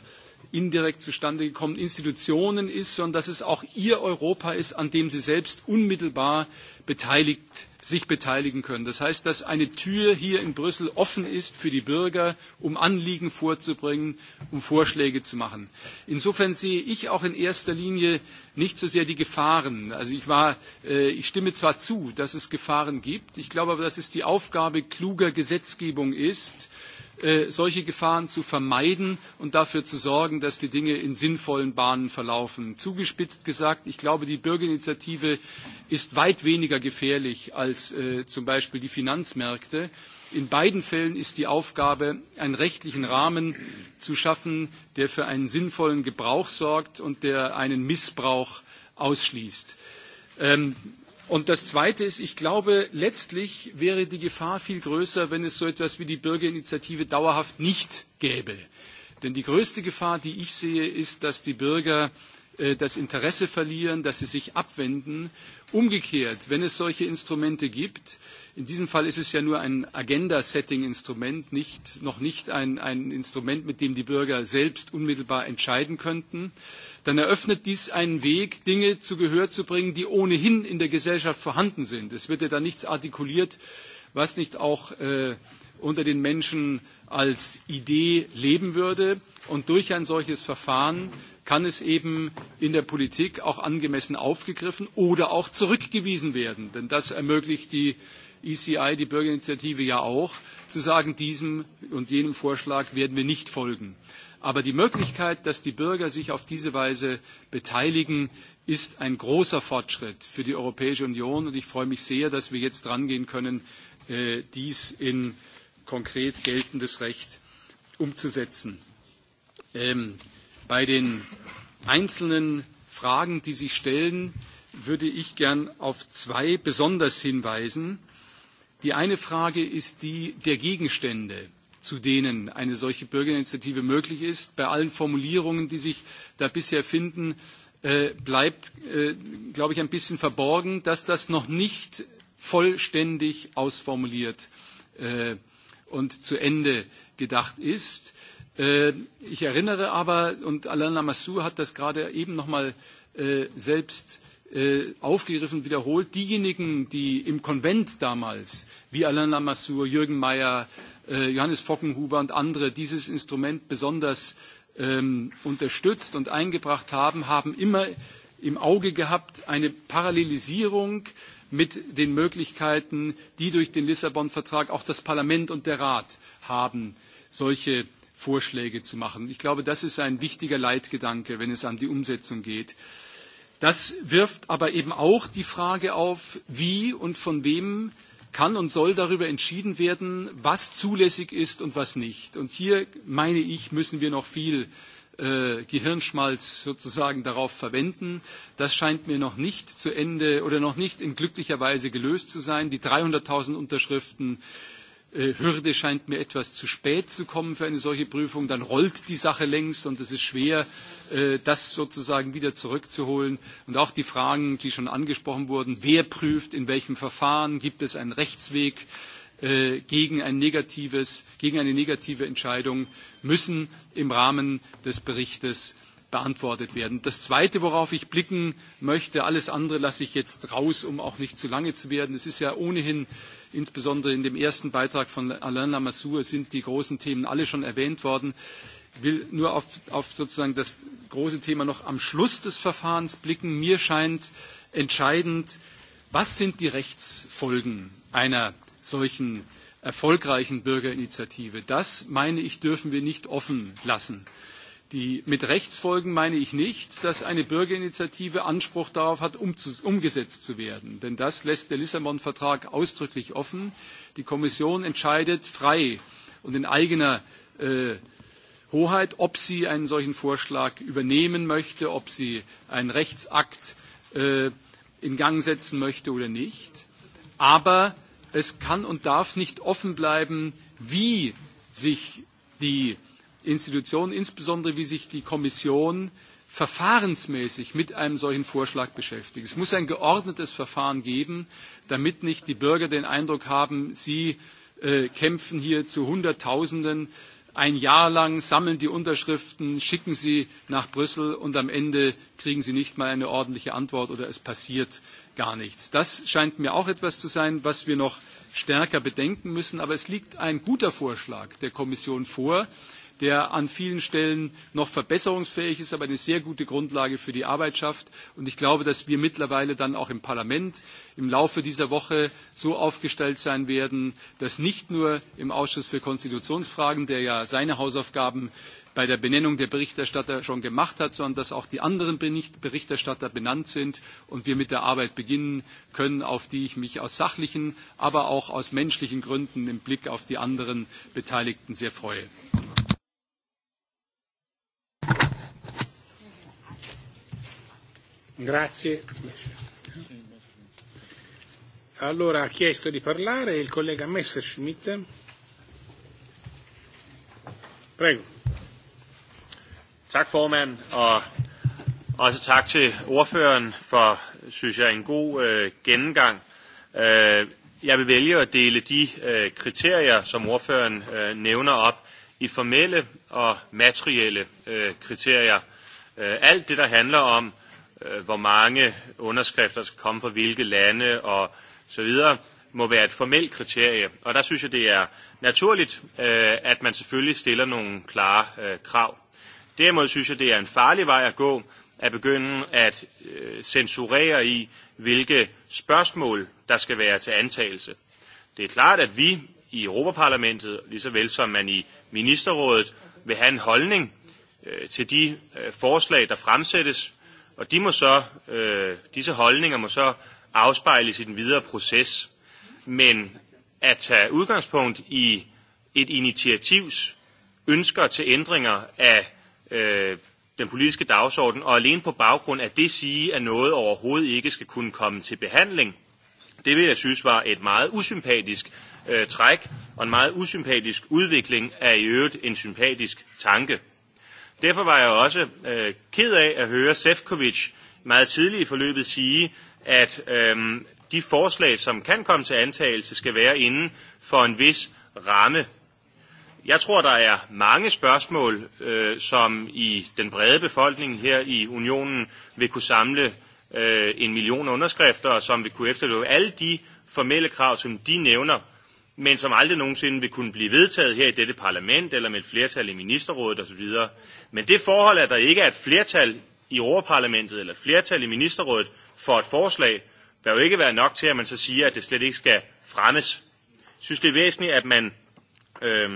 indirekt zustande gekommenen Institutionen ist, sondern dass es auch Ihr Europa ist, an dem Sie selbst unmittelbar beteiligt, sich beteiligen können. Das heißt, dass eine Tür hier in Brüssel offen ist für die Bürger, um Anliegen vorzubringen, um Vorschläge zu machen. Insofern sehe ich auch in erster Linie nicht so sehr die Gefahren. Also ich, war, äh, ich stimme zwar zu, dass es Gefahren gibt, ich glaube aber, dass es die Aufgabe kluger Gesetzgebung ist, äh, äh, solche Gefahren zu vermeiden und dafür zu sorgen, dass die Dinge in sinnvollen Bahnen verlaufen. Zugespitzt gesagt, ich glaube, die Bürgerinitiative ist weit weniger gefährlich als äh, zum Beispiel die Finanzmärkte. In beiden Fällen ist die Aufgabe, einen rechtlichen Rahmen zu schaffen, der für einen sinnvollen Gebrauch sorgt und der einen Missbrauch ausschließt. Ähm, Und das Zweite ist, ich glaube, letztlich wäre die Gefahr viel größer, wenn es so etwas wie die Bürgerinitiative dauerhaft nicht gäbe. Denn die größte Gefahr, die ich sehe, ist, dass die Bürger äh, das Interesse verlieren, dass sie sich abwenden. Umgekehrt, wenn es solche Instrumente gibt, in diesem Fall ist es ja nur ein Agenda-Setting-Instrument, nicht, noch nicht ein, ein Instrument, mit dem die Bürger selbst unmittelbar entscheiden könnten, dann eröffnet dies einen Weg, Dinge zu Gehör zu bringen, die ohnehin in der Gesellschaft vorhanden sind. Es wird ja da nichts artikuliert, was nicht auch äh, unter den Menschen als Idee leben würde. Und durch ein solches Verfahren kann es eben in der Politik auch angemessen aufgegriffen oder auch zurückgewiesen werden. Denn das ermöglicht die ECI, die Bürgerinitiative ja auch, zu sagen, diesem und jenem Vorschlag werden wir nicht folgen. Aber die Möglichkeit, dass die Bürger sich auf diese Weise beteiligen, ist ein großer Fortschritt für die Europäische Union. Und ich freue mich sehr, dass wir jetzt drangehen können, äh, dies in konkret geltendes Recht umzusetzen. Ähm, bei den einzelnen Fragen, die sich stellen, würde ich gern auf zwei besonders hinweisen. Die eine Frage ist die der Gegenstände zu denen eine solche Bürgerinitiative möglich ist. Bei allen Formulierungen, die sich da bisher finden, äh, bleibt, äh, glaube ich, ein bisschen verborgen, dass das noch nicht vollständig ausformuliert äh, und zu Ende gedacht ist. Äh, ich erinnere aber, und Alain Lamassoure hat das gerade eben noch mal äh, selbst Äh, aufgegriffen, wiederholt. Diejenigen, die im Konvent damals, wie Alain Lamassoure, Jürgen Mayer, äh, Johannes Fockenhuber und andere, dieses Instrument besonders ähm, unterstützt und eingebracht haben, haben immer im Auge gehabt eine Parallelisierung mit den Möglichkeiten, die durch den Lissabon-Vertrag auch das Parlament und der Rat haben, solche Vorschläge zu machen. Ich glaube, das ist ein wichtiger Leitgedanke, wenn es an die Umsetzung geht. Äh, Das wirft aber eben auch die Frage auf, wie und von wem kann und soll darüber entschieden werden, was zulässig ist und was nicht. Und hier, meine ich, müssen wir noch viel äh, Gehirnschmalz sozusagen darauf verwenden. Das scheint mir noch nicht zu Ende oder noch nicht in glücklicher Weise gelöst zu sein. Die 300.000 Unterschriften äh, Äh, Hürde scheint mir etwas zu spät zu kommen für eine solche Prüfung, dann rollt die Sache längst und es ist schwer, äh, das sozusagen wieder zurückzuholen. Und auch die Fragen, die schon angesprochen wurden, wer prüft, in welchem Verfahren, gibt es einen Rechtsweg äh, gegen, ein negatives, gegen eine negative Entscheidung, müssen im Rahmen des Berichtes beantwortet werden. Das Zweite, worauf ich blicken möchte, alles andere lasse ich jetzt raus, um auch nicht zu lange zu werden. Es ist ja ohnehin, insbesondere in dem ersten Beitrag von Alain Lamassoure, sind die großen Themen alle schon erwähnt worden. Ich will nur auf, auf sozusagen das große Thema noch am Schluss des Verfahrens blicken. Mir scheint entscheidend, was sind die Rechtsfolgen einer solchen erfolgreichen Bürgerinitiative? Das, meine ich, dürfen wir nicht offen lassen. Die, mit Rechtsfolgen meine ich nicht, dass eine Bürgerinitiative Anspruch darauf hat, um zu, umgesetzt zu werden. Denn das lässt der Lissabon-Vertrag ausdrücklich offen. Die Kommission entscheidet frei und in eigener äh, Hoheit, ob sie einen solchen Vorschlag übernehmen möchte, ob sie einen Rechtsakt äh, in Gang setzen möchte oder nicht. Aber es kann und darf nicht offen bleiben, wie sich die Institutionen, insbesondere wie sich die Kommission verfahrensmäßig mit einem solchen Vorschlag beschäftigt. Es muss ein geordnetes Verfahren geben, damit nicht die Bürger den Eindruck haben, sie äh, kämpfen hier zu Hunderttausenden ein Jahr lang, sammeln die Unterschriften, schicken sie nach Brüssel und am Ende kriegen sie nicht mal eine ordentliche Antwort oder es passiert gar nichts. Das scheint mir auch etwas zu sein, was wir noch stärker bedenken müssen. Aber es liegt ein guter Vorschlag der Kommission vor, der an vielen Stellen noch verbesserungsfähig ist, aber eine sehr gute Grundlage für die Arbeit schafft. Und ich glaube, dass wir mittlerweile dann auch im Parlament im Laufe dieser Woche so aufgestellt sein werden, dass nicht nur im Ausschuss für Konstitutionsfragen, der ja seine Hausaufgaben bei der Benennung der Berichterstatter schon gemacht hat, sondern dass auch die anderen Berichterstatter benannt sind und wir mit der Arbeit beginnen können, auf die ich mich aus sachlichen, aber auch aus menschlichen Gründen im Blick auf die anderen Beteiligten sehr freue. Grazie. Allora ha chiesto di parlare il collega Messerschmidt. Prego. Tak formand, og også tak til ordføreren for, synes jeg, en god øh, gennemgang. Øh, jeg vil vælge at dele de øh, kriterier, som ordføreren øh, nævner op, i formelle og materielle øh, kriterier. Øh, alt det, der handler om øh, øh, hvor mange underskrifter skal komme fra hvilke lande og så videre, må være et formelt kriterie. Og der synes jeg, det er naturligt, øh, at man selvfølgelig stiller nogle klare øh, krav. Derimod synes jeg, det er en farlig vej at gå, at begynde at øh, censurere i, hvilke spørgsmål, der skal være til antagelse. Det er klart, at vi i Europaparlamentet, lige så vel som man i ministerrådet, vil have en holdning øh, til de øh, forslag, der fremsættes, Og de, må så, øh, disse holdninger må så afspejles i den videre proces. Men at tage udgangspunkt i et initiativs ønsker til ændringer af øh, den politiske dagsorden, og alene på baggrund af det sige, at noget overhovedet ikke skal kunne komme til behandling, det vil jeg synes var et meget usympatisk øh, træk og en meget usympatisk udvikling af i øvrigt en sympatisk tanke. Derfor var jeg også øh, ked af at høre Sefcovic meget tidligt i forløbet sige, at øh, de forslag, som kan komme til antagelse, skal være inden for en vis ramme. Jeg tror, der er mange spørgsmål, øh, som i den brede befolkning her i unionen vil kunne samle øh, en million underskrifter, og som vil kunne efterleve alle de formelle krav, som de nævner, men som aldrig nogensinde vil kunne blive vedtaget her i dette parlament eller med et flertal i ministerrådet osv. Men det forhold, at der ikke er et flertal i Europaparlamentet eller et flertal i ministerrådet for et forslag, bør jo ikke være nok til, at man så siger, at det slet ikke skal fremmes. Jeg synes, det er væsentligt, at man øh,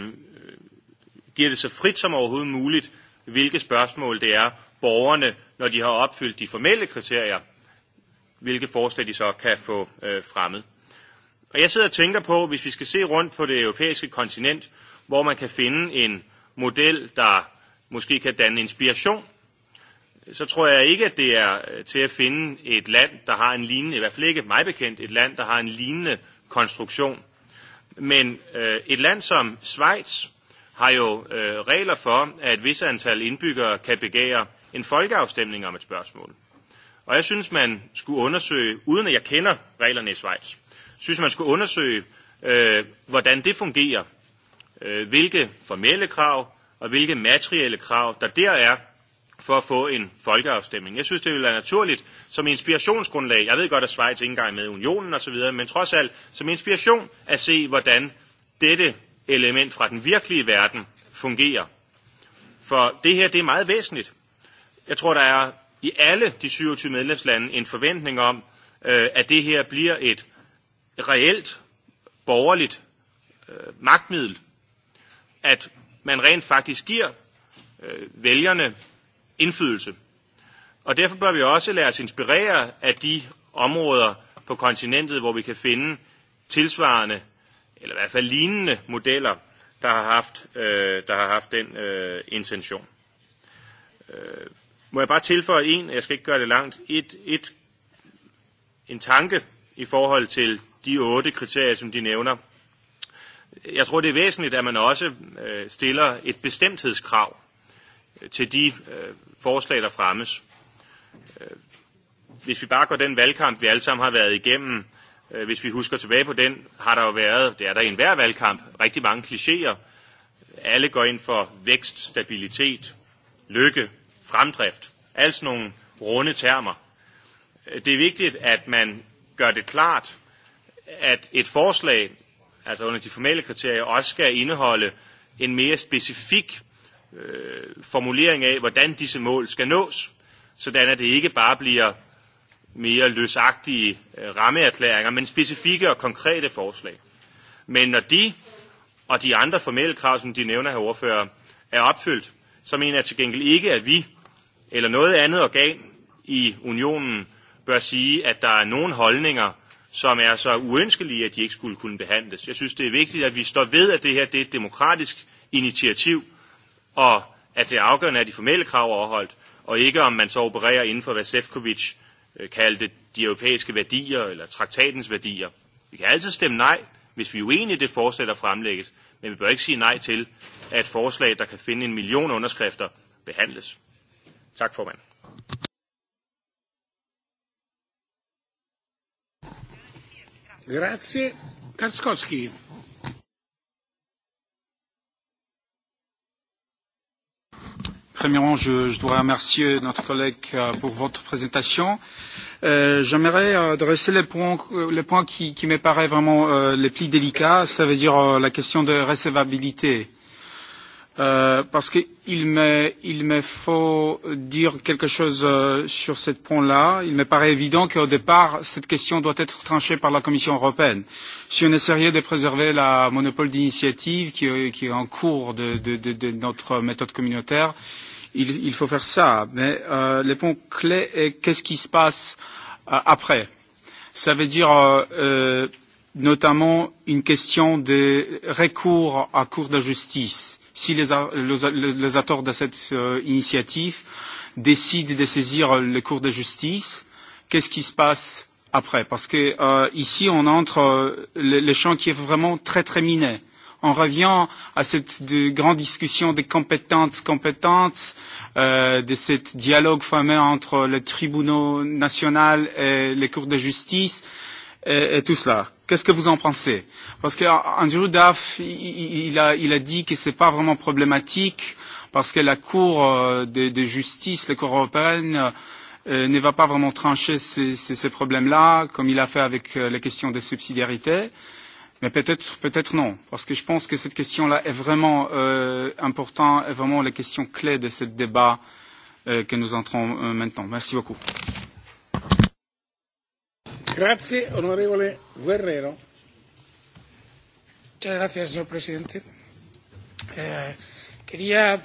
giver det så frit som overhovedet muligt, hvilke spørgsmål det er, borgerne, når de har opfyldt de formelle kriterier, hvilke forslag de så kan få øh, fremmet. Og jeg sidder og tænker på, hvis vi skal se rundt på det europæiske kontinent, hvor man kan finde en model, der måske kan danne inspiration, så tror jeg ikke, at det er øh, til at finde et land, der har en lignende, i hvert fald ikke mig bekendt, et land, der har en lignende konstruktion. Men øh, et land som Schweiz har jo øh, regler for, at et vis antal indbyggere kan begære en folkeafstemning om et spørgsmål. Og jeg synes, man skulle undersøge, uden at jeg kender reglerne i Schweiz, synes, man skulle undersøge, øh, hvordan det fungerer. Øh, hvilke formelle krav og hvilke materielle krav der der er for at få en folkeafstemning. Jeg synes, det ville være naturligt som inspirationsgrundlag. Jeg ved godt, at Schweiz ikke engang er med i unionen osv., men trods alt som inspiration at se, hvordan dette element fra den virkelige verden fungerer. For det her, det er meget væsentligt. Jeg tror, der er i alle de 27 medlemslande en forventning om, øh, at det her bliver et reelt borgerligt øh, magtmiddel, at man rent faktisk giver øh, vælgerne indflydelse. Og derfor bør vi også lade os inspirere af de områder på kontinentet, hvor vi kan finde tilsvarende, eller i hvert fald lignende modeller, der har haft, øh, der har haft den øh, intention. Øh, må jeg bare tilføje en, jeg skal ikke gøre det langt, et, et, en tanke i forhold til de otte kriterier, som de nævner. Jeg tror, det er væsentligt, at man også øh, stiller et bestemthedskrav øh, til de øh, forslag, der fremmes. Øh, hvis vi bare går den valgkamp, vi alle sammen har været igennem, øh, hvis vi husker tilbage på den, har der jo været, det er der i enhver valgkamp, rigtig mange klichéer. Alle går ind for vækst, stabilitet, lykke, fremdrift. Altså nogle runde termer. Øh, det er vigtigt, at man gør det klart, at et forslag, altså under de formelle kriterier, også skal indeholde en mere specifik øh, formulering af, hvordan disse mål skal nås, sådan at det ikke bare bliver mere løsagtige øh, rammeerklæringer, men specifikke og konkrete forslag. Men når de og de andre formelle krav, som de nævner her ordfører, er opfyldt, så mener jeg til gengæld ikke, at vi eller noget andet organ i unionen bør sige, at der er nogle holdninger, som er så uønskelige, at de ikke skulle kunne behandles. Jeg synes, det er vigtigt, at vi står ved, at det her det er et demokratisk initiativ, og at det er afgørende, at de formelle krav er overholdt, og ikke om man så opererer inden for, hvad Sefcovic øh, kaldte de europæiske værdier, eller traktatens værdier. Vi kan altid stemme nej, hvis vi er uenige i det forslag, der fremlægges, men vi bør ikke sige nej til, at forslag, der kan finde en million underskrifter, behandles. Tak, formand. Grazie. Tarskowski. Premièrement, je, je dois remercier notre collègue euh, pour votre présentation. Euh, J'aimerais adresser euh, les points, euh, les points qui, qui me paraissent vraiment euh, les plus délicats, ça veut dire euh, la question de recevabilité. Euh, Euh, parce qu'il m'est, il m'est faut dire quelque chose euh, sur ce point-là. Il me paraît évident qu'au départ, cette question doit être tranchée par la Commission européenne. Si on essayait de préserver la monopole d'initiative qui, euh, qui est en cours de, de, de, de notre méthode communautaire, il, il faut faire ça. Mais euh, le point clé est qu'est-ce qui se passe euh, après. Ça veut dire euh, euh, notamment une question des recours à cours de justice si les, les, les acteurs de cette euh, initiative décident de saisir les cours de justice, qu'est-ce qui se passe après Parce que euh, ici, on entre euh, le, le champ qui est vraiment très très miné. On revient à cette de, grande discussion des compétences, compétences, euh, de ce dialogue fameux entre les tribunaux nationaux et les cours de justice et, et tout cela. Qu'est-ce que vous en pensez Parce qu'Andrew euh, Duff, il a, il a dit que ce n'est pas vraiment problématique parce que la Cour euh, de, de justice, la Cour européenne, euh, ne va pas vraiment trancher ces, ces, ces problèmes-là, comme il a fait avec euh, la question de subsidiarité. Mais peut-être, peut-être non, parce que je pense que cette question-là est vraiment euh, importante, est vraiment la question clé de ce débat euh, que nous entrons euh, maintenant. Merci beaucoup. Merci. Grazie, onorevole Guerrero. Muchas gracias, señor presidente. Eh, quería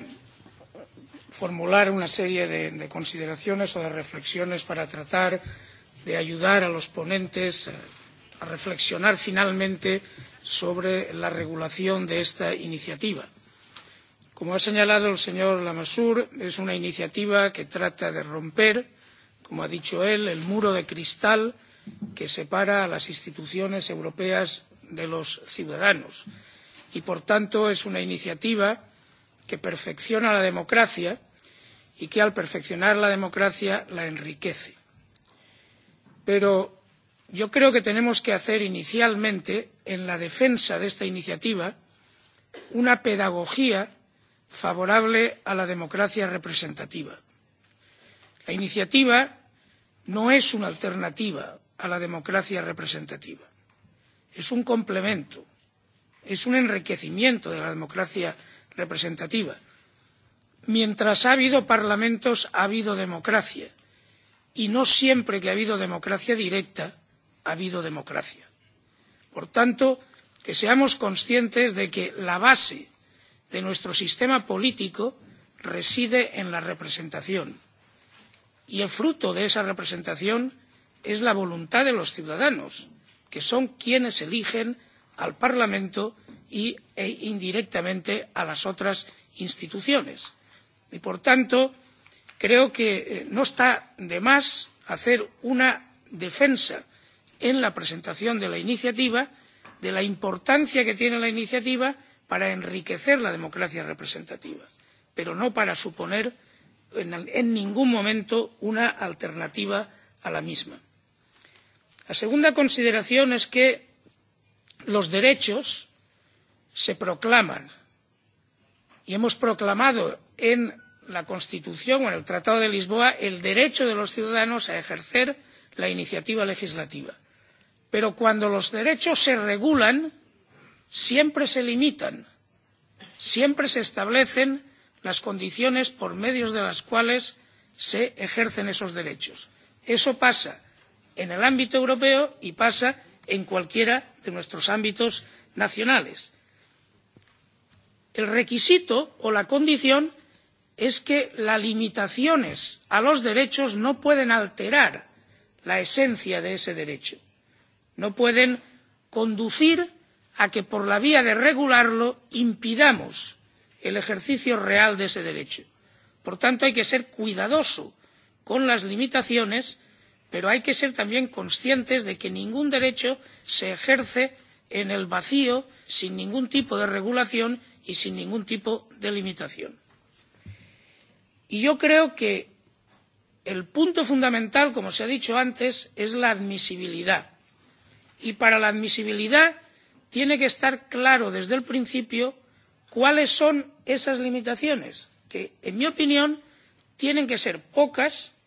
formular una serie de, de consideraciones o de reflexiones para tratar de ayudar a los ponentes a, a reflexionar finalmente sobre la regulación de esta iniciativa. Como ha señalado el señor Lamassoure, es una iniciativa que trata de romper, como ha dicho él, el muro de cristal que separa a las instituciones europeas de los ciudadanos y por tanto es una iniciativa que perfecciona la democracia y que al perfeccionar la democracia la enriquece. pero yo creo que tenemos que hacer inicialmente en la defensa de esta iniciativa una pedagogía favorable a la democracia representativa. la iniciativa no es una alternativa a la democracia representativa. Es un complemento, es un enriquecimiento de la democracia representativa. Mientras ha habido parlamentos, ha habido democracia. Y no siempre que ha habido democracia directa, ha habido democracia. Por tanto, que seamos conscientes de que la base de nuestro sistema político reside en la representación. Y el fruto de esa representación es la voluntad de los ciudadanos que son quienes eligen al parlamento e indirectamente a las otras instituciones y por tanto creo que eh, no está de más hacer una defensa en la presentación de la iniciativa de la importancia que tiene la iniciativa para enriquecer la democracia representativa pero no para suponer en ningún momento una alternativa a la misma la segunda consideración es que los derechos se proclaman y hemos proclamado en la constitución o en el tratado de lisboa el derecho de los ciudadanos a ejercer la iniciativa legislativa pero cuando los derechos se regulan siempre se limitan siempre se establecen las condiciones por medio de las cuales se ejercen esos derechos. eso pasa en el ámbito europeo y pasa en cualquiera de nuestros ámbitos nacionales. el requisito o la condición es que las limitaciones a los derechos no pueden alterar la esencia de ese derecho no pueden conducir a que por la vía de regularlo impidamos el ejercicio real de ese derecho. por tanto hay que ser cuidadoso con las limitaciones pero hay que ser también conscientes de que ningún derecho se ejerce en el vacío sin ningún tipo de regulación y sin ningún tipo de limitación. y yo creo que el punto fundamental como se ha dicho antes es la admisibilidad y para la admisibilidad tiene que estar claro desde el principio cuáles son esas limitaciones que en mi opinión tienen que ser pocas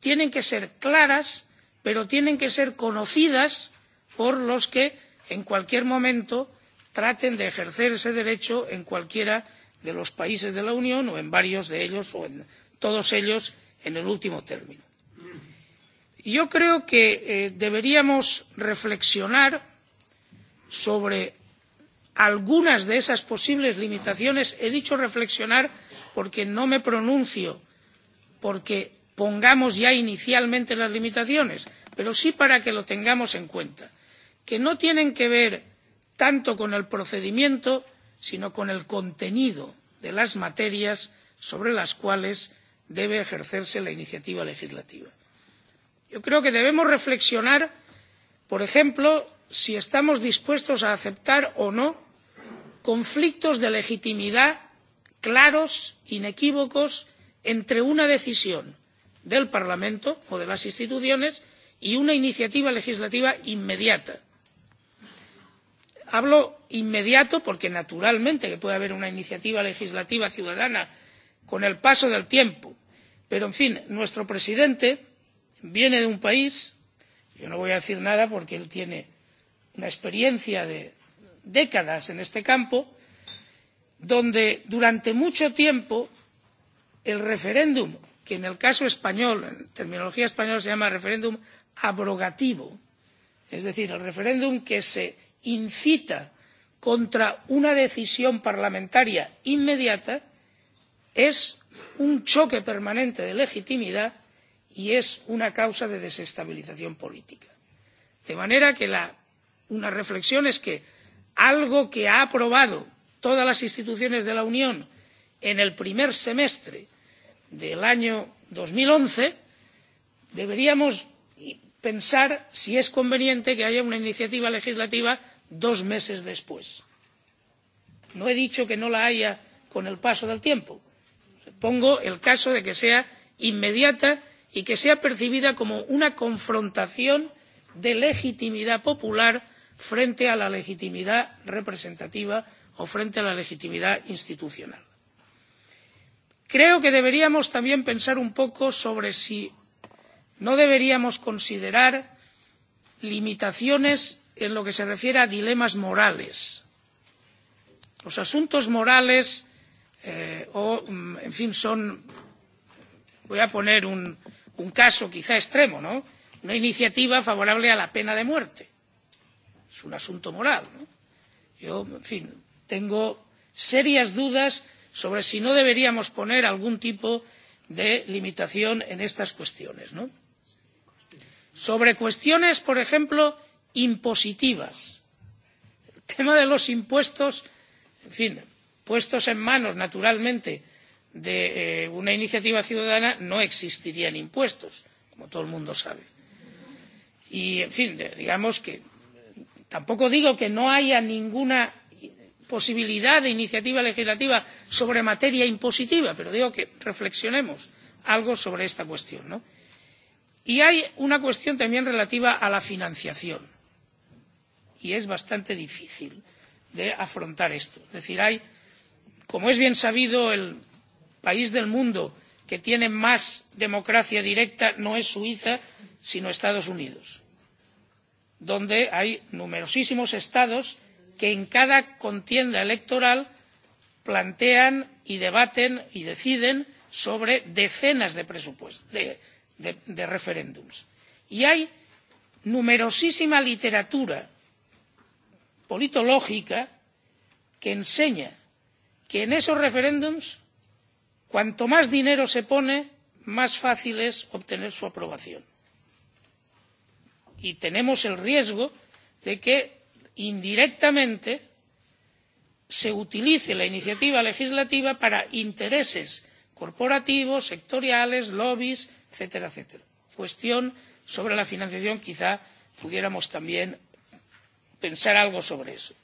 tienen que ser claras pero tienen que ser conocidas por los que en cualquier momento traten de ejercer ese derecho en cualquiera de los países de la unión o en varios de ellos o en todos ellos en el último término. yo creo que eh, deberíamos reflexionar sobre algunas de esas posibles limitaciones he dicho reflexionar porque no me pronuncio porque pongamos ya inicialmente las limitaciones pero sí para que lo tengamos en cuenta que no tienen que ver tanto con el procedimiento sino con el contenido de las materias sobre las cuales debe ejercerse la iniciativa legislativa. yo creo que debemos reflexionar por ejemplo si estamos dispuestos a aceptar o no conflictos de legitimidad claros inequívocos entre una decisión del parlamento o de las instituciones y una iniciativa legislativa inmediata. hablo inmediato porque naturalmente que puede haber una iniciativa legislativa ciudadana con el paso del tiempo pero en fin nuestro presidente viene de un país yo no voy a decir nada porque él tiene una experiencia de décadas en este campo donde durante mucho tiempo el referéndum que en el caso español en terminología española se llama referéndum abrogativo es decir el referéndum que se incita contra una decisión parlamentaria inmediata es un choque permanente de legitimidad y es una causa de desestabilización política. de manera que la, una reflexión es que algo que han aprobado todas las instituciones de la unión en el primer semestre del año dos mil once deberíamos pensar si es conveniente que haya una iniciativa legislativa dos meses después. no he dicho que no la haya con el paso del tiempo pongo el caso de que sea inmediata y que sea percibida como una confrontación de legitimidad popular frente a la legitimidad representativa o frente a la legitimidad institucional creo que deberíamos también pensar un poco sobre si no deberíamos considerar limitaciones en lo que se refiere a dilemas morales. los asuntos morales eh, o, mm, en fin son voy a poner un, un caso quizá extremo ¿no? una iniciativa favorable a la pena de muerte es un asunto moral. ¿no? yo en fin tengo serias dudas sobre si no deberíamos poner algún tipo de limitación en estas cuestiones ¿no? sobre cuestiones por ejemplo impositivas el tema de los impuestos en fin puestos en manos naturalmente de eh, una iniciativa ciudadana no existirían impuestos como todo el mundo sabe y en fin de, digamos que tampoco digo que no haya ninguna posibilidad de iniciativa legislativa sobre materia impositiva pero digo que reflexionemos algo sobre esta cuestión. ¿no? y hay una cuestión también relativa a la financiación y es bastante difícil de afrontar esto. es decir hay como es bien sabido el país del mundo que tiene más democracia directa no es suiza sino estados unidos donde hay numerosísimos estados que en cada contienda electoral plantean y debaten y deciden sobre decenas de, de, de, de referéndums y hay numerosísima literatura politológica que enseña que en esos referéndums cuanto más dinero se pone más fácil es obtener su aprobación y tenemos el riesgo de que indirectamente se utilice la iniciativa legislativa para intereses corporativos sectoriales lobbies etcétera etcétera cuestión sobre la financiación quizá pudiéramos también pensar algo sobre eso.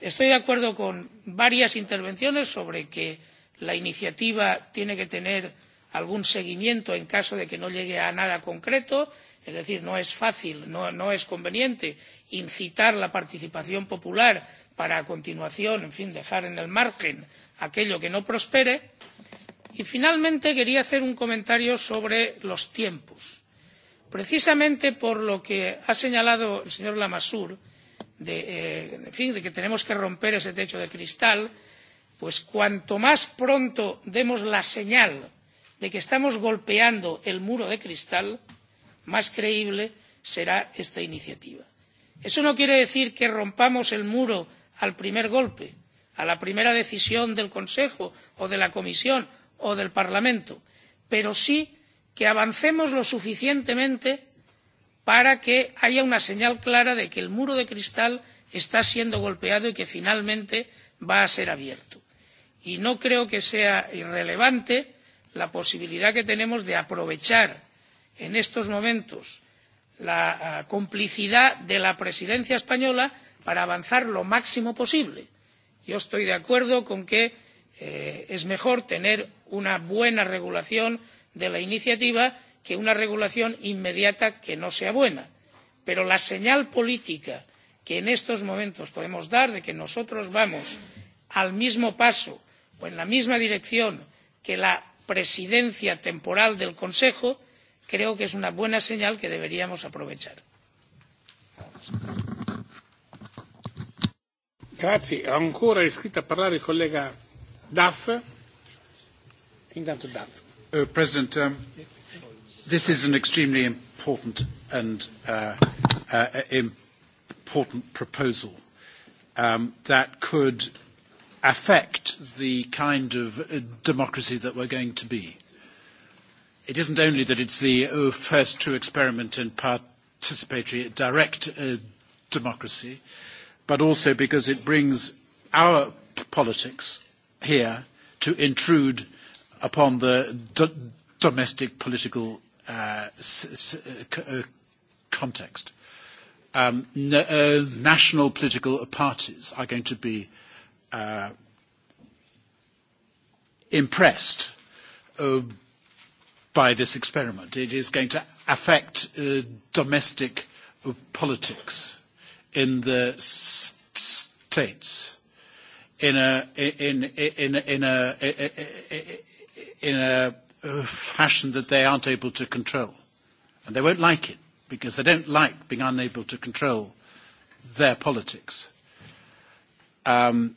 estoy de acuerdo con varias intervenciones sobre que la iniciativa tiene que tener algún seguimiento en caso de que no llegue a nada concreto es decir no es fácil no, no es conveniente incitar la participación popular para a continuación en fin dejar en el margen aquello que no prospere y finalmente quería hacer un comentario sobre los tiempos precisamente por lo que ha señalado el señor lamassoure de, eh, en fin, de que tenemos que romper ese techo de cristal pues cuanto más pronto demos la señal de que estamos golpeando el muro de cristal más creíble será esta iniciativa eso no quiere decir que rompamos el muro al primer golpe a la primera decisión del consejo o de la comisión o del parlamento pero sí que avancemos lo suficientemente para que haya una señal clara de que el muro de cristal está siendo golpeado y que finalmente va a ser abierto. y no creo que sea irrelevante la posibilidad que tenemos de aprovechar en estos momentos la eh, complicidad de la presidencia española para avanzar lo máximo posible. yo estoy de acuerdo con que eh, es mejor tener una buena regulación de la iniciativa que una regulación inmediata que no sea buena pero la señal política que en estos momentos podemos dar de que nosotros vamos al mismo paso o en la misma dirección que la presidencia temporal del consejo creo que es una buena señal que deberíamos aprovechar. Grazie. Ancora iscritto a parlare il collega Duff. Intanto Duff. Uh, President, um, this is an extremely important and uh, uh, uh important proposal um, that could affect the kind of uh, democracy that we're going to be. Uh, it isn't only that it's the uh, first true experiment in participatory direct uh, democracy, but also because it brings our politics here to intrude upon the do- domestic political uh, s- s- c- uh, context. Um, n- uh, national political parties are going to be uh, impressed uh, by this experiment. It is going to affect uh, domestic uh, politics in the states in a in in in a in a uh, fashion that they aren't able to control, and they won't like it because they don't like being unable to control their politics. Um,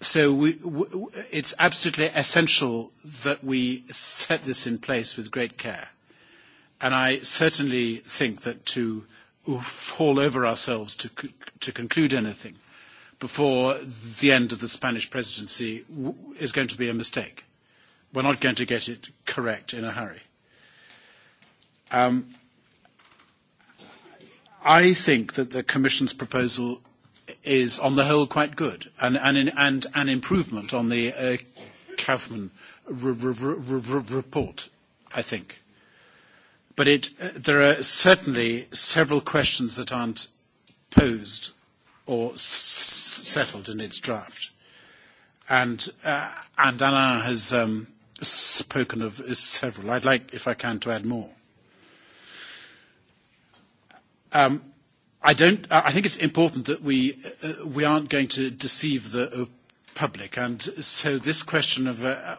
So we, w- it's absolutely essential that we set this in place with great care. And I certainly think that to fall over ourselves to, to conclude anything before the end of the Spanish presidency is going to be a mistake. We're not going to get it correct in a hurry. Um, I think that the Commission's proposal is on the whole quite good and, and, and an improvement on the uh, Kaufman report, I think. But it, uh, there are certainly several questions that aren't posed or s- settled in its draft. And, uh, and Alain has um, spoken of several. I'd like, if I can, to add more. Um, I don't. I think it's important that we uh, we aren't going to deceive the uh, public, and so this question of uh,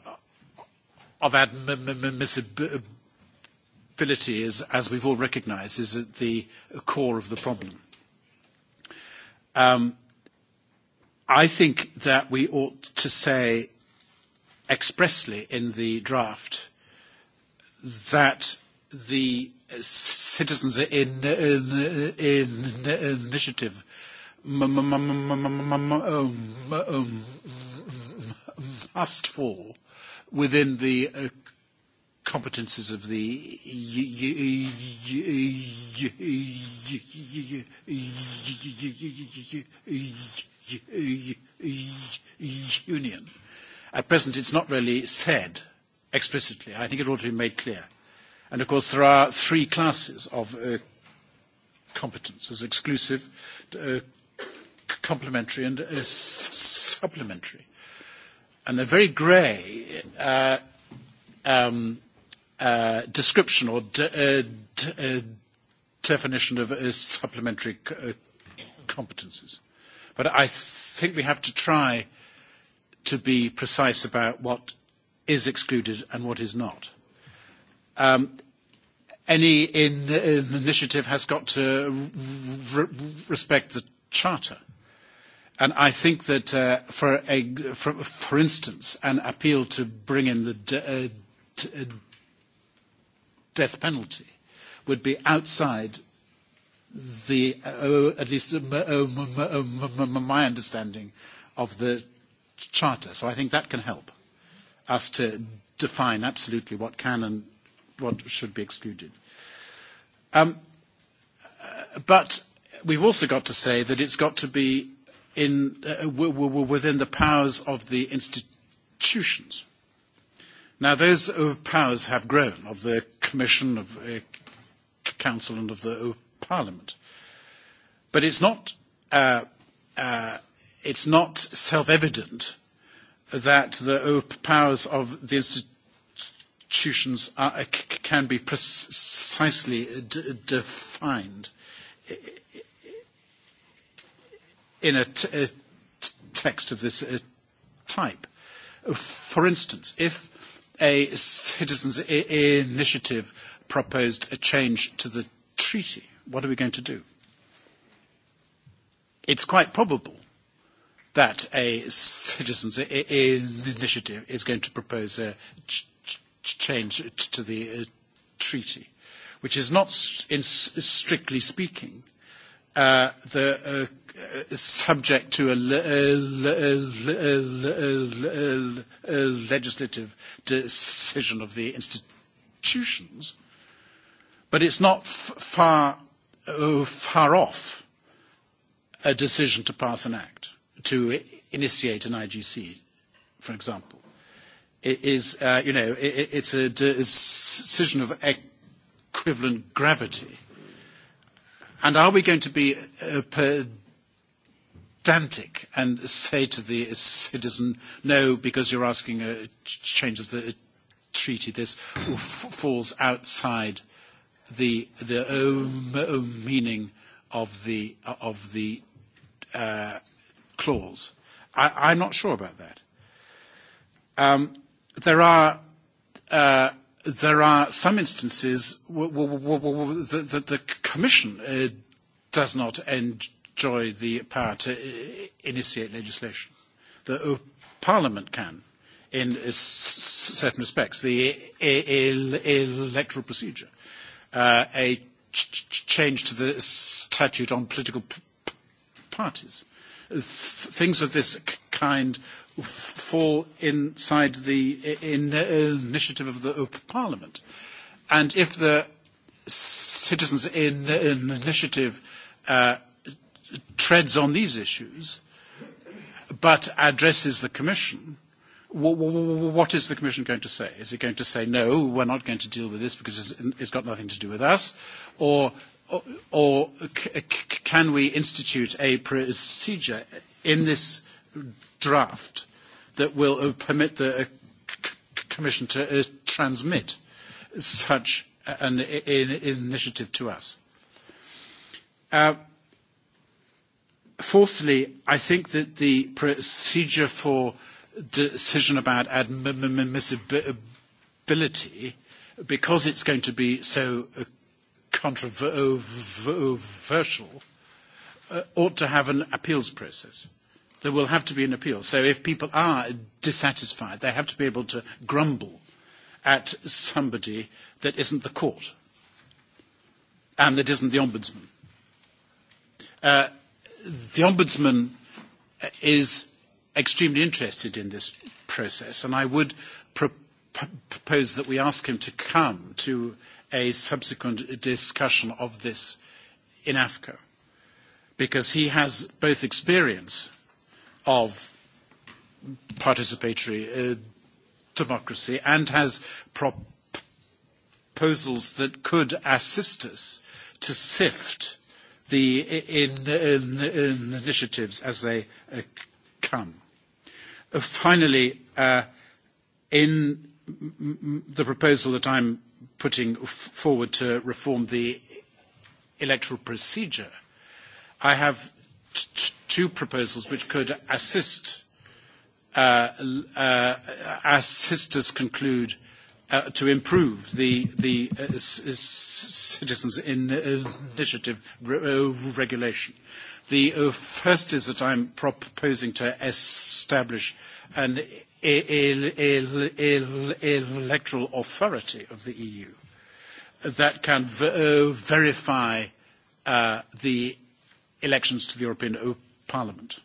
of admissibility is, as we've all recognised, is at the core of the problem. Um, I think that we ought to say expressly in the draft that the citizens in, in, in, initiative must fall within the uh, competences of the union. At present, it's not really said explicitly. I think it ought to be made clear. And of course, there are three classes of uh, competences, exclusive, uh, complementary, and uh, supplementary. And they're very grey uh, um, uh, description or de- uh, de- uh, definition of uh, supplementary c- uh, competences. But I think we have to try to be precise about what is excluded and what is not. Um, any in, in initiative has got to re- respect the Charter. And I think that, uh, for, a, for, for instance, an appeal to bring in the de- uh, t- uh, death penalty would be outside the, uh, oh, at least uh, uh, uh, my understanding of the Charter. So I think that can help us to define absolutely what can and what should be excluded. Um, uh, but we've also got to say that it's got to be in, uh, w- w- within the powers of the institutions. Now, those uh, powers have grown of the Commission, of uh, Council, and of the uh, Parliament. But it's not, uh, uh, it's not self-evident that the uh, powers of the institutions institutions are, uh, can be precisely uh, d- defined in a, t- a text of this uh, type. For instance, if a citizens' I- initiative proposed a change to the treaty, what are we going to do? It's quite probable that a citizens' I- initiative is going to propose a ch- change to the uh, treaty, which is not, in, strictly speaking, uh, the uh, uh subject to a le- le- le- le- legislative decision of the institutions, but it's not f- far uh, far off a decision to pass an act to initiate an IGC, for example is, uh, you know, it, it's a decision of equivalent gravity. And are we going to be uh, pedantic and say to the citizen, no, because you're asking a change of the treaty, this falls outside the, the uh, meaning of the, of the uh, clause? I, I'm not sure about that. Um, there are uh, there are some instances w- w- w- w- that the, the Commission uh, does not enjoy the power to uh, initiate legislation. The uh, Parliament can, in uh, s- certain respects, the uh, el- electoral procedure, uh, a ch- change to the statute on political p- parties, th- things of this kind fall inside the in, uh, initiative of the uh, Parliament. And if the citizens' in, in initiative uh, treads on these issues, but addresses the Commission, what is the Commission going to say? Is it going to say, no, we're not going to deal with this because it's got nothing to do with us? Or, or, or can we institute a procedure in this draft that will uh, permit the uh, Commission to uh, transmit such an in, initiative to us. Uh, fourthly, I think that the procedure for decision about admissibility, because it's going to be so uh, controversial, uh, ought to have an appeals process there will have to be an appeal. So if people are dissatisfied, they have to be able to grumble at somebody that isn't the court and that isn't the ombudsman. Uh, the ombudsman is extremely interested in this process, and I would pro- propose that we ask him to come to a subsequent discussion of this in AFCO, because he has both experience of participatory uh, democracy and has prop- proposals that could assist us to sift the in, in, in initiatives as they uh, come. Uh, finally, uh, in the proposal that I'm putting forward to reform the electoral procedure, I have two proposals which could assist uh, uh, assist us conclude uh, to improve the the uh, citizens in uh, initiative re- uh, regulation. The uh, first is that I'm proposing to establish an e, e, e, electoral authority of the EU that can ver- uh, verify uh, the elections to the European Parliament.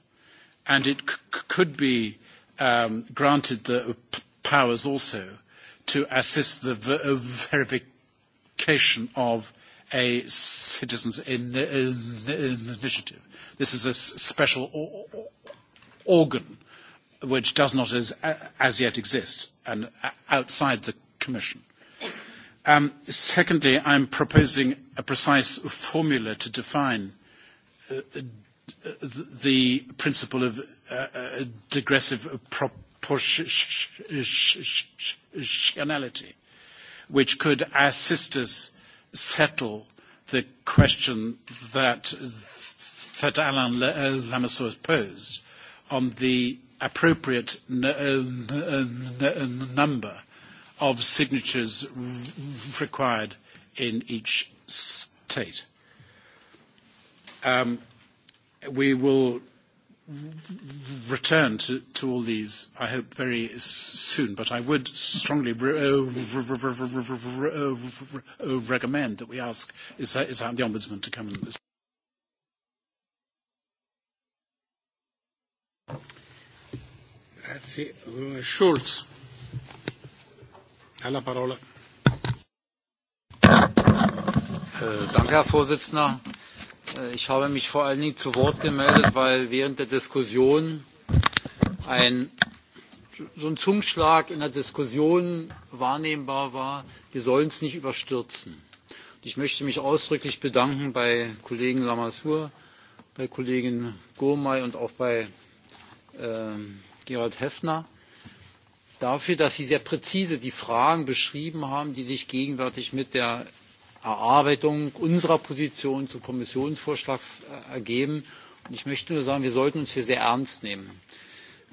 And it c- could be um, granted the powers also to assist the ver- verification of a citizens' in- in- initiative. This is a special o- organ which does not as, as yet exist and uh, outside the Commission. Um, secondly, I'm proposing a precise formula to define the principle of uh, uh digressive proportionality, which could assist us settle the question that, that Alain uh, Lamassoure has posed on the appropriate uh, number of signatures required in each state. Um, we will return to, to all these, I hope, very soon, but I would strongly recommend that we ask is that, is that the Ombudsman to come and listen. Grazie. Schulz, alla parola. Äh, danke, Herr Vorsitzender. Äh, ich habe mich vor allen dingen zu wort gemeldet weil während der diskussion ein so ein zungenschlag in der diskussion wahrnehmbar war wir sollen es nicht überstürzen. ich möchte mich ausdrücklich bedanken bei kollegen lamassoure bei kollegin gurmai und auch bei ähm, gerald häfner dafür dass sie sehr präzise die fragen beschrieben haben die sich gegenwärtig mit der erarbeitung unserer position zum kommissionsvorschlag äh, ergeben. ich möchte nur sagen wir sollten uns hier sehr ernst nehmen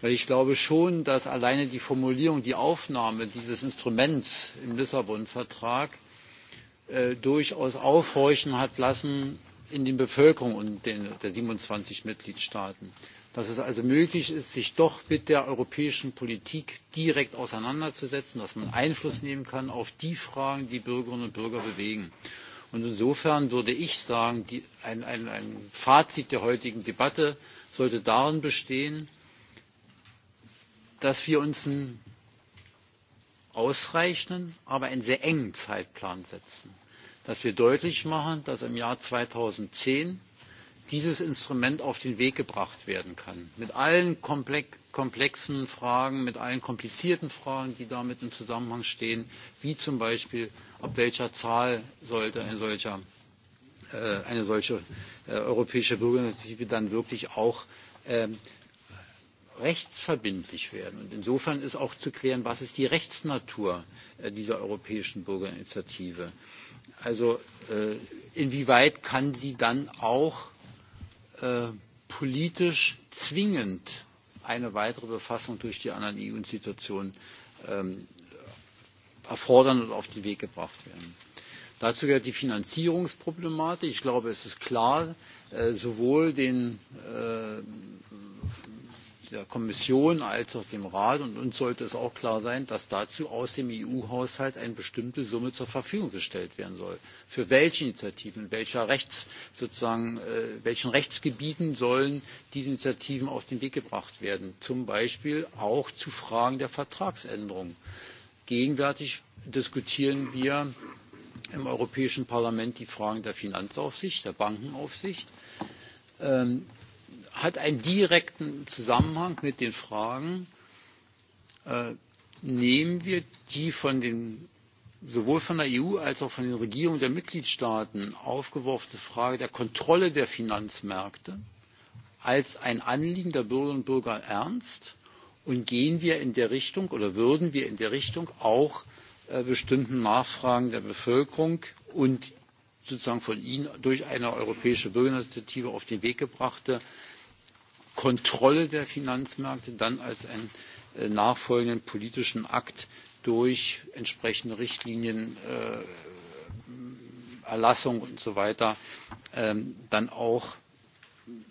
denn ich glaube schon dass alleine die formulierung die aufnahme dieses instruments im lissabon vertrag äh, durchaus aufhorchen hat lassen in den bevölkerungen der siebenundzwanzig mitgliedstaaten dass es also möglich ist sich doch mit der europäischen politik direkt auseinanderzusetzen dass man einfluss nehmen kann auf die fragen die bürgerinnen und bürger bewegen. insofern würde ich sagen ein fazit der heutigen debatte sollte darin bestehen dass wir uns einen ausreichenden aber einen sehr engen zeitplan setzen dass wir deutlich machen dass im jahr zweitausendzehn dieses instrument auf den weg gebracht werden kann mit allen komplexen fragen mit allen komplizierten fragen die damit im zusammenhang stehen wie zum beispiel ab welcher zahl sollte äh, eine solche äh, europäische bürgerinitiative dann wirklich auch ähm, rechtsverbindlich werden? insofern ist auch zu klären was ist die rechtsnatur äh, dieser europäischen bürgerinitiative? Also äh, inwieweit kann sie dann auch äh, politisch zwingend eine weitere Befassung durch die anderen EU-Institutionen ähm, erfordern und auf den Weg gebracht werden? Dazu gehört die Finanzierungsproblematik. Ich glaube, es ist klar, äh, sowohl den äh, der kommission als auch dem rat und uns sollte es auch klar sein dass dazu aus dem eu haushalt eine bestimmte summe zur verfügung gestellt werden soll. für welche initiativen in äh, welchen rechtsgebieten sollen diese initiativen auf den weg gebracht werden zum beispiel auch zu fragen der vertragsänderung? gegenwärtig diskutieren wir im europäischen parlament die fragen der finanzaufsicht der bankenaufsicht ähm, hat einen direkten zusammenhang mit den fragen äh, nehmen wir die sowohl von der eu als auch von den regierungen der mitgliedstaaten aufgeworfene frage der kontrolle der finanzmärkte als ein anliegen der bürgerinnen und bürger ernst und gehen wir in der richtung oder würden wir in der richtung auch äh, bestimmten nachfragen der bevölkerung und sozusagen von ihnen durch eine europäische bürgerinitiative auf den weg gebrachte kontrolle der finanzmärkte dann als einen äh, nachfolgenden politischen akt durch entsprechende richtlinien äh, erlassung und so weiter ähm, dann auch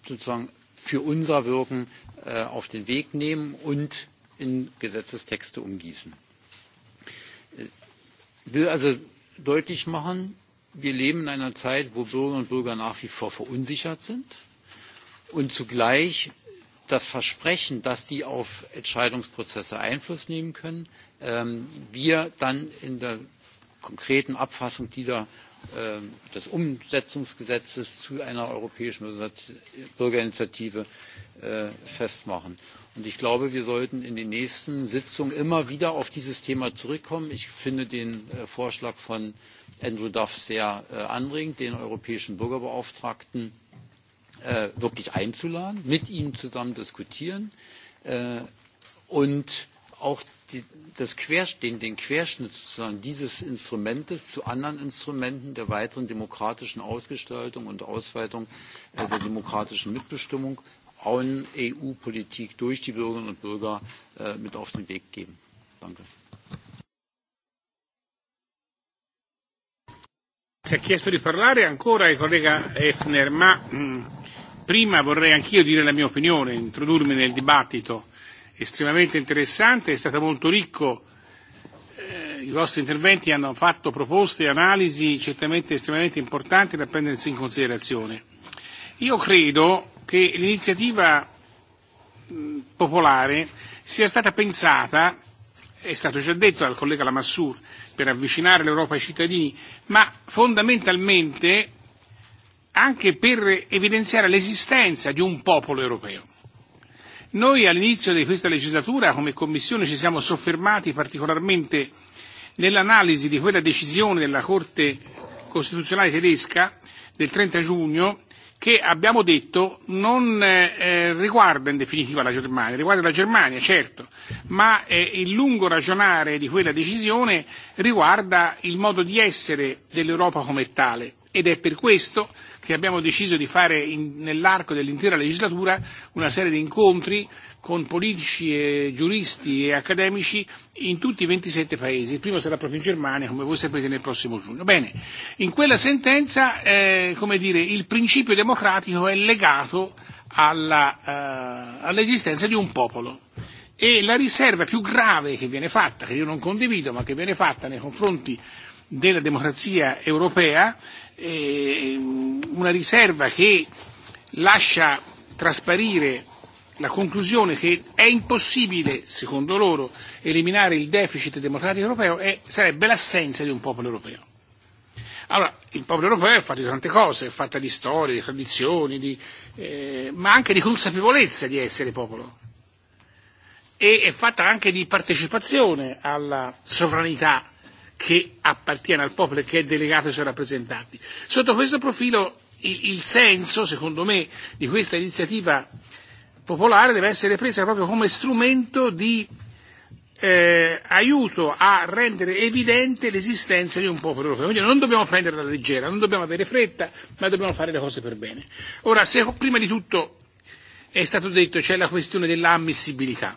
sozusagen für unser wirken äh, auf den weg nehmen und in gesetzestexte umgießen. ich will also deutlich machen wir leben in einer zeit wo bürgerinnen und bürger nach wie vor verunsichert sind und zugleich das versprechen dass sie auf entscheidungsprozesse einfluss nehmen können ähm, wir dann in der konkreten abfassung ähm, des umsetzungsgesetzes zu einer europäischen bürgerinitiative äh, festmachen. ich glaube wir sollten in den nächsten sitzungen immer wieder auf dieses thema zurückkommen. ich finde den äh, vorschlag von andrew duff sehr äh, anregend den europäischen bürgerbeauftragten äh, wirklich einzuladen, mit ihm zusammen diskutieren äh, und auch die, das Quersch den, den Querschnitt sozusagen dieses Instrumentes zu anderen Instrumenten der weiteren demokratischen Ausgestaltung und Ausweitung äh, der demokratischen Mitbestimmung an EU-Politik durch die Bürgerinnen und Bürger äh, mit auf den Weg geben. Danke. Si è chiesto di parlare ancora il collega Efner, ma mh, mm, prima vorrei anch'io dire la mia opinione, introdurmi nel dibattito estremamente interessante, è stato molto ricco, eh, i vostri interventi hanno fatto proposte e analisi certamente estremamente importanti da prendersi in considerazione. Io credo che l'iniziativa mh, mm, popolare sia stata pensata, è stato già detto dal collega Lamassur, per avvicinare l'Europa ai cittadini, ma fondamentalmente anche per evidenziare l'esistenza di un popolo europeo. Noi all'inizio di questa legislatura come Commissione ci siamo soffermati particolarmente nell'analisi di quella decisione della Corte Costituzionale tedesca del 30 giugno che abbiamo detto non eh, eh, riguarda in definitiva la Germania, riguarda la Germania certo, ma eh, il lungo ragionare di quella decisione riguarda il modo di essere dell'Europa come tale ed è per questo che abbiamo deciso di fare in, nell'arco dell'intera legislatura una serie di incontri con politici, e giuristi e accademici in tutti i 27 paesi. Il primo sarà proprio in Germania, come voi sapete, nel prossimo giugno. Bene, in quella sentenza eh, come dire, il principio democratico è legato alla, eh, all'esistenza di un popolo e la riserva più grave che viene fatta, che io non condivido, ma che viene fatta nei confronti della democrazia europea, eh, una riserva che lascia trasparire la conclusione che è impossibile, secondo loro, eliminare il deficit democratico europeo è, e sarebbe l'assenza di un popolo europeo. Allora, il popolo europeo è fatto di tante cose, è fatto di storie, di tradizioni, di, eh, ma anche di consapevolezza di essere popolo. E è fatta anche di partecipazione alla sovranità che appartiene al popolo e che è delegato ai suoi rappresentanti. Sotto questo profilo il, il senso, secondo me, di questa iniziativa popolare deve essere presa proprio come strumento di eh, aiuto a rendere evidente l'esistenza di un popolo europeo. Quindi non dobbiamo prenderla leggera, non dobbiamo avere fretta, ma dobbiamo fare le cose per bene. Ora, se prima di tutto è stato detto c'è la questione dell'ammissibilità,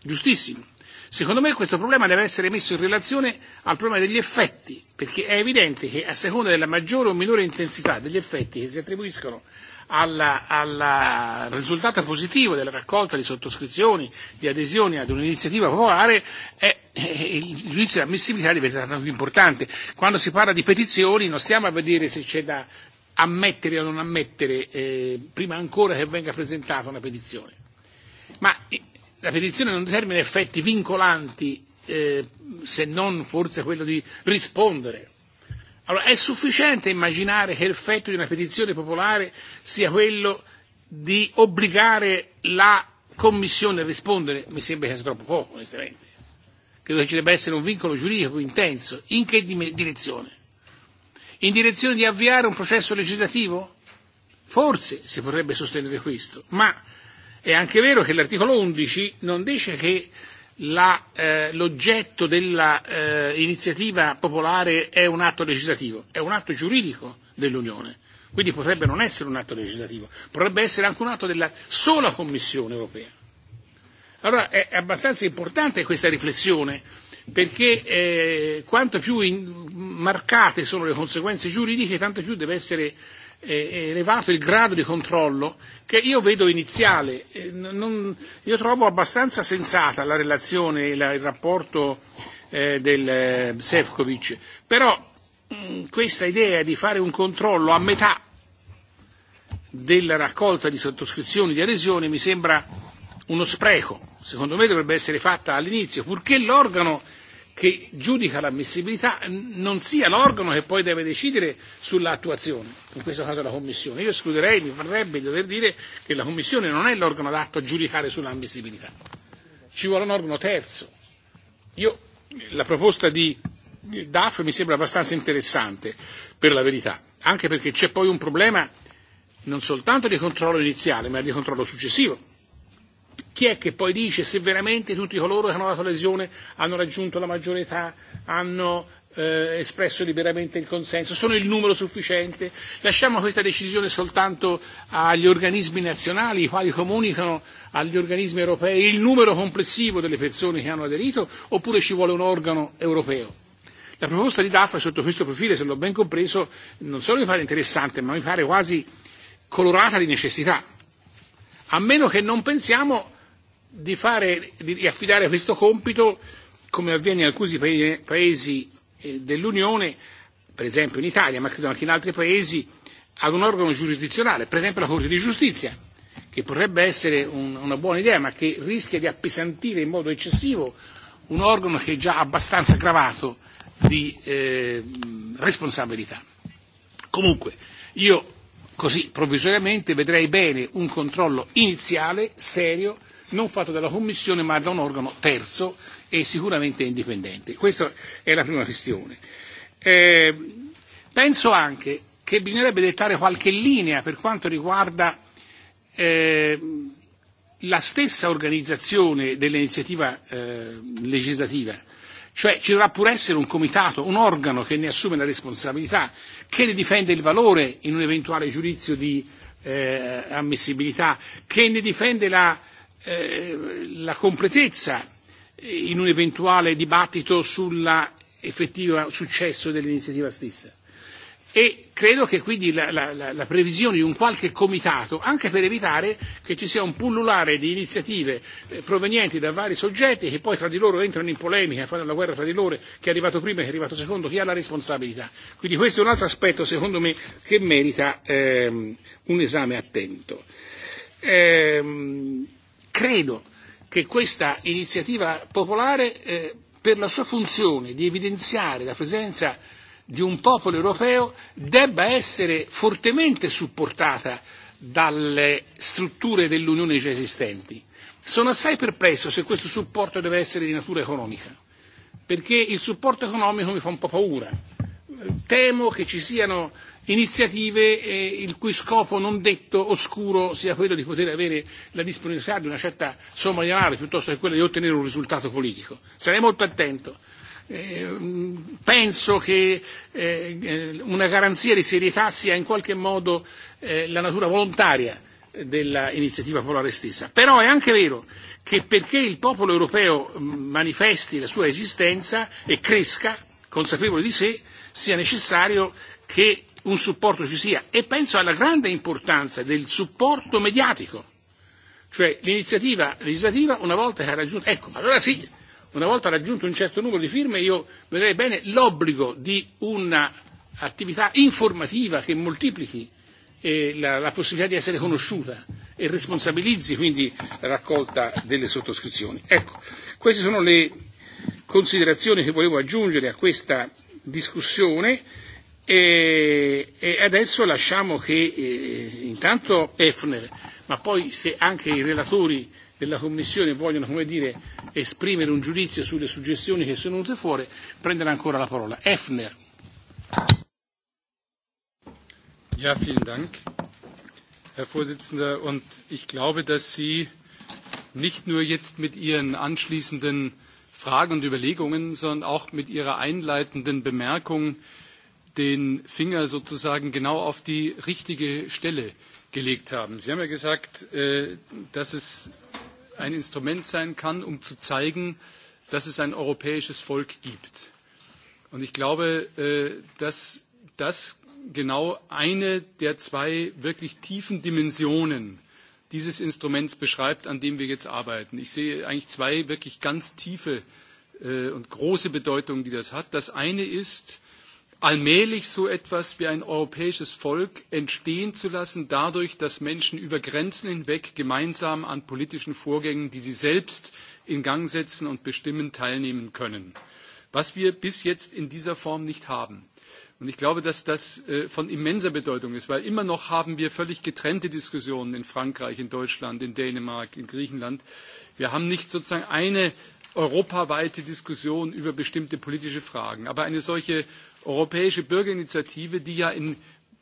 giustissimo. Secondo me questo problema deve essere messo in relazione al problema degli effetti, perché è evidente che a seconda della maggiore o minore intensità degli effetti che si attribuiscono alla, alla, al risultato positivo della raccolta di sottoscrizioni, di adesioni ad un'iniziativa popolare, è, eh, è, eh, il giudizio di ammissibilità diventa tanto più importante. Quando si parla di petizioni non stiamo a vedere se c'è da ammettere o non ammettere eh, prima ancora che venga presentata una petizione. Ma eh, la petizione non determina effetti vincolanti eh, se non forse quello di rispondere Allora è sufficiente immaginare che l'effetto di una petizione popolare sia quello di obbligare la Commissione a rispondere? Mi sembra che sia troppo poco, onestamente. Credo che ci debba essere un vincolo giuridico più intenso. In che direzione? In direzione di avviare un processo legislativo? Forse si potrebbe sostenere questo, ma è anche vero che l'articolo 11 non dice che la, eh, l'oggetto dell'iniziativa eh, popolare è un atto legislativo, è un atto giuridico dell'Unione, quindi potrebbe non essere un atto legislativo, potrebbe essere anche un atto della sola Commissione europea. Allora è abbastanza importante questa riflessione perché eh, quanto più in, marcate sono le conseguenze giuridiche, tanto più deve essere eh, elevato il grado di controllo che io vedo iniziale. Eh, non, io trovo abbastanza sensata la relazione e la, il rapporto eh, del eh, Sefcovic, però mh, mm, questa idea di fare un controllo a metà della raccolta di sottoscrizioni di adesione mi sembra uno spreco. Secondo me dovrebbe essere fatta all'inizio, purché l'organo che giudica l'ammissibilità non sia l'organo che poi deve decidere sull'attuazione, in questo caso la Commissione. Io escluderei, mi parrebbe di dover dire che la Commissione non è l'organo adatto a giudicare sull'ammissibilità, ci vuole un organo terzo. Io, la proposta di DAF mi sembra abbastanza interessante, per la verità, anche perché c'è poi un problema non soltanto di controllo iniziale, ma di controllo successivo chi è che poi dice se veramente tutti coloro che hanno dato l'adesione hanno raggiunto la maggiore età, hanno eh, espresso liberamente il consenso, sono il numero sufficiente? Lasciamo questa decisione soltanto agli organismi nazionali, i quali comunicano agli organismi europei il numero complessivo delle persone che hanno aderito, oppure ci vuole un organo europeo? La proposta di DAF sotto questo profilo, se l'ho ben compreso, non solo mi pare interessante, ma mi pare quasi colorata di necessità a meno che non pensiamo di, fare, di affidare questo compito, come avviene in alcuni paesi eh, dell'Unione, per esempio in Italia, ma credo anche in altri paesi, ad un organo giurisdizionale, per esempio la Corte di Giustizia, che potrebbe essere un, una buona idea, ma che rischia di appesantire in modo eccessivo un organo che è già abbastanza gravato di eh, responsabilità. Comunque, io Così provvisoriamente vedrei bene un controllo iniziale, serio, non fatto dalla Commissione ma da un organo terzo e sicuramente indipendente. Questa è la prima questione. Eh, penso anche che bisognerebbe dettare qualche linea per quanto riguarda eh, la stessa organizzazione dell'iniziativa eh, legislativa. Cioè ci dovrà pur essere un comitato, un organo che ne assume la responsabilità che ne difende il valore in un eventuale giudizio di eh, ammissibilità, che ne difende la, eh, la completezza in un eventuale dibattito sulla effettiva successo dell'iniziativa stessa e credo che quindi la, la, la, la previsione di un qualche comitato, anche per evitare che ci sia un pullulare di iniziative eh, provenienti da vari soggetti che poi tra di loro entrano in polemica, fanno la guerra tra di loro, chi è arrivato prima, e chi è arrivato secondo, chi ha la responsabilità. Quindi questo è un altro aspetto, secondo me, che merita ehm, un esame attento. Ehm, credo che questa iniziativa popolare, eh, per la sua funzione di evidenziare la presenza di un popolo europeo debba essere fortemente supportata dalle strutture dell'Unione già esistenti. Sono assai perplesso se questo supporto deve essere di natura economica, perché il supporto economico mi fa un po' paura. Temo che ci siano iniziative eh, il cui scopo non detto oscuro sia quello di poter avere la disponibilità di una certa somma di denaro piuttosto che quella di ottenere un risultato politico. Sarei molto attento Eh, penso che eh, una garanzia di serietà sia in qualche modo eh, la natura volontaria dell'iniziativa popolare stessa. Però è anche vero che perché il popolo europeo mm, manifesti la sua esistenza e cresca consapevole di sé, sia necessario che un supporto ci sia e penso alla grande importanza del supporto mediatico. Cioè l'iniziativa legislativa una volta che ha raggiunto, ecco, allora sì, una volta raggiunto un certo numero di firme io vedrei bene l'obbligo di un'attività informativa che moltiplichi eh, la, la possibilità di essere conosciuta e responsabilizzi quindi la raccolta delle sottoscrizioni. Ecco, queste sono le considerazioni che volevo aggiungere a questa discussione e, e adesso lasciamo che eh, intanto Efner, ma poi se anche i relatori della Commissione vogliono come dire, esprimere un giudizio sulle suggestioni che sono venute fuori, prenderà ancora la parola. Efner. Ja, vielen Dank, Herr Vorsitzender. Und ich glaube, dass Sie nicht nur jetzt mit Ihren anschließenden Fragen und Überlegungen, sondern auch mit Ihrer einleitenden Bemerkung den Finger sozusagen genau auf die richtige Stelle gelegt haben. Sie haben ja gesagt, äh, dass es ein Instrument sein kann, um zu zeigen, dass es ein europäisches Volk gibt. Und ich glaube, äh, dass das genau eine der zwei wirklich tiefen Dimensionen dieses Instruments beschreibt, an dem wir jetzt arbeiten. Ich sehe eigentlich zwei wirklich ganz tiefe äh, und große Bedeutung, die das hat. Das eine ist, allmählich so etwas wie ein europäisches Volk entstehen zu lassen, dadurch, dass Menschen über Grenzen hinweg gemeinsam an politischen Vorgängen, die sie selbst in Gang setzen und bestimmen, teilnehmen können, was wir bis jetzt in dieser Form nicht haben. Und ich glaube, dass das äh, von immenser Bedeutung ist, weil immer noch haben wir völlig getrennte Diskussionen in Frankreich, in Deutschland, in Dänemark, in Griechenland. Wir haben nicht sozusagen eine europaweite Diskussion über bestimmte politische Fragen. Aber eine solche europäische Bürgerinitiative, die ja in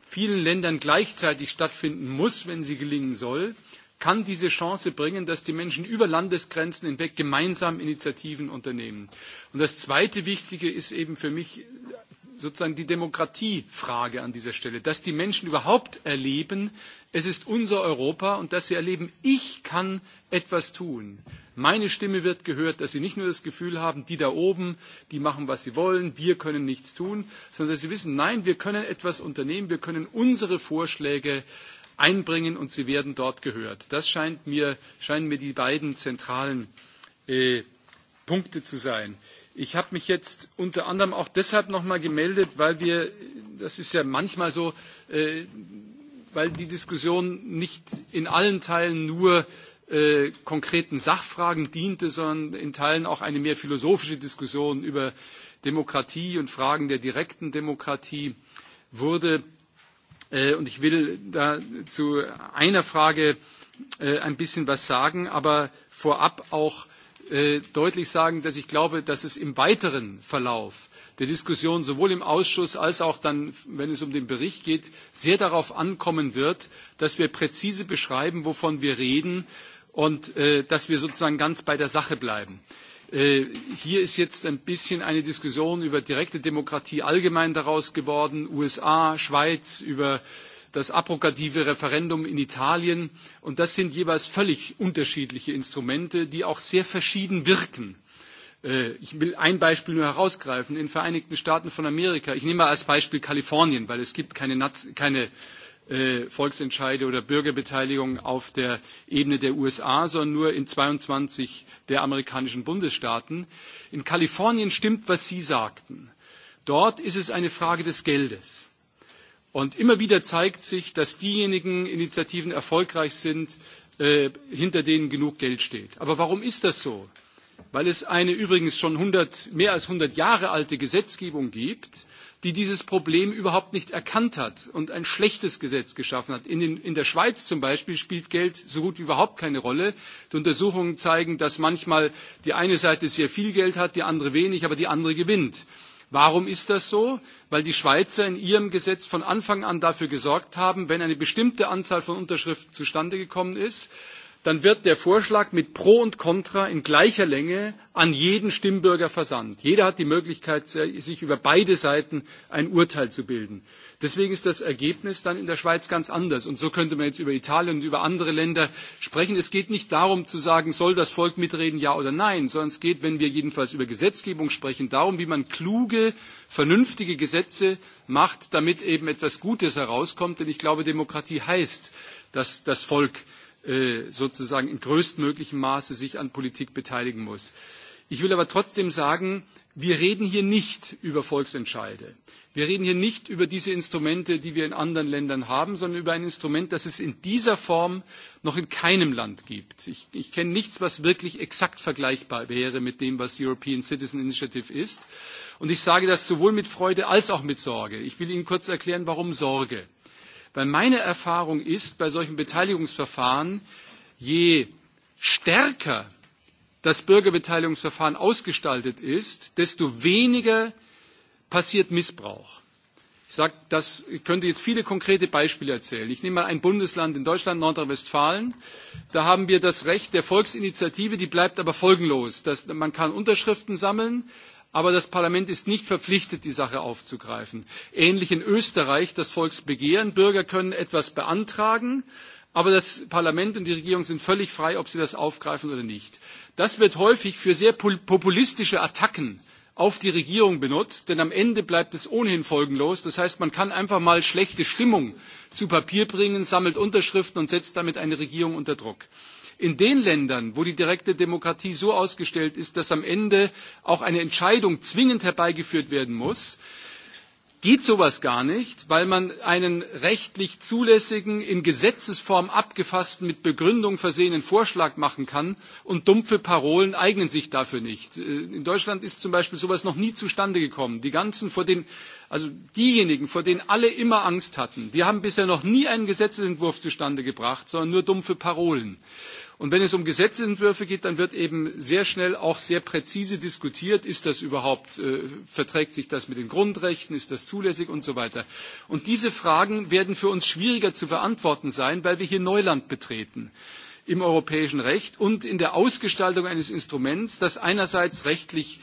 vielen Ländern gleichzeitig stattfinden muss, wenn sie gelingen soll, kann diese Chance bringen, dass die Menschen über Landesgrenzen hinweg gemeinsam Initiativen unternehmen. Und das zweite Wichtige ist eben für mich sozusagen die Demokratiefrage an dieser Stelle, dass die Menschen überhaupt erleben, es ist unser Europa und dass sie erleben, ich kann etwas tun. Meine Stimme wird gehört, dass sie nicht nur das Gefühl haben, die da oben, die machen, was sie wollen, wir können nichts tun, sondern dass sie wissen, nein, wir können etwas unternehmen, wir können unsere Vorschläge einbringen und sie werden dort gehört. Das scheint mir, scheinen mir die beiden zentralen äh, Punkte zu sein. Ich habe mich jetzt unter anderem auch deshalb nochmal gemeldet, weil wir, das ist ja manchmal so, äh, weil die Diskussion nicht in allen Teilen nur äh, konkreten Sachfragen diente, sondern in Teilen auch eine mehr philosophische Diskussion über Demokratie und Fragen der direkten Demokratie wurde. Äh, und ich will da zu einer Frage äh, ein bisschen was sagen, aber vorab auch äh, deutlich sagen, dass ich glaube, dass es im weiteren Verlauf der Diskussion sowohl im Ausschuss als auch dann, wenn es um den Bericht geht, sehr darauf ankommen wird, dass wir präzise beschreiben, wovon wir reden und äh, dass wir sozusagen ganz bei der Sache bleiben. Äh, hier ist jetzt ein bisschen eine Diskussion über direkte Demokratie allgemein daraus geworden, USA, Schweiz, über äh, das abrogative Referendum in Italien. Und das sind jeweils völlig unterschiedliche Instrumente, die auch sehr verschieden wirken. Äh, ich will ein Beispiel nur herausgreifen. In den Vereinigten Staaten von Amerika, ich nehme mal als Beispiel Kalifornien, weil es gibt keine, keine äh, Volksentscheide oder Bürgerbeteiligung auf der Ebene der USA, sondern nur in 22 der amerikanischen Bundesstaaten. In Kalifornien stimmt, was Sie sagten. Dort ist es eine Frage des Geldes. Und immer wieder zeigt sich, dass diejenigen Initiativen erfolgreich sind, äh, hinter denen genug Geld steht. Aber warum ist das so? Weil es eine übrigens schon 100, mehr als 100 Jahre alte Gesetzgebung gibt, die dieses Problem überhaupt nicht erkannt hat und ein schlechtes Gesetz geschaffen hat. In, den, in der Schweiz zum Beispiel spielt Geld so gut wie überhaupt keine Rolle. Die Untersuchungen zeigen, dass manchmal die eine Seite sehr viel Geld hat, die andere wenig, aber die andere gewinnt. Warum ist das so? Weil die Schweizer in ihrem Gesetz von Anfang an dafür gesorgt haben, wenn eine bestimmte Anzahl von Unterschriften zustande gekommen ist, dann wird der Vorschlag mit Pro und Contra in gleicher Länge an jeden Stimmbürger versandt. Jeder hat die Möglichkeit, sich über beide Seiten ein Urteil zu bilden. Deswegen ist das Ergebnis dann in der Schweiz ganz anders. Und so könnte man jetzt über Italien und über andere Länder sprechen. Es geht nicht darum zu sagen, soll das Volk mitreden, ja oder nein, sondern es geht, wenn wir jedenfalls über Gesetzgebung sprechen, darum, wie man kluge, vernünftige Gesetze macht, damit eben etwas Gutes herauskommt. Denn ich glaube, Demokratie heißt, dass das Volk Äh, sozusagen in größtmöglichem Maße sich an Politik beteiligen muss. Ich will aber trotzdem sagen, wir reden hier nicht über Volksentscheide. Wir reden hier nicht über diese Instrumente, die wir in anderen Ländern haben, sondern über ein Instrument, das es in dieser Form noch in keinem Land gibt. Ich, ich kenne nichts, was wirklich exakt vergleichbar wäre mit dem, was European Citizen Initiative ist. Und ich sage das sowohl mit Freude als auch mit Sorge. Ich will Ihnen kurz erklären, warum Sorge. Weil meine Erfahrung ist, bei solchen Beteiligungsverfahren, je stärker das Bürgerbeteiligungsverfahren ausgestaltet ist, desto weniger passiert Missbrauch. Ich, sag, das, ich könnte jetzt viele konkrete Beispiele erzählen. Ich nehme mal ein Bundesland in Deutschland, Nordrhein-Westfalen. Da haben wir das Recht der Volksinitiative, die bleibt aber folgenlos. Das, man kann Unterschriften sammeln, aber das Parlament ist nicht verpflichtet, die Sache aufzugreifen. Ähnlich in Österreich das Volksbegehren. Bürger können etwas beantragen, aber das Parlament und die Regierung sind völlig frei, ob sie das aufgreifen oder nicht. Das wird häufig für sehr populistische Attacken auf die Regierung benutzt, denn am Ende bleibt es ohnehin folgenlos. Das heißt, man kann einfach mal schlechte Stimmung zu Papier bringen, sammelt Unterschriften und setzt damit eine Regierung unter Druck in den Ländern, wo die direkte Demokratie so ausgestellt ist, dass am Ende auch eine Entscheidung zwingend herbeigeführt werden muss, geht sowas gar nicht, weil man einen rechtlich zulässigen, in Gesetzesform abgefassten, mit Begründung versehenen Vorschlag machen kann und dumpfe Parolen eignen sich dafür nicht. Äh, in Deutschland ist zum Beispiel sowas noch nie zustande gekommen. Die ganzen vor den, also diejenigen, vor denen alle immer Angst hatten, die haben bisher noch nie einen Gesetzentwurf zustande gebracht, sondern nur dumpfe Parolen. Und wenn es um Gesetzentwürfe geht, dann wird eben sehr schnell auch sehr präzise diskutiert, ist das überhaupt, äh, verträgt sich das mit den Grundrechten, ist das zulässig und so weiter. Und diese Fragen werden für uns schwieriger zu beantworten sein, weil wir hier Neuland betreten im europäischen Recht und in der Ausgestaltung eines Instruments, das einerseits rechtlich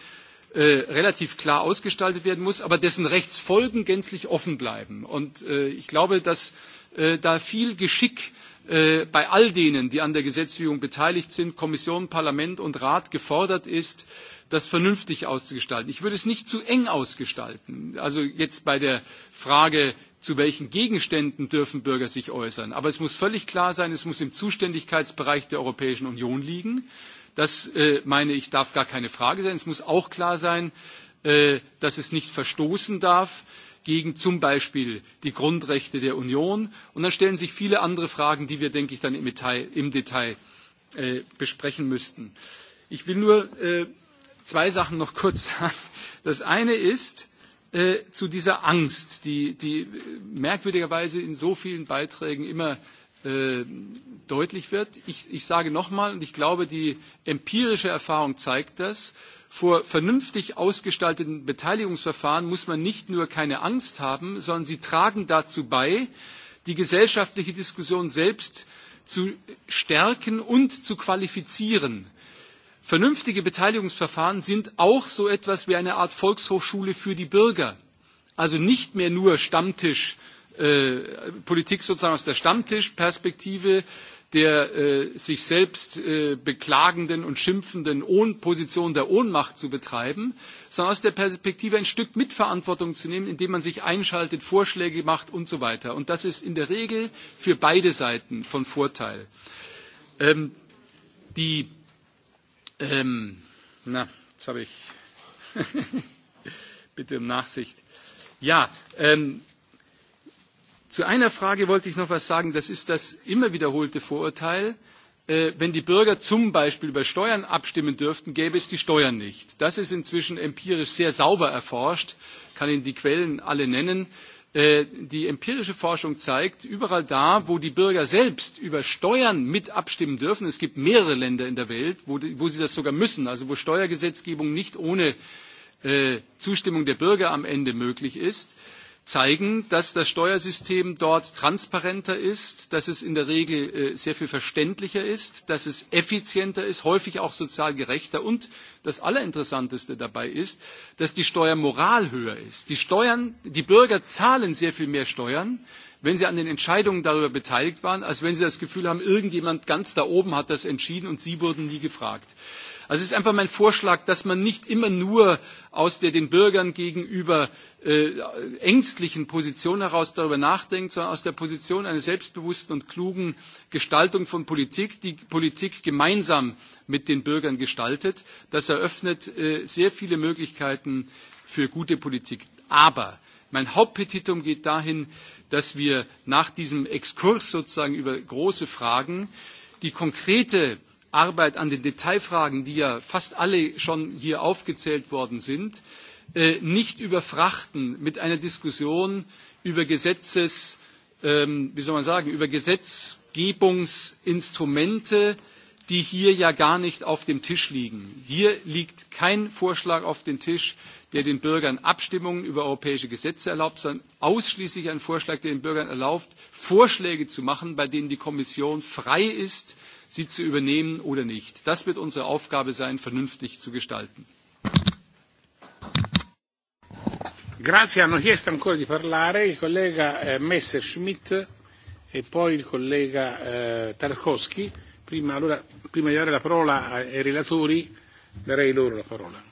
äh, relativ klar ausgestaltet werden muss, aber dessen Rechtsfolgen gänzlich offen bleiben. Und äh, ich glaube, dass äh, da viel Geschick Äh, bei all denen, die an der Gesetzgebung beteiligt sind, Kommission, Parlament und Rat gefordert ist, das vernünftig auszugestalten. Ich würde es nicht zu eng ausgestalten. Also jetzt bei der Frage, zu welchen Gegenständen dürfen Bürger sich äußern. Aber es muss völlig klar sein, es muss im Zuständigkeitsbereich der Europäischen Union liegen. Das, äh, meine ich, darf gar keine Frage sein. Es muss auch klar sein, äh, dass es nicht verstoßen darf gegen zum Beispiel die Grundrechte der Union. Und dann stellen sich viele andere Fragen, die wir, denke ich, dann im Detail, im Detail äh, besprechen müssten. Ich will nur äh, zwei Sachen noch kurz sagen. Das eine ist, äh, zu dieser Angst, die, die merkwürdigerweise in so vielen Beiträgen immer äh, deutlich wird. Ich, ich sage nochmal, und ich glaube, die empirische Erfahrung zeigt das, äh, Vor vernünftig ausgestalteten Beteiligungsverfahren muss man nicht nur keine Angst haben, sondern sie tragen dazu bei, die gesellschaftliche Diskussion selbst zu stärken und zu qualifizieren. Vernünftige Beteiligungsverfahren sind auch so etwas wie eine Art Volkshochschule für die Bürger. Also nicht mehr nur Stammtisch, äh, Politik sozusagen aus der Stammtischperspektive, der äh, sich selbst äh, beklagenden und schimpfenden Ohn Position der Ohnmacht zu betreiben, sondern aus der Perspektive ein Stück Mitverantwortung zu nehmen, indem man sich einschaltet, Vorschläge macht und so weiter. Und das ist in der Regel für beide Seiten von Vorteil. Ähm, die, ähm, na, jetzt habe ich, bitte um Nachsicht. Ja, ähm, Zu einer Frage wollte ich noch was sagen. Das ist das immer wiederholte Vorurteil, äh, wenn die Bürger zum Beispiel über Steuern abstimmen dürften, gäbe es die Steuern nicht. Das ist inzwischen empirisch sehr sauber erforscht, kann Ihnen die Quellen alle nennen. Äh, die empirische Forschung zeigt, überall da, wo die Bürger selbst über Steuern mit abstimmen dürfen, es gibt mehrere Länder in der Welt, wo, die, wo sie das sogar müssen, also wo Steuergesetzgebung nicht ohne äh, Zustimmung der Bürger am Ende möglich ist, äh, zeigen, dass das Steuersystem dort transparenter ist, dass es in der Regel äh, sehr viel verständlicher ist, dass es effizienter ist, häufig auch sozial gerechter und das Allerinteressanteste dabei ist, dass die Steuermoral höher ist. Die, Steuern, die Bürger zahlen sehr viel mehr Steuern, wenn sie an den Entscheidungen darüber beteiligt waren, als wenn sie das Gefühl haben, irgendjemand ganz da oben hat das entschieden und sie wurden nie gefragt. Also es ist einfach mein Vorschlag, dass man nicht immer nur aus der den Bürgern gegenüber äh, ängstlichen Position heraus darüber nachdenkt, sondern aus der Position einer selbstbewussten und klugen Gestaltung von Politik, die Politik gemeinsam mit den Bürgern gestaltet. Das eröffnet äh, sehr viele Möglichkeiten für gute Politik. Aber mein Hauptpetitum geht dahin, dass wir nach diesem Exkurs sozusagen über große Fragen die konkrete äh, Arbeit an den Detailfragen, die ja fast alle schon hier aufgezählt worden sind, äh, nicht überfrachten mit einer Diskussion über Gesetzes, ähm, wie soll man sagen, über Gesetzgebungsinstrumente, die hier ja gar nicht auf dem Tisch liegen. Hier liegt kein Vorschlag auf dem Tisch, der den Bürgern Abstimmungen über europäische Gesetze erlaubt, sondern ausschließlich ein Vorschlag, der den Bürgern erlaubt, Vorschläge zu machen, bei denen die Kommission frei ist, sie zu übernehmen oder nicht. Das wird unsere Aufgabe sein, vernünftig zu gestalten. Grazie, hanno chiesto ancora di parlare il collega eh, Messerschmidt e poi il collega eh, Tarkovsky. Prima, allora, prima di dare la parola ai relatori darei loro la parola.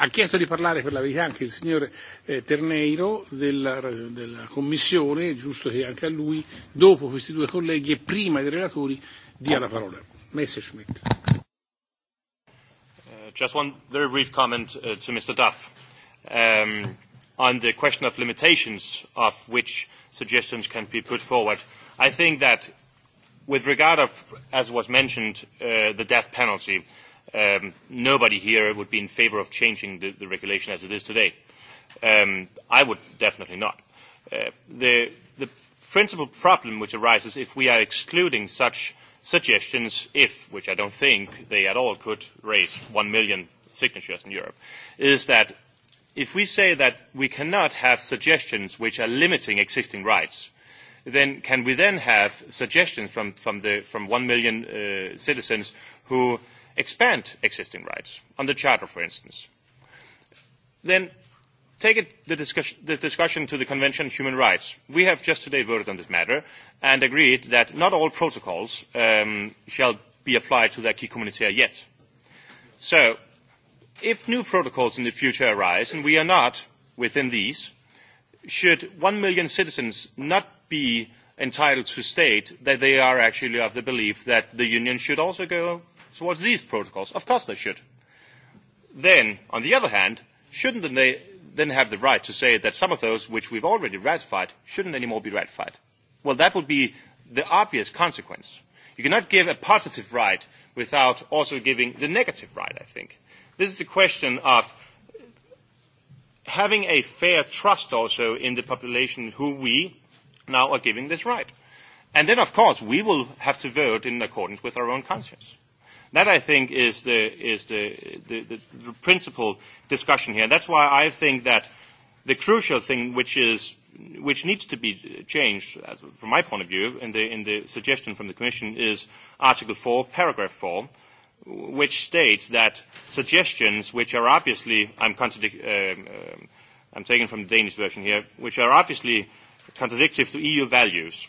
Ha chiesto di parlare per la verità anche il signor eh, Terneiro della, della Commissione, è giusto che anche a lui, dopo questi due colleghi e prima dei relatori, dia la parola. Messerschmidt. Uh, just one very brief comment uh, to Mr. Duff um, on the question of limitations of which suggestions can be put forward. I think that with regard of, as was mentioned, uh, the death penalty, uh, Um, nobody here would be in favour of changing the, the regulation as it is today. Um, I would definitely not. Uh, the, the principal problem which arises if we are excluding such suggestions, if, which I don't think they at all could raise 1 million signatures in Europe, is that if we say that we cannot have suggestions which are limiting existing rights, then can we then have suggestions from, from, the, from 1 million uh, citizens who expand existing rights on the Charter, for instance, then take it, the discussion, this discussion to the Convention on Human Rights. We have just today voted on this matter and agreed that not all protocols um, shall be applied to the acquis communautaire yet. So if new protocols in the future arise and we are not within these, should one million citizens not be entitled to state that they are actually of the belief that the union should also go towards these protocols? Of course they should. Then, on the other hand, shouldn't they then have the right to say that some of those which we've already ratified shouldn't anymore be ratified? Well, that would be the obvious consequence. You cannot give a positive right without also giving the negative right, I think. This is a question of having a fair trust also in the population who we now are giving this right. And then, of course, we will have to vote in accordance with our own conscience. That, I think, is the, is the, the, the, the principal discussion here. That's why I think that the crucial thing, which, is, which needs to be changed, as, from my point of view, in the, in the suggestion from the Commission, is Article 4, Paragraph 4, which states that suggestions which are obviously, I'm, contradic- um, uh, I'm taking from the Danish version here, which are obviously contradictory to EU values,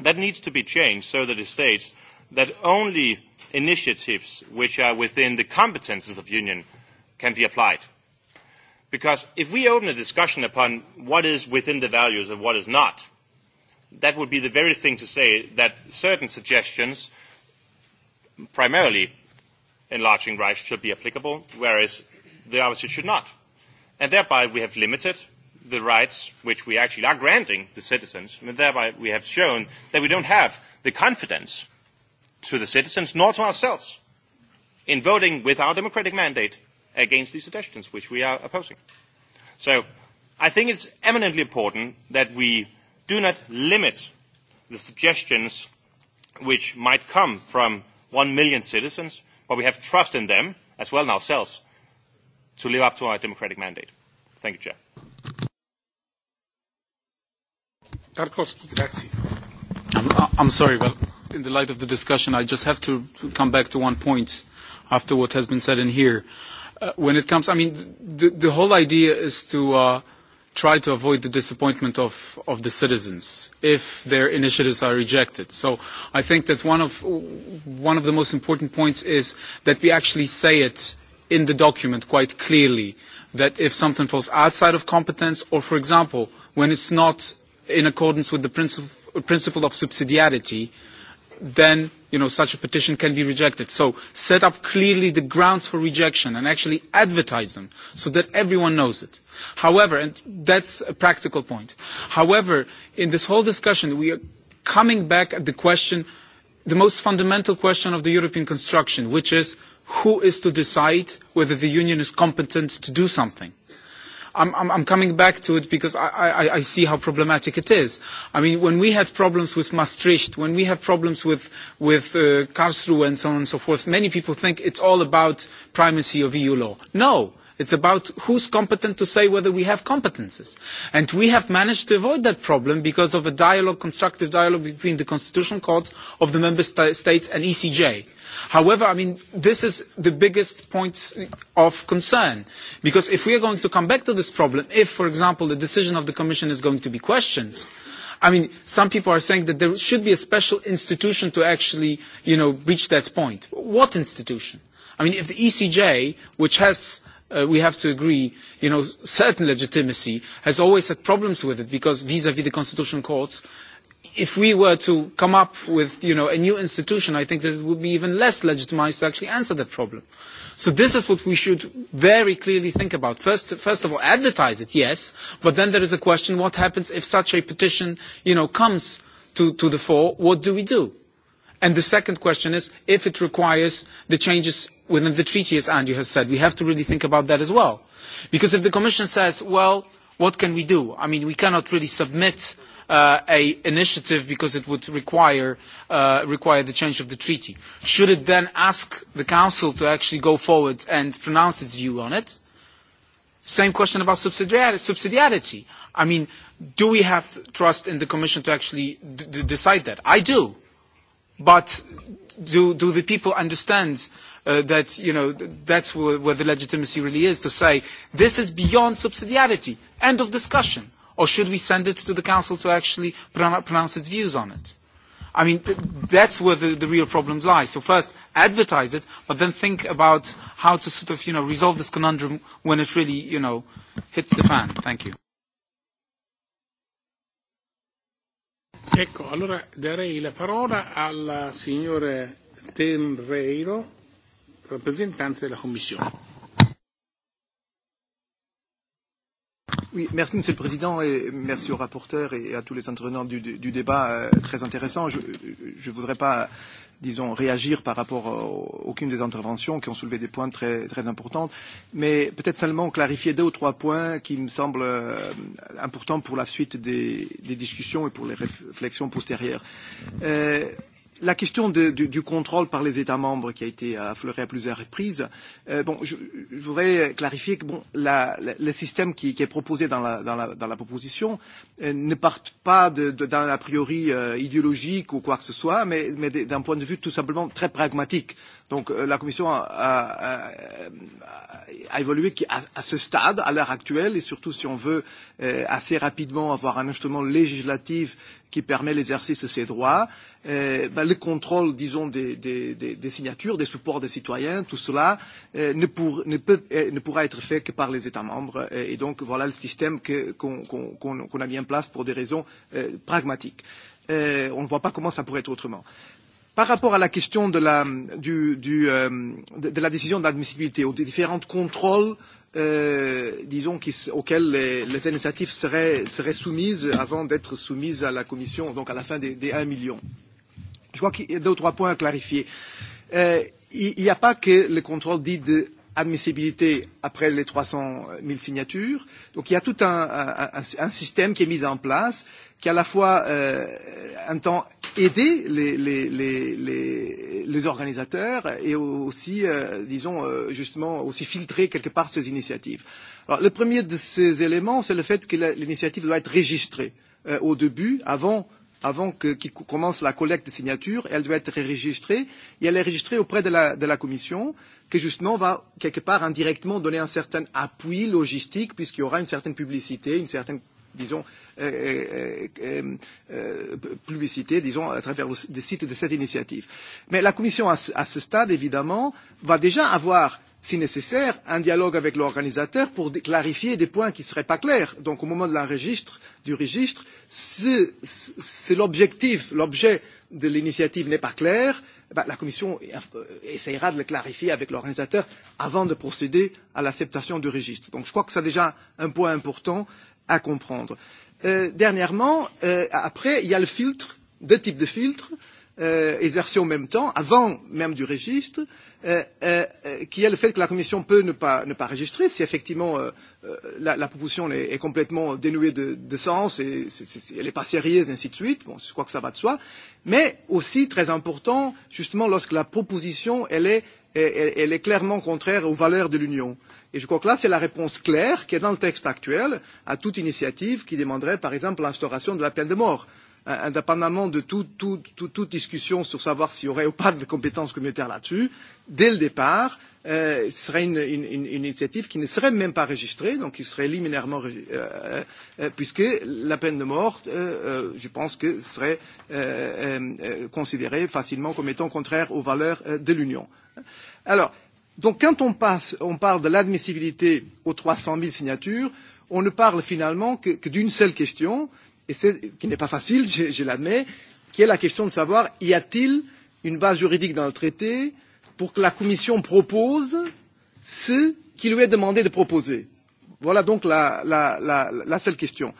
that needs to be changed so that it states that only initiatives which are within the competences of union can be applied. Because if we open a discussion upon what is within the values and what is not, that would be the very thing to say that certain suggestions, primarily enlarging rights, should be applicable, whereas the opposite should not. And thereby we have limited the rights which we actually are granting the citizens, and thereby we have shown that we don't have the confidence to the citizens nor to ourselves in voting with our democratic mandate against these suggestions, which we are opposing. So I think it's eminently important that we do not limit the suggestions which might come from one million citizens, but we have trust in them, as well as ourselves, to live up to our democratic mandate. Thank you, Chair. Tarkovsky, grazie. I'm, I'm sorry, but in the light of the discussion, I just have to come back to one point after what has been said in here. Uh, when it comes, I mean, the, the whole idea is to uh, try to avoid the disappointment of, of the citizens if their initiatives are rejected. So I think that one of, one of the most important points is that we actually say it in the document quite clearly that if something falls outside of competence or, for example, when it's not in accordance with the principle, principle of subsidiarity, uh, then you know, such a petition can be rejected. So set up clearly the grounds for rejection and actually advertise them so that everyone knows it. However, and that's a practical point. However, in this whole discussion, we are coming back at the question, the most fundamental question of the European construction, which is who is to decide whether the Union is competent to do something? I'm, I'm, I'm coming back to it because I, I, I see how problematic it is. I mean, when we had problems with Maastricht, when we had problems with, with uh, Karlsruhe and so on and so forth, many people think it's all about primacy of EU law. No. Uh, It's about who's competent to say whether we have competences. And we have managed to avoid that problem because of a dialogue, constructive dialogue between the constitutional courts of the member sta- states and ECJ. However, I mean, this is the biggest point of concern because if we are going to come back to this problem, if, for example, the decision of the Commission is going to be questioned, I mean, some people are saying that there should be a special institution to actually, you know, reach that point. What institution? I mean, if the ECJ, which has uh, we have to agree, you know, certain legitimacy has always had problems with it because vis-à-vis -vis the constitutional courts, if we were to come up with, you know, a new institution, I think that it would be even less legitimized to actually answer that problem. So this is what we should very clearly think about. First, first of all, advertise it, yes, but then there is a question, what happens if such a petition, you know, comes to, to the fore? What do we do? And the second question is if it requires the changes within the treaty, as Andrew has said. We have to really think about that as well. Because if the Commission says, well, what can we do? I mean, we cannot really submit uh, a initiative because it would require, uh, require the change of the treaty. Should it then ask the Council to actually go forward and pronounce its view on it? Same question about subsidiarity. subsidiarity. I mean, do we have trust in the Commission to actually d- d- decide that? I do. Uh, But do, do the people understand uh, that, you know, that's where, where the legitimacy really is to say this is beyond subsidiarity? End of discussion. Or should we send it to the Council to actually pron- pronounce its views on it? I mean, th- that's where the, the real problems lie. So first, advertise it, but then think about how to sort of, you know, resolve this conundrum when it really, you know, hits the fan. Thank you. Ecco, allora darei la parola al signor Tenreiro, rappresentante della Commissione. Oui, merci Monsieur le Président et merci au rapporteur et à tous les intervenants du, du, du débat euh, très intéressant. Je ne voudrais pas disons, réagir par rapport à euh, aucune des interventions qui ont soulevé des points très, très importants, mais peut-être seulement clarifier deux ou trois points qui me semblent euh, importants pour la suite des, des discussions et pour les réflexions postérieures. Euh, la question de, du, du contrôle par les États membres qui a été affleurée à plusieurs reprises, euh, bon, je, je voudrais clarifier que bon, la, la, le système qui, qui est proposé dans la, dans la, dans la proposition euh, ne part pas d'un a priori euh, idéologique ou quoi que ce soit, mais, mais d'un point de vue tout simplement très pragmatique. Euh, Donc euh, la Commission a, a, a, a évolué à, à ce stade, à l'heure actuelle, et surtout si on veut euh, assez rapidement avoir un instrument législatif qui permet l'exercice de ces droits, euh, ben, le contrôle, disons, des, des, des, des signatures, des supports des citoyens, tout cela euh, ne, pour, ne, peut, euh, ne pourra être fait que par les États membres. Euh, et donc voilà le système qu'on qu qu qu qu a mis en place pour des raisons euh, pragmatiques. Euh, on ne voit pas comment ça pourrait être autrement. Euh, Par rapport à la question de la, du, du, euh, de, de la décision d'admissibilité, aux différents contrôles euh, disons, qui, auxquelles les, les initiatives seraient, seraient soumises avant d'être soumises à la Commission, donc à la fin des, des 1 million. Je crois qu'il y a deux ou trois points à clarifier. Euh, il n'y a pas que le contrôle dit de admissibilité après les 300 000 signatures. Donc il y a tout un, un, un système qui est mis en place qui à la fois euh, entend aider les, les, les, les, les organisateurs et aussi, euh, disons, euh, justement, aussi filtrer quelque part ces initiatives. Alors, le premier de ces éléments, c'est le fait que l'initiative doit être registrée euh, au début, avant avant que, qu'il commence la collecte de signatures, elle doit être enregistrée et elle est enregistrée auprès de la, de la Commission qui justement va quelque part indirectement donner un certain appui logistique puisqu'il y aura une certaine publicité, une certaine disons, euh euh, euh, euh, euh, publicité, disons, à travers des sites de cette initiative. Mais la Commission, à ce, à ce stade, évidemment, va déjà avoir si nécessaire, un dialogue avec l'organisateur pour clarifier des points qui ne seraient pas clairs. Donc, au moment de l'enregistre, du registre, c'est l'objectif, l'objet de l'initiative n'est pas clair. Eh bien, la Commission euh, essayera de le clarifier avec l'organisateur avant de procéder à l'acceptation du registre. Donc, je crois que c'est déjà un point important à comprendre. Euh, dernièrement, euh, après, il y a le filtre, deux types de filtres euh, exercés en même temps, avant même du registre, euh, euh, euh, qui est le fait que la Commission peut ne pas, ne pas registrer si effectivement euh, euh la, la proposition est, est complètement dénouée de, de sens et c'est, c'est, elle n'est pas sérieuse, ainsi de suite. Bon, je crois que ça va de soi. Mais aussi, très important, justement, lorsque la proposition, elle est, elle, elle est clairement contraire aux valeurs de l'Union. Euh, Et je crois que là, c'est la réponse claire qui est dans le texte actuel à toute initiative qui demanderait, par exemple, l'instauration de la peine de mort. Euh, indépendamment de tout, tout, tout, toute discussion sur savoir s'il y aurait ou pas de compétences communautaires là-dessus, dès le départ, euh, ce serait une, une, une, une initiative qui ne serait même pas enregistrée, donc qui serait liminairement, euh, euh, euh, puisque la peine de mort, euh, euh, je pense que serait euh, euh, euh considérée facilement comme étant contraire aux valeurs euh, de l'Union. Alors, euh, Donc quand on, passe, on parle de l'admissibilité aux 300 000 signatures, on ne parle finalement que, que d'une seule question, et qui n'est pas facile, je, je l'admets, qui est la question de savoir y a-t-il une base juridique dans le traité pour que la Commission propose ce qui lui est demandé de proposer Voilà donc la, la, la, la seule question.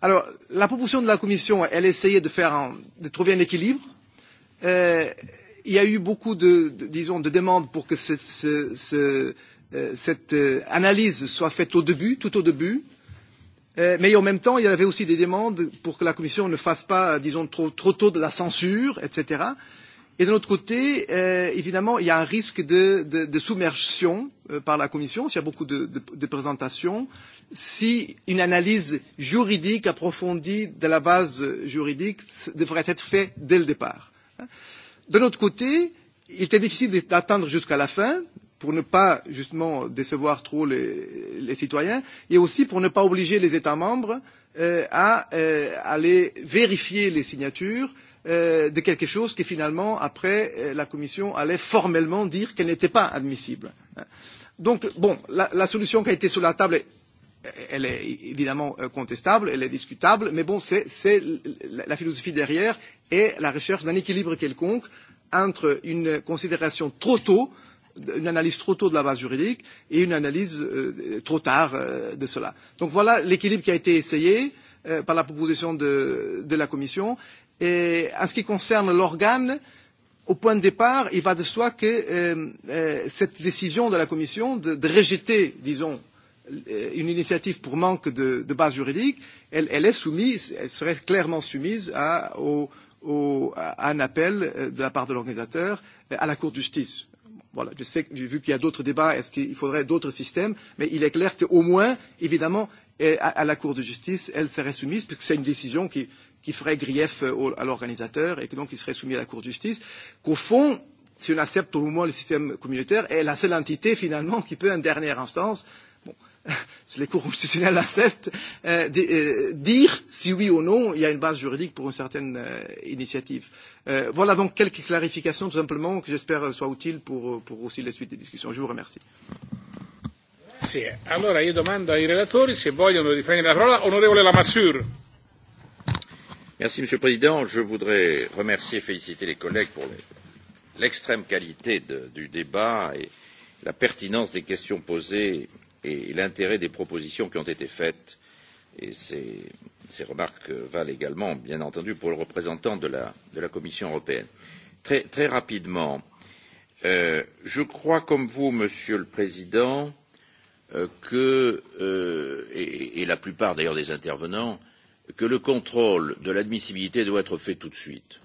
Alors, la proposition de la Commission, elle essayait de, faire un, de trouver un équilibre. Euh, Il y a eu beaucoup de, de disons, de demandes pour que ce, ce, ce, euh, cette euh, analyse soit faite au début, tout au début. Euh, mais en même temps, il y avait aussi des demandes pour que la Commission ne fasse pas, disons, trop, trop tôt de la censure, etc. Et de l'autre côté, euh, évidemment, il y a un risque de, de, de submersion euh, par la Commission, s'il y a beaucoup de, de, de présentations, si une analyse juridique approfondie de la base juridique devrait être faite dès le départ. Hein. De notre côté, il était difficile d'attendre jusqu'à la fin pour ne pas justement décevoir trop les, les citoyens et aussi pour ne pas obliger les États membres euh, à euh, aller vérifier les signatures euh, de quelque chose qui finalement, après, euh, la Commission allait formellement dire qu'elle n'était pas admissible. Donc, bon, la, la solution qui a été sur la table est elle est évidemment euh, contestable, elle est discutable, mais bon, c'est, c'est la philosophie derrière et la recherche d'un équilibre quelconque entre une considération trop tôt, une analyse trop tôt de la base juridique et une analyse euh, trop tard euh, de cela. Donc voilà l'équilibre qui a été essayé euh, par la proposition de, de la Commission. Et en ce qui concerne l'organe, au point de départ, il va de soi que euh, euh, cette décision de la Commission de, de rejeter, disons, Euh, une initiative pour manque de, de base juridique, elle, elle est soumise, elle serait clairement soumise à, au, au, à un appel euh, de la part de l'organisateur euh, à la Cour de justice. Voilà, je sais, j'ai vu qu'il y a d'autres débats, est-ce qu'il faudrait d'autres systèmes, mais il est clair qu'au moins, évidemment, à, à la Cour de justice, elle serait soumise, puisque c'est une décision qui, qui ferait grief au, à l'organisateur et que donc il serait soumis à la Cour de justice, qu'au fond, si on accepte au moment le système communautaire, est la seule entité finalement qui peut, en dernière instance, les cours constitutionnels acceptent, euh, de, euh, dire si oui ou non il y a une base juridique pour une certaine euh, initiative. Euh, voilà donc quelques clarifications tout simplement que j'espère euh, soient utiles pour, euh, pour aussi la suite des discussions. Je vous remercie. Grazie. Allora io domando ai relatori se vogliono riprendere la parola. Onorevole Lamassure. Merci Monsieur le Président. Je voudrais remercier et féliciter les collègues pour l'extrême qualité de, du débat et la pertinence des questions posées et l'intérêt des propositions qui ont été faites. Et ces, ces remarques valent également, bien entendu, pour le représentant de la, de la Commission européenne. Très, très rapidement, euh, je crois comme vous, Monsieur le Président, euh, que, euh, et, et la plupart d'ailleurs des intervenants, que le contrôle de l'admissibilité doit être fait tout de suite.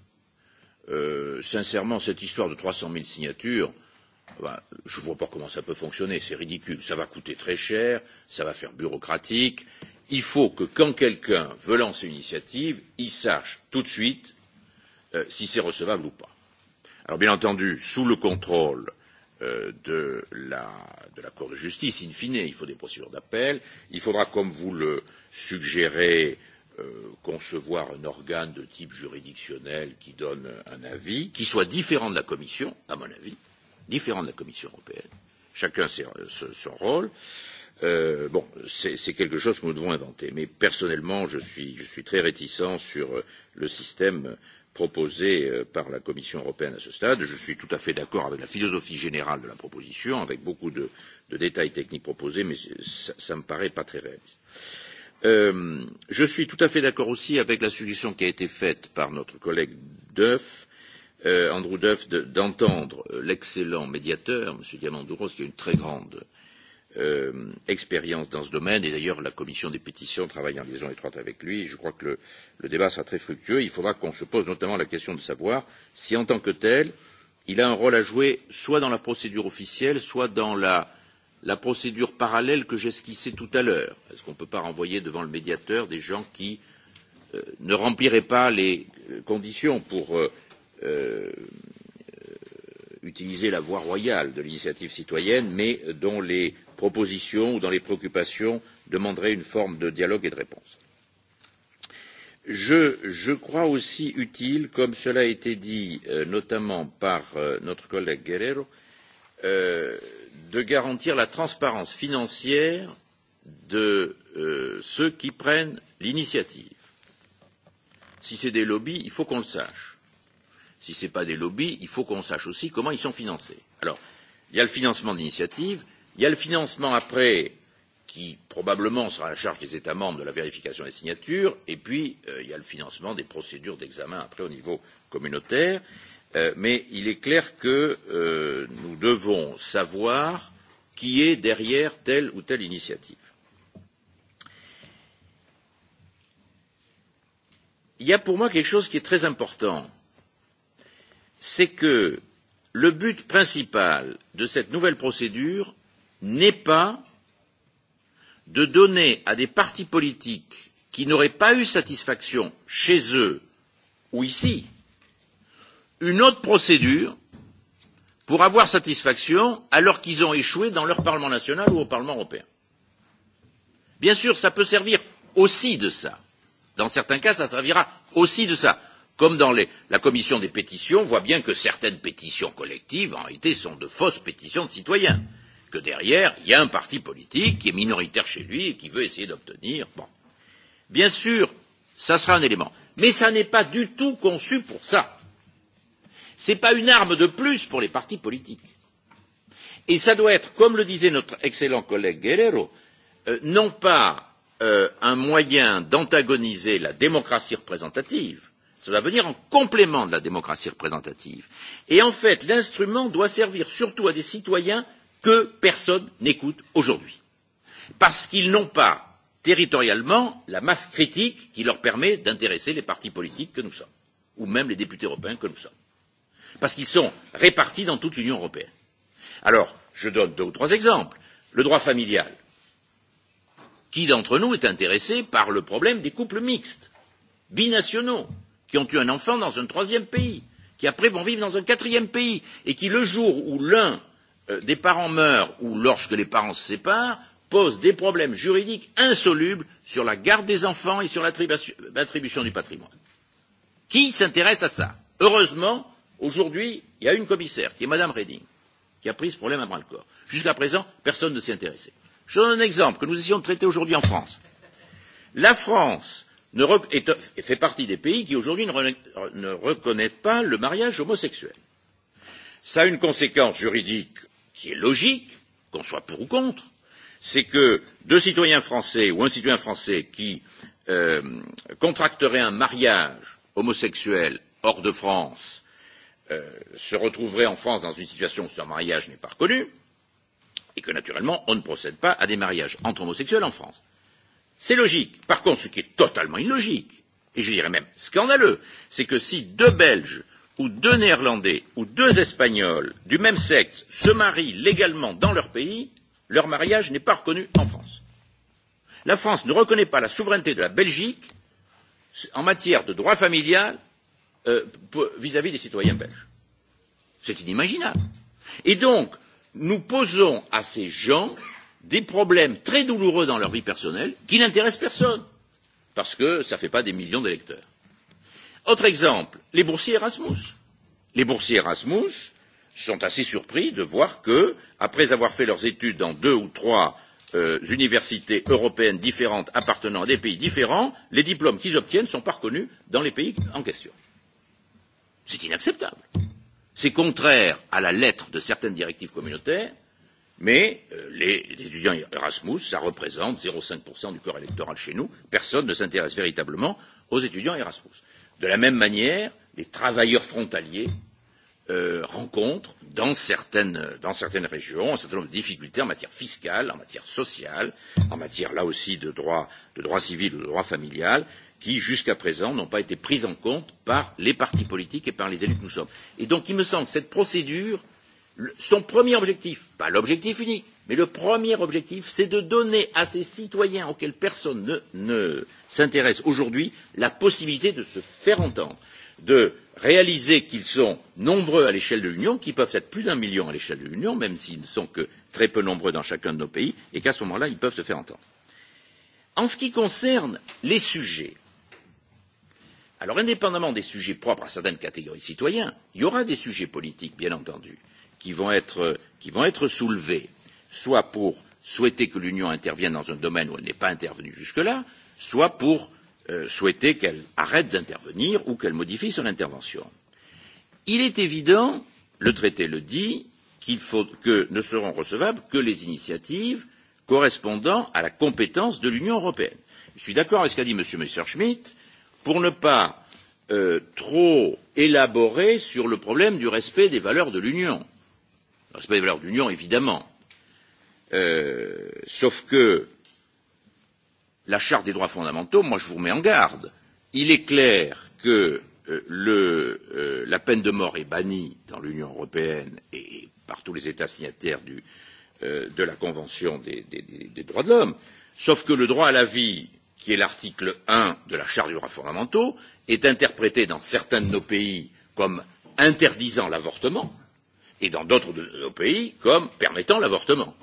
Euh, sincèrement, cette histoire de 300 000 signatures, euh, Ah ben, je ne vois pas comment ça peut fonctionner, c'est ridicule. Ça va coûter très cher, ça va faire bureaucratique. Il faut que quand quelqu'un veut lancer une initiative, il sache tout de suite euh, si c'est recevable ou pas. Alors bien entendu, sous le contrôle euh, de, la, de la Cour de justice, in fine, il faut des procédures d'appel. Il faudra, comme vous le suggérez, euh, concevoir un organe de type juridictionnel qui donne un avis, qui soit différent de la Commission, à mon avis. Euh, différent de la Commission européenne. Chacun ses, son rôle. Euh, bon, c'est quelque chose que nous devons inventer. Mais personnellement, je suis, je suis très réticent sur euh, le système euh, proposé euh, par la Commission européenne à ce stade. Je suis tout à fait d'accord avec la philosophie générale de la proposition, avec beaucoup de, de détails techniques proposés, mais ça, ça me paraît pas très réaliste. Euh, je suis tout à fait d'accord aussi avec la suggestion qui a été faite par notre collègue Duff euh, Andrew Duff d'entendre de, euh, l'excellent médiateur, M. Diamandouros, qui a une très grande euh, expérience dans ce domaine, et d'ailleurs la commission des pétitions travaille en liaison étroite avec lui, et je crois que le, le débat sera très fructueux. Il faudra qu'on se pose notamment la question de savoir si, en tant que tel, il a un rôle à jouer soit dans la procédure officielle, soit dans la, la procédure parallèle que j'esquissais tout à l'heure. Est-ce qu'on ne peut pas renvoyer devant le médiateur des gens qui euh, ne rempliraient pas les euh, conditions pour euh, euh, utiliser la voie royale de l'initiative citoyenne, mais dont les propositions ou dans les préoccupations demanderaient une forme de dialogue et de réponse. Je, je crois aussi utile, comme cela a été dit euh, notamment par euh, notre collègue Guerrero, euh, de garantir la transparence financière de euh, ceux qui prennent l'initiative. Si c'est des lobbies, il faut qu'on le sache si ce n'est pas des lobbies, il faut qu'on sache aussi comment ils sont financés. Alors, il y a le financement d'initiative, il y a le financement après qui probablement sera à la charge des États membres de la vérification des signatures, et puis euh, il y a le financement des procédures d'examen après au niveau communautaire, euh, mais il est clair que euh, nous devons savoir qui est derrière telle ou telle initiative. Il y a pour moi quelque chose qui est très important c'est que le but principal de cette nouvelle procédure n'est pas de donner à des partis politiques qui n'auraient pas eu satisfaction chez eux ou ici une autre procédure pour avoir satisfaction alors qu'ils ont échoué dans leur Parlement national ou au Parlement européen. Bien sûr, ça peut servir aussi de ça. Dans certains cas, ça servira aussi de ça comme dans les, la commission des pétitions, voit bien que certaines pétitions collectives, en réalité, sont de fausses pétitions de citoyens. Que derrière, il y a un parti politique qui est minoritaire chez lui et qui veut essayer d'obtenir. Bon. Bien sûr, ça sera un élément. Mais ça n'est pas du tout conçu pour ça. Ce n'est pas une arme de plus pour les partis politiques. Et ça doit être, comme le disait notre excellent collègue Guerrero, euh, non pas euh, un moyen d'antagoniser la démocratie représentative, Cela va venir en complément de la démocratie représentative. Et en fait, l'instrument doit servir surtout à des citoyens que personne n'écoute aujourd'hui. Parce qu'ils n'ont pas territorialement la masse critique qui leur permet d'intéresser les partis politiques que nous sommes, ou même les députés européens que nous sommes. Parce qu'ils sont répartis dans toute l'Union européenne. Alors, je donne deux ou trois exemples. Le droit familial. Qui d'entre nous est intéressé par le problème des couples mixtes, binationaux, qui ont eu un enfant dans un troisième pays, qui après vont vivre dans un quatrième pays, et qui le jour où l'un euh, des parents meurt ou lorsque les parents se séparent, pose des problèmes juridiques insolubles sur la garde des enfants et sur l'attribution du patrimoine. Qui s'intéresse à ça Heureusement, aujourd'hui, il y a une commissaire, qui est Madame Reding, qui a pris ce problème à bras le corps. Jusqu'à présent, personne ne s'y intéressait. Je donne un exemple que nous essayons de traiter aujourd'hui en France. La France L'Europe est, fait partie des pays qui aujourd'hui ne, rena... ne reconnaissent pas le mariage homosexuel. Ça a une conséquence juridique qui est logique, qu'on soit pour ou contre, c'est que deux citoyens français ou un citoyen français qui euh, contracterait un mariage homosexuel hors de France euh, se retrouverait en France dans une situation où son mariage n'est pas reconnu et que naturellement on ne procède pas à des mariages entre homosexuels en France. C'est logique. Par contre, ce qui est totalement illogique, et je dirais même scandaleux, c'est que si deux Belges ou deux Néerlandais ou deux Espagnols du même sexe se marient légalement dans leur pays, leur mariage n'est pas reconnu en France. La France ne reconnaît pas la souveraineté de la Belgique en matière de droit familial euh, vis-à-vis euh, -vis des citoyens belges. C'est inimaginable. Et donc, nous posons à ces gens des problèmes très douloureux dans leur vie personnelle qui n'intéressent personne, parce que ça ne fait pas des millions d'électeurs. Autre exemple, les boursiers Erasmus. Les boursiers Erasmus sont assez surpris de voir que, après avoir fait leurs études dans deux ou trois euh, universités européennes différentes appartenant à des pays différents, les diplômes qu'ils obtiennent ne sont pas reconnus dans les pays en question. C'est inacceptable. C'est contraire à la lettre de certaines directives communautaires mais euh, les, les étudiants Erasmus, ça représente 0,5% du corps électoral chez nous. Personne ne s'intéresse véritablement aux étudiants Erasmus. De la même manière, les travailleurs frontaliers euh, rencontrent dans certaines, dans certaines régions un certain nombre de difficultés en matière fiscale, en matière sociale, en matière là aussi de droit, de droit civil ou de droit familial, qui jusqu'à présent n'ont pas été prises en compte par les partis politiques et par les élus que nous sommes. Et donc il me semble que cette procédure euh, son premier objectif, pas l'objectif unique, mais le premier objectif, c'est de donner à ces citoyens auxquels personne ne, ne s'intéresse aujourd'hui la possibilité de se faire entendre, de réaliser qu'ils sont nombreux à l'échelle de l'Union, qu'ils peuvent être plus d'un million à l'échelle de l'Union, même s'ils ne sont que très peu nombreux dans chacun de nos pays, et qu'à ce moment-là, ils peuvent se faire entendre. En ce qui concerne les sujets, alors indépendamment des sujets propres à certaines catégories de citoyens, il y aura des sujets politiques, bien entendu, qui vont être, qui vont être soulevées, soit pour souhaiter que l'Union intervienne dans un domaine où elle n'est pas intervenue jusque-là, soit pour euh, souhaiter qu'elle arrête d'intervenir ou qu'elle modifie son intervention. Il est évident, le traité le dit, qu'il faut que ne seront recevables que les initiatives correspondant à la compétence de l'Union européenne. Je suis d'accord avec ce qu'a dit M. Messerschmitt pour ne pas euh, trop élaborer sur le problème du respect des valeurs de l'Union le respect des valeurs de l'Union, évidemment. Euh, sauf que la Charte des droits fondamentaux, moi je vous mets en garde. Il est clair que euh, le, euh, la peine de mort est bannie dans l'Union européenne et, et par tous les États signataires du, euh, de la Convention des, des, des, des droits de l'homme, sauf que le droit à la vie, qui est l'article 1 de la Charte des droits fondamentaux, est interprété dans certains de nos pays comme interdisant l'avortement, et dans d'autres de nos pays comme permettant l'avortement.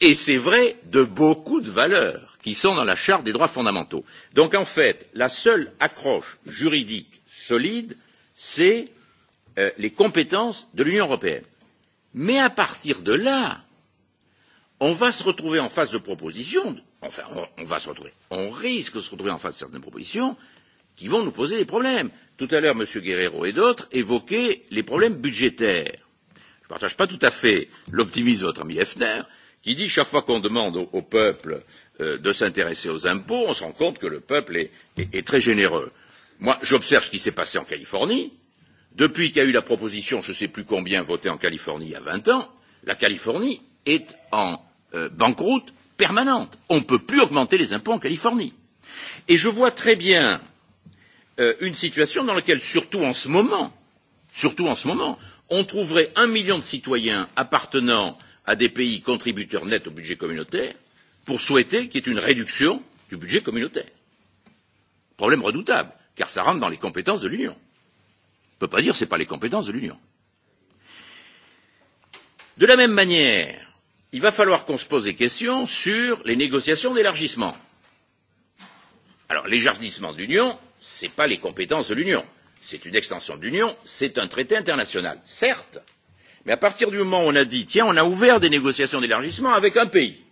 Et c'est vrai de beaucoup de valeurs qui sont dans la charte des droits fondamentaux. Donc en fait, la seule accroche juridique solide, c'est euh, les compétences de l'Union européenne. Mais à partir de là, on va se retrouver en face de propositions, enfin on, on va se retrouver, on risque de se retrouver en face de certaines propositions qui vont nous poser des problèmes. Tout à l'heure, M. Guerrero et d'autres évoquaient les problèmes budgétaires Je ne partage pas tout à fait l'optimisme de votre ami Hefner, qui dit chaque fois qu'on demande au, au peuple euh, de s'intéresser aux impôts, on se rend compte que le peuple est, est, est très généreux. Moi, j'observe ce qui s'est passé en Californie. Depuis qu'il y a eu la proposition, je ne sais plus combien, votée en Californie il y a 20 ans, la Californie est en euh, banqueroute permanente. On ne peut plus augmenter les impôts en Californie. Et je vois très bien euh, une situation dans laquelle, surtout en ce moment, surtout en ce moment, on trouverait un million de citoyens appartenant à des pays contributeurs nets au budget communautaire pour souhaiter qu'il y ait une réduction du budget communautaire. Problème redoutable, car ça rentre dans les compétences de l'Union. On ne peut pas dire que ce n'est pas les compétences de l'Union. De la même manière, il va falloir qu'on se pose des questions sur les négociations d'élargissement. Alors, l'élargissement de l'Union, ce n'est pas les compétences de l'Union c'est une extension de l'Union, c'est un traité international, certes, mais à partir du moment où on a dit tiens, on a ouvert des négociations d'élargissement avec un pays,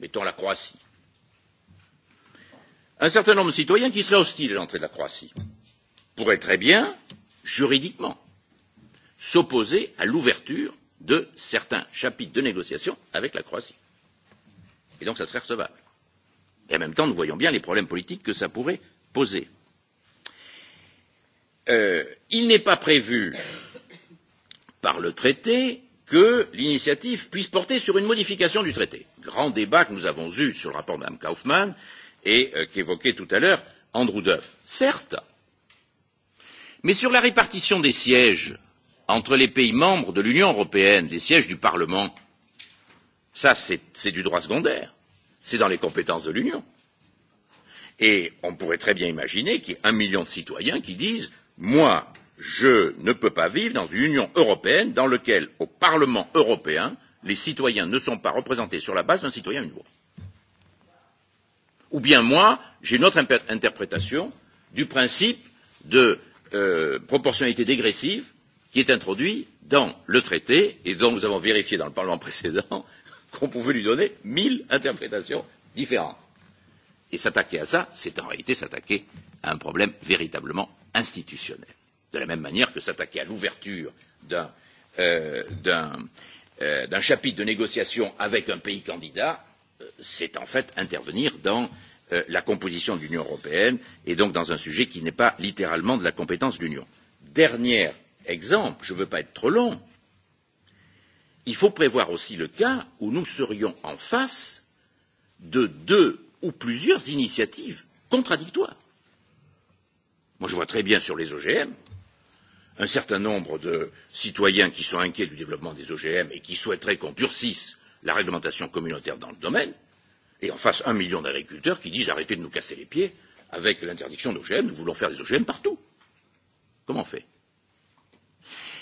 mettons la Croatie, un certain nombre de citoyens qui seraient hostiles à l'entrée de la Croatie pourraient très bien, juridiquement, s'opposer à l'ouverture de certains chapitres de négociation avec la Croatie. Et donc, ça serait recevable. Et en même temps, nous voyons bien les problèmes politiques que ça pourrait poser euh, il n'est pas prévu par le traité que l'initiative puisse porter sur une modification du traité. Grand débat que nous avons eu sur le rapport de Mme Kaufmann et euh, qu'évoquait tout à l'heure Andrew Duff. Certes, mais sur la répartition des sièges entre les pays membres de l'Union européenne, les sièges du Parlement, ça c'est du droit secondaire, c'est dans les compétences de l'Union. Et on pourrait très bien imaginer qu'il y ait un million de citoyens qui disent moi, je ne peux pas vivre dans une Union européenne dans laquelle, au Parlement européen, les citoyens ne sont pas représentés sur la base d'un citoyen une voix. Ou bien moi, j'ai une autre interprétation du principe de euh, proportionnalité dégressive qui est introduit dans le traité et dont nous avons vérifié dans le Parlement précédent qu'on pouvait lui donner mille interprétations différentes. Et s'attaquer à ça, c'est en réalité s'attaquer à un problème véritablement institutionnelle, de la même manière que s'attaquer à l'ouverture d'un euh, euh, chapitre de négociation avec un pays candidat, euh, c'est en fait intervenir dans euh, la composition de l'Union européenne et donc dans un sujet qui n'est pas littéralement de la compétence de l'Union. Dernier exemple, je ne veux pas être trop long, il faut prévoir aussi le cas où nous serions en face de deux ou plusieurs initiatives contradictoires. Moi, je vois très bien sur les OGM un certain nombre de citoyens qui sont inquiets du développement des OGM et qui souhaiteraient qu'on durcisse la réglementation communautaire dans le domaine, et en face un million d'agriculteurs qui disent arrêtez de nous casser les pieds avec l'interdiction d'OGM, nous voulons faire des OGM partout. Comment on fait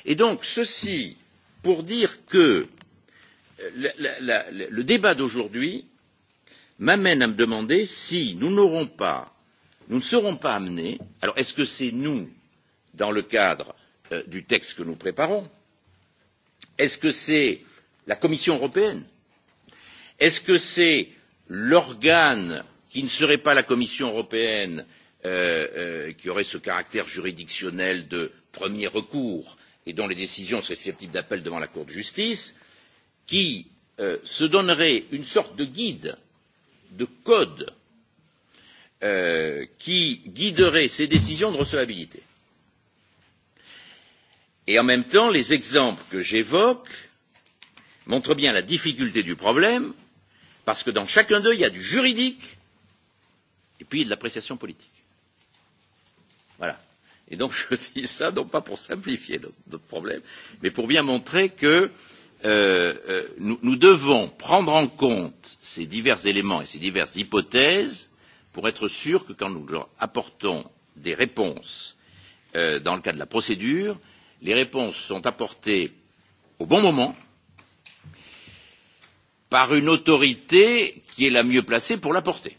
Et donc, ceci pour dire que euh, la, la, la, le débat d'aujourd'hui m'amène à me demander si nous n'aurons pas nous ne serons pas amenés alors est ce que c'est nous dans le cadre euh, du texte que nous préparons est ce que c'est la commission européenne est ce que c'est l'organe qui ne serait pas la commission européenne euh, euh, qui aurait ce caractère juridictionnel de premier recours et dont les décisions seraient susceptibles d'appel devant la cour de justice qui euh, se donnerait une sorte de guide de code euh, qui guiderait ces décisions de recevabilité. Et en même temps, les exemples que j'évoque montrent bien la difficulté du problème, parce que dans chacun d'eux, il y a du juridique et puis de l'appréciation politique. Voilà. Et donc je dis ça non pas pour simplifier notre, notre problème, mais pour bien montrer que euh, euh, nous, nous devons prendre en compte ces divers éléments et ces diverses hypothèses pour être sûr que quand nous leur apportons des réponses euh, dans le cadre de la procédure, les réponses sont apportées au bon moment par une autorité qui est la mieux placée pour l'apporter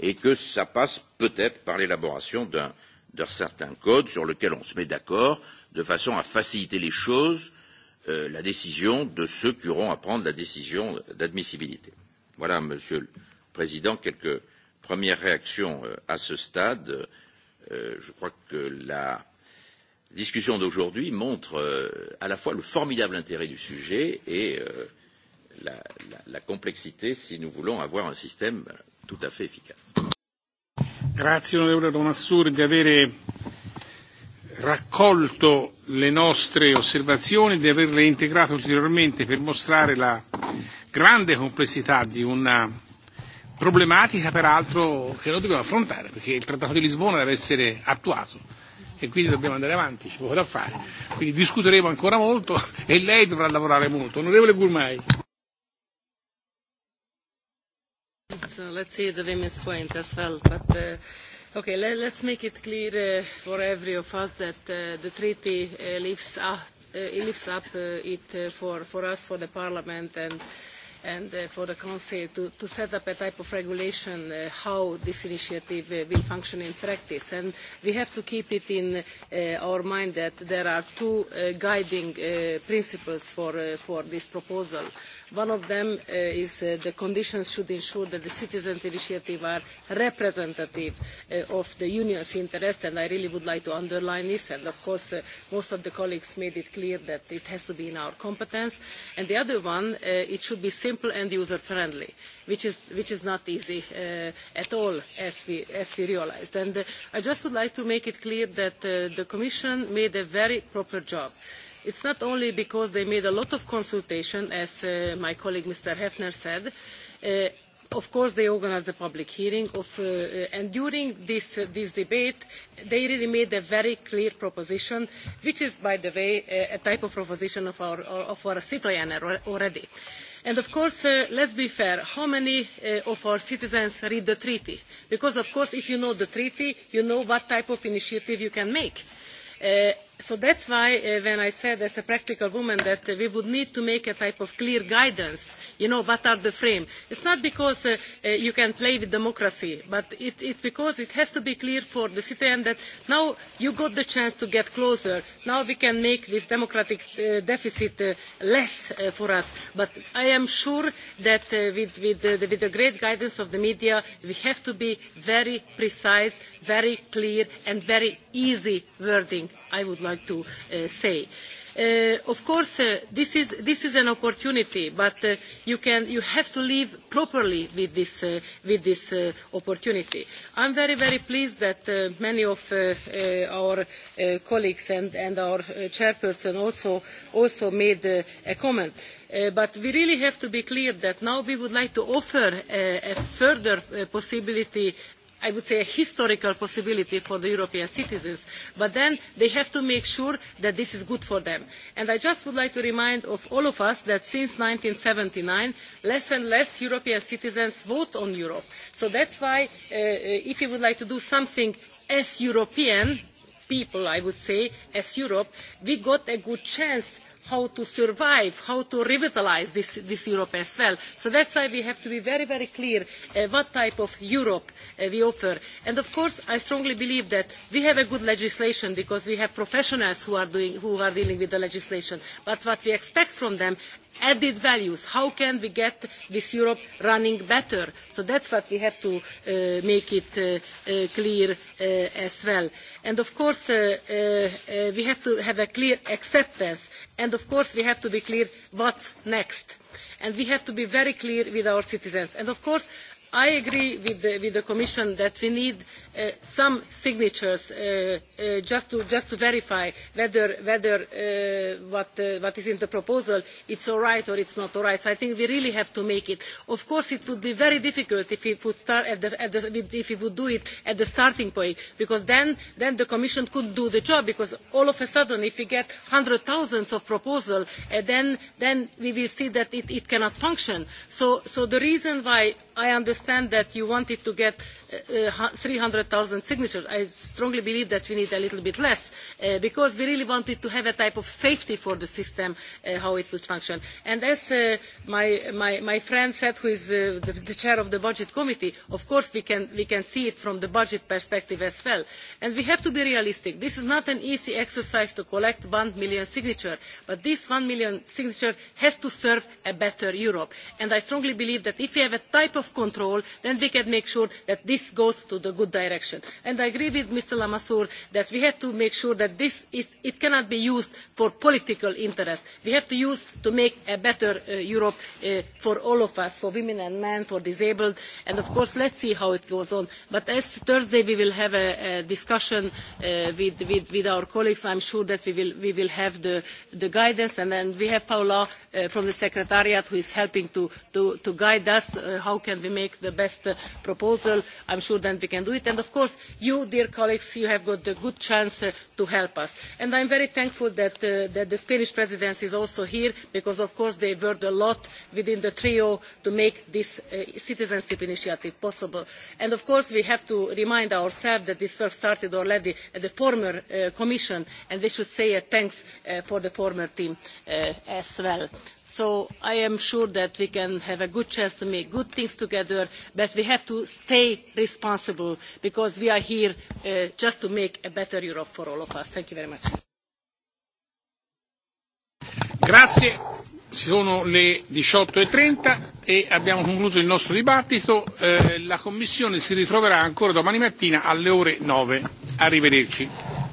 et que ça passe peut-être par l'élaboration d'un certain code sur lequel on se met d'accord de façon à faciliter les choses, euh, la décision de ceux qui auront à prendre la décision d'admissibilité. Voilà, monsieur Président, quelques premières réactions euh, à ce stade. Euh, je crois que la discussion d'aujourd'hui montre euh, à la fois le formidable intérêt du sujet et la, la, la complexité si nous voulons avoir un système tout à fait efficace. Grazie onorevole Domassur di avere raccolto le nostre osservazioni, di averle integrate ulteriormente per mostrare la grande complessità di una problematica peraltro che noi dobbiamo affrontare, perché il Trattato di Lisbona deve essere attuato e quindi dobbiamo andare avanti, c'è poco da fare. Quindi discuteremo ancora molto e lei dovrà lavorare molto. Onorevole Gurmai. So let's see the women's point as well. But, uh, okay, let, let's make it clear uh, for every of us that uh, the treaty uh, lives up, uh, it lives up uh, it uh, for, for us, for the parliament and and uh, for the Council to, to set up a type of regulation uh, how this initiative uh, will function in practice. And we have to keep it in uh, our mind that there are two uh, guiding uh, principles for, uh, for this proposal. One of them uh, is uh, the conditions should ensure that the citizens' initiative are representative uh, of the union's interest, and I really would like to underline this, and of course uh, most of the colleagues made it clear that it has to be in our competence. And the other one, uh, it should be simple simple and user friendly, which is, which is not easy uh, at all, as we, as we realized. And uh, I just would like to make it clear that uh, the Commission made a very proper job. It's not only because they made a lot of consultation, as uh, my colleague Mr. Hefner said, uh, of course they organized the public hearing of, uh, uh, and during this, uh, this debate they really made a very clear proposition which is by the way a, a type of proposition of our, of our citoyen already. Uh, And of course, uh, let's be fair, how many uh, of our citizens read the treaty? Because of course, if you know the treaty, you know what type of initiative you can make. Uh, So that's why uh, when I said as a practical woman that uh, we would need to make a type of clear guidance, you know, what are the frame. It's not because uh, uh, you can play with democracy, but it, it's because it has to be clear for the citizen that now you got the chance to get closer. Now we can make this democratic uh, deficit uh, less uh, for us. But I am sure that uh, with, with, uh, the, with the great guidance of the media, we have to be very precise, very clear, and very easy wording, I would like like uh, to uh, say. Uh, of course, uh, this, is, this is an opportunity, but uh, you, can, you have to live properly with this, uh, with this uh, opportunity. I'm very, very pleased that uh, many of uh, uh, our uh, colleagues and, and our uh, chairperson also, also made uh, a comment. Uh, but we really have to be clear that now we would like to offer uh, a further uh, possibility I would say, a historical possibility for the European citizens. But then they have to make sure that this is good for them. And I just would like to remind of all of us that since 1979, less and less European citizens vote on Europe. So that's why, uh, uh, if you would like to do something as European people, I would say, as Europe, we got a good chance how to survive, how to revitalize this, this Europe as well. So that's why we have to be very, very clear uh, what type of Europe uh, we offer. And of course, I strongly believe that we have a good legislation because we have professionals who are, doing, who are dealing with the legislation. But what we expect from them added values. How can we get this Europe running better? So that's what we have to uh, make it uh, uh, clear uh, as well. And of course, uh, uh, uh, we have to have a clear acceptance uh, And of course, we have to be clear what's next. And we have to be very clear with our citizens. And of course, I agree with the, with the Commission that we need uh, some signatures uh, uh, just to just to verify whether whether uh, what uh, what is in the proposal it's all right or it's not all right. So I think we really have to make it. Of course, it would be very difficult if it would start at the, at the if it would do it at the starting point because then then the Commission could do the job because all of a sudden if we get hundred thousands of proposals uh, then then we will see that it, it cannot function. So so the reason why I understand that you wanted to get uh, 300,000 uh, signatures. I strongly believe that we need a little bit less uh, because we really wanted to have a type of safety for the system, uh, how it will function. And as uh, my, my, my friend said, who is uh, the, the chair of the budget committee, of course we can, we can see it from the budget perspective as well. And we have to be realistic. This is not an easy exercise to collect 1 million signatures, but this 1 million signature has to serve a better Europe. And I strongly believe that if we have a type of control, then we can make sure that this this goes to the good direction. And I agree with Mr. Lamassoure that we have to make sure that this is, it cannot be used for political interest. We have to use to make a better uh, Europe uh, for all of us, for women and men, for disabled, and of course let's see how it goes on. But as Thursday we will have a, a discussion uh, with, with, with our colleagues, I'm sure that we will, we will have the, the guidance and then we have Paula uh, from the Secretariat who is helping to, to, to guide us uh, how can we make the best uh, proposal. I'm sure then we can do it. And of course, you, dear colleagues, you have got a good chance uh, to help us. And I'm very thankful that, uh, that the Spanish presidency is also here because, of course, they worked a lot within the trio to make this uh, citizenship initiative possible. And of course, we have to remind ourselves that this work started already at the former uh, Commission, and we should say a thanks uh, for the former team uh, as well so i am sure that we can have a good chance to make good things together but we have to stay responsible because we are here uh, just to make a better europe for all of us. thank you very much. grazie sono le 18.30 e, e abbiamo concluso il nostro dibattito eh, la commissione si ritroverà ancora domani mattina alle ore 9 arrivederci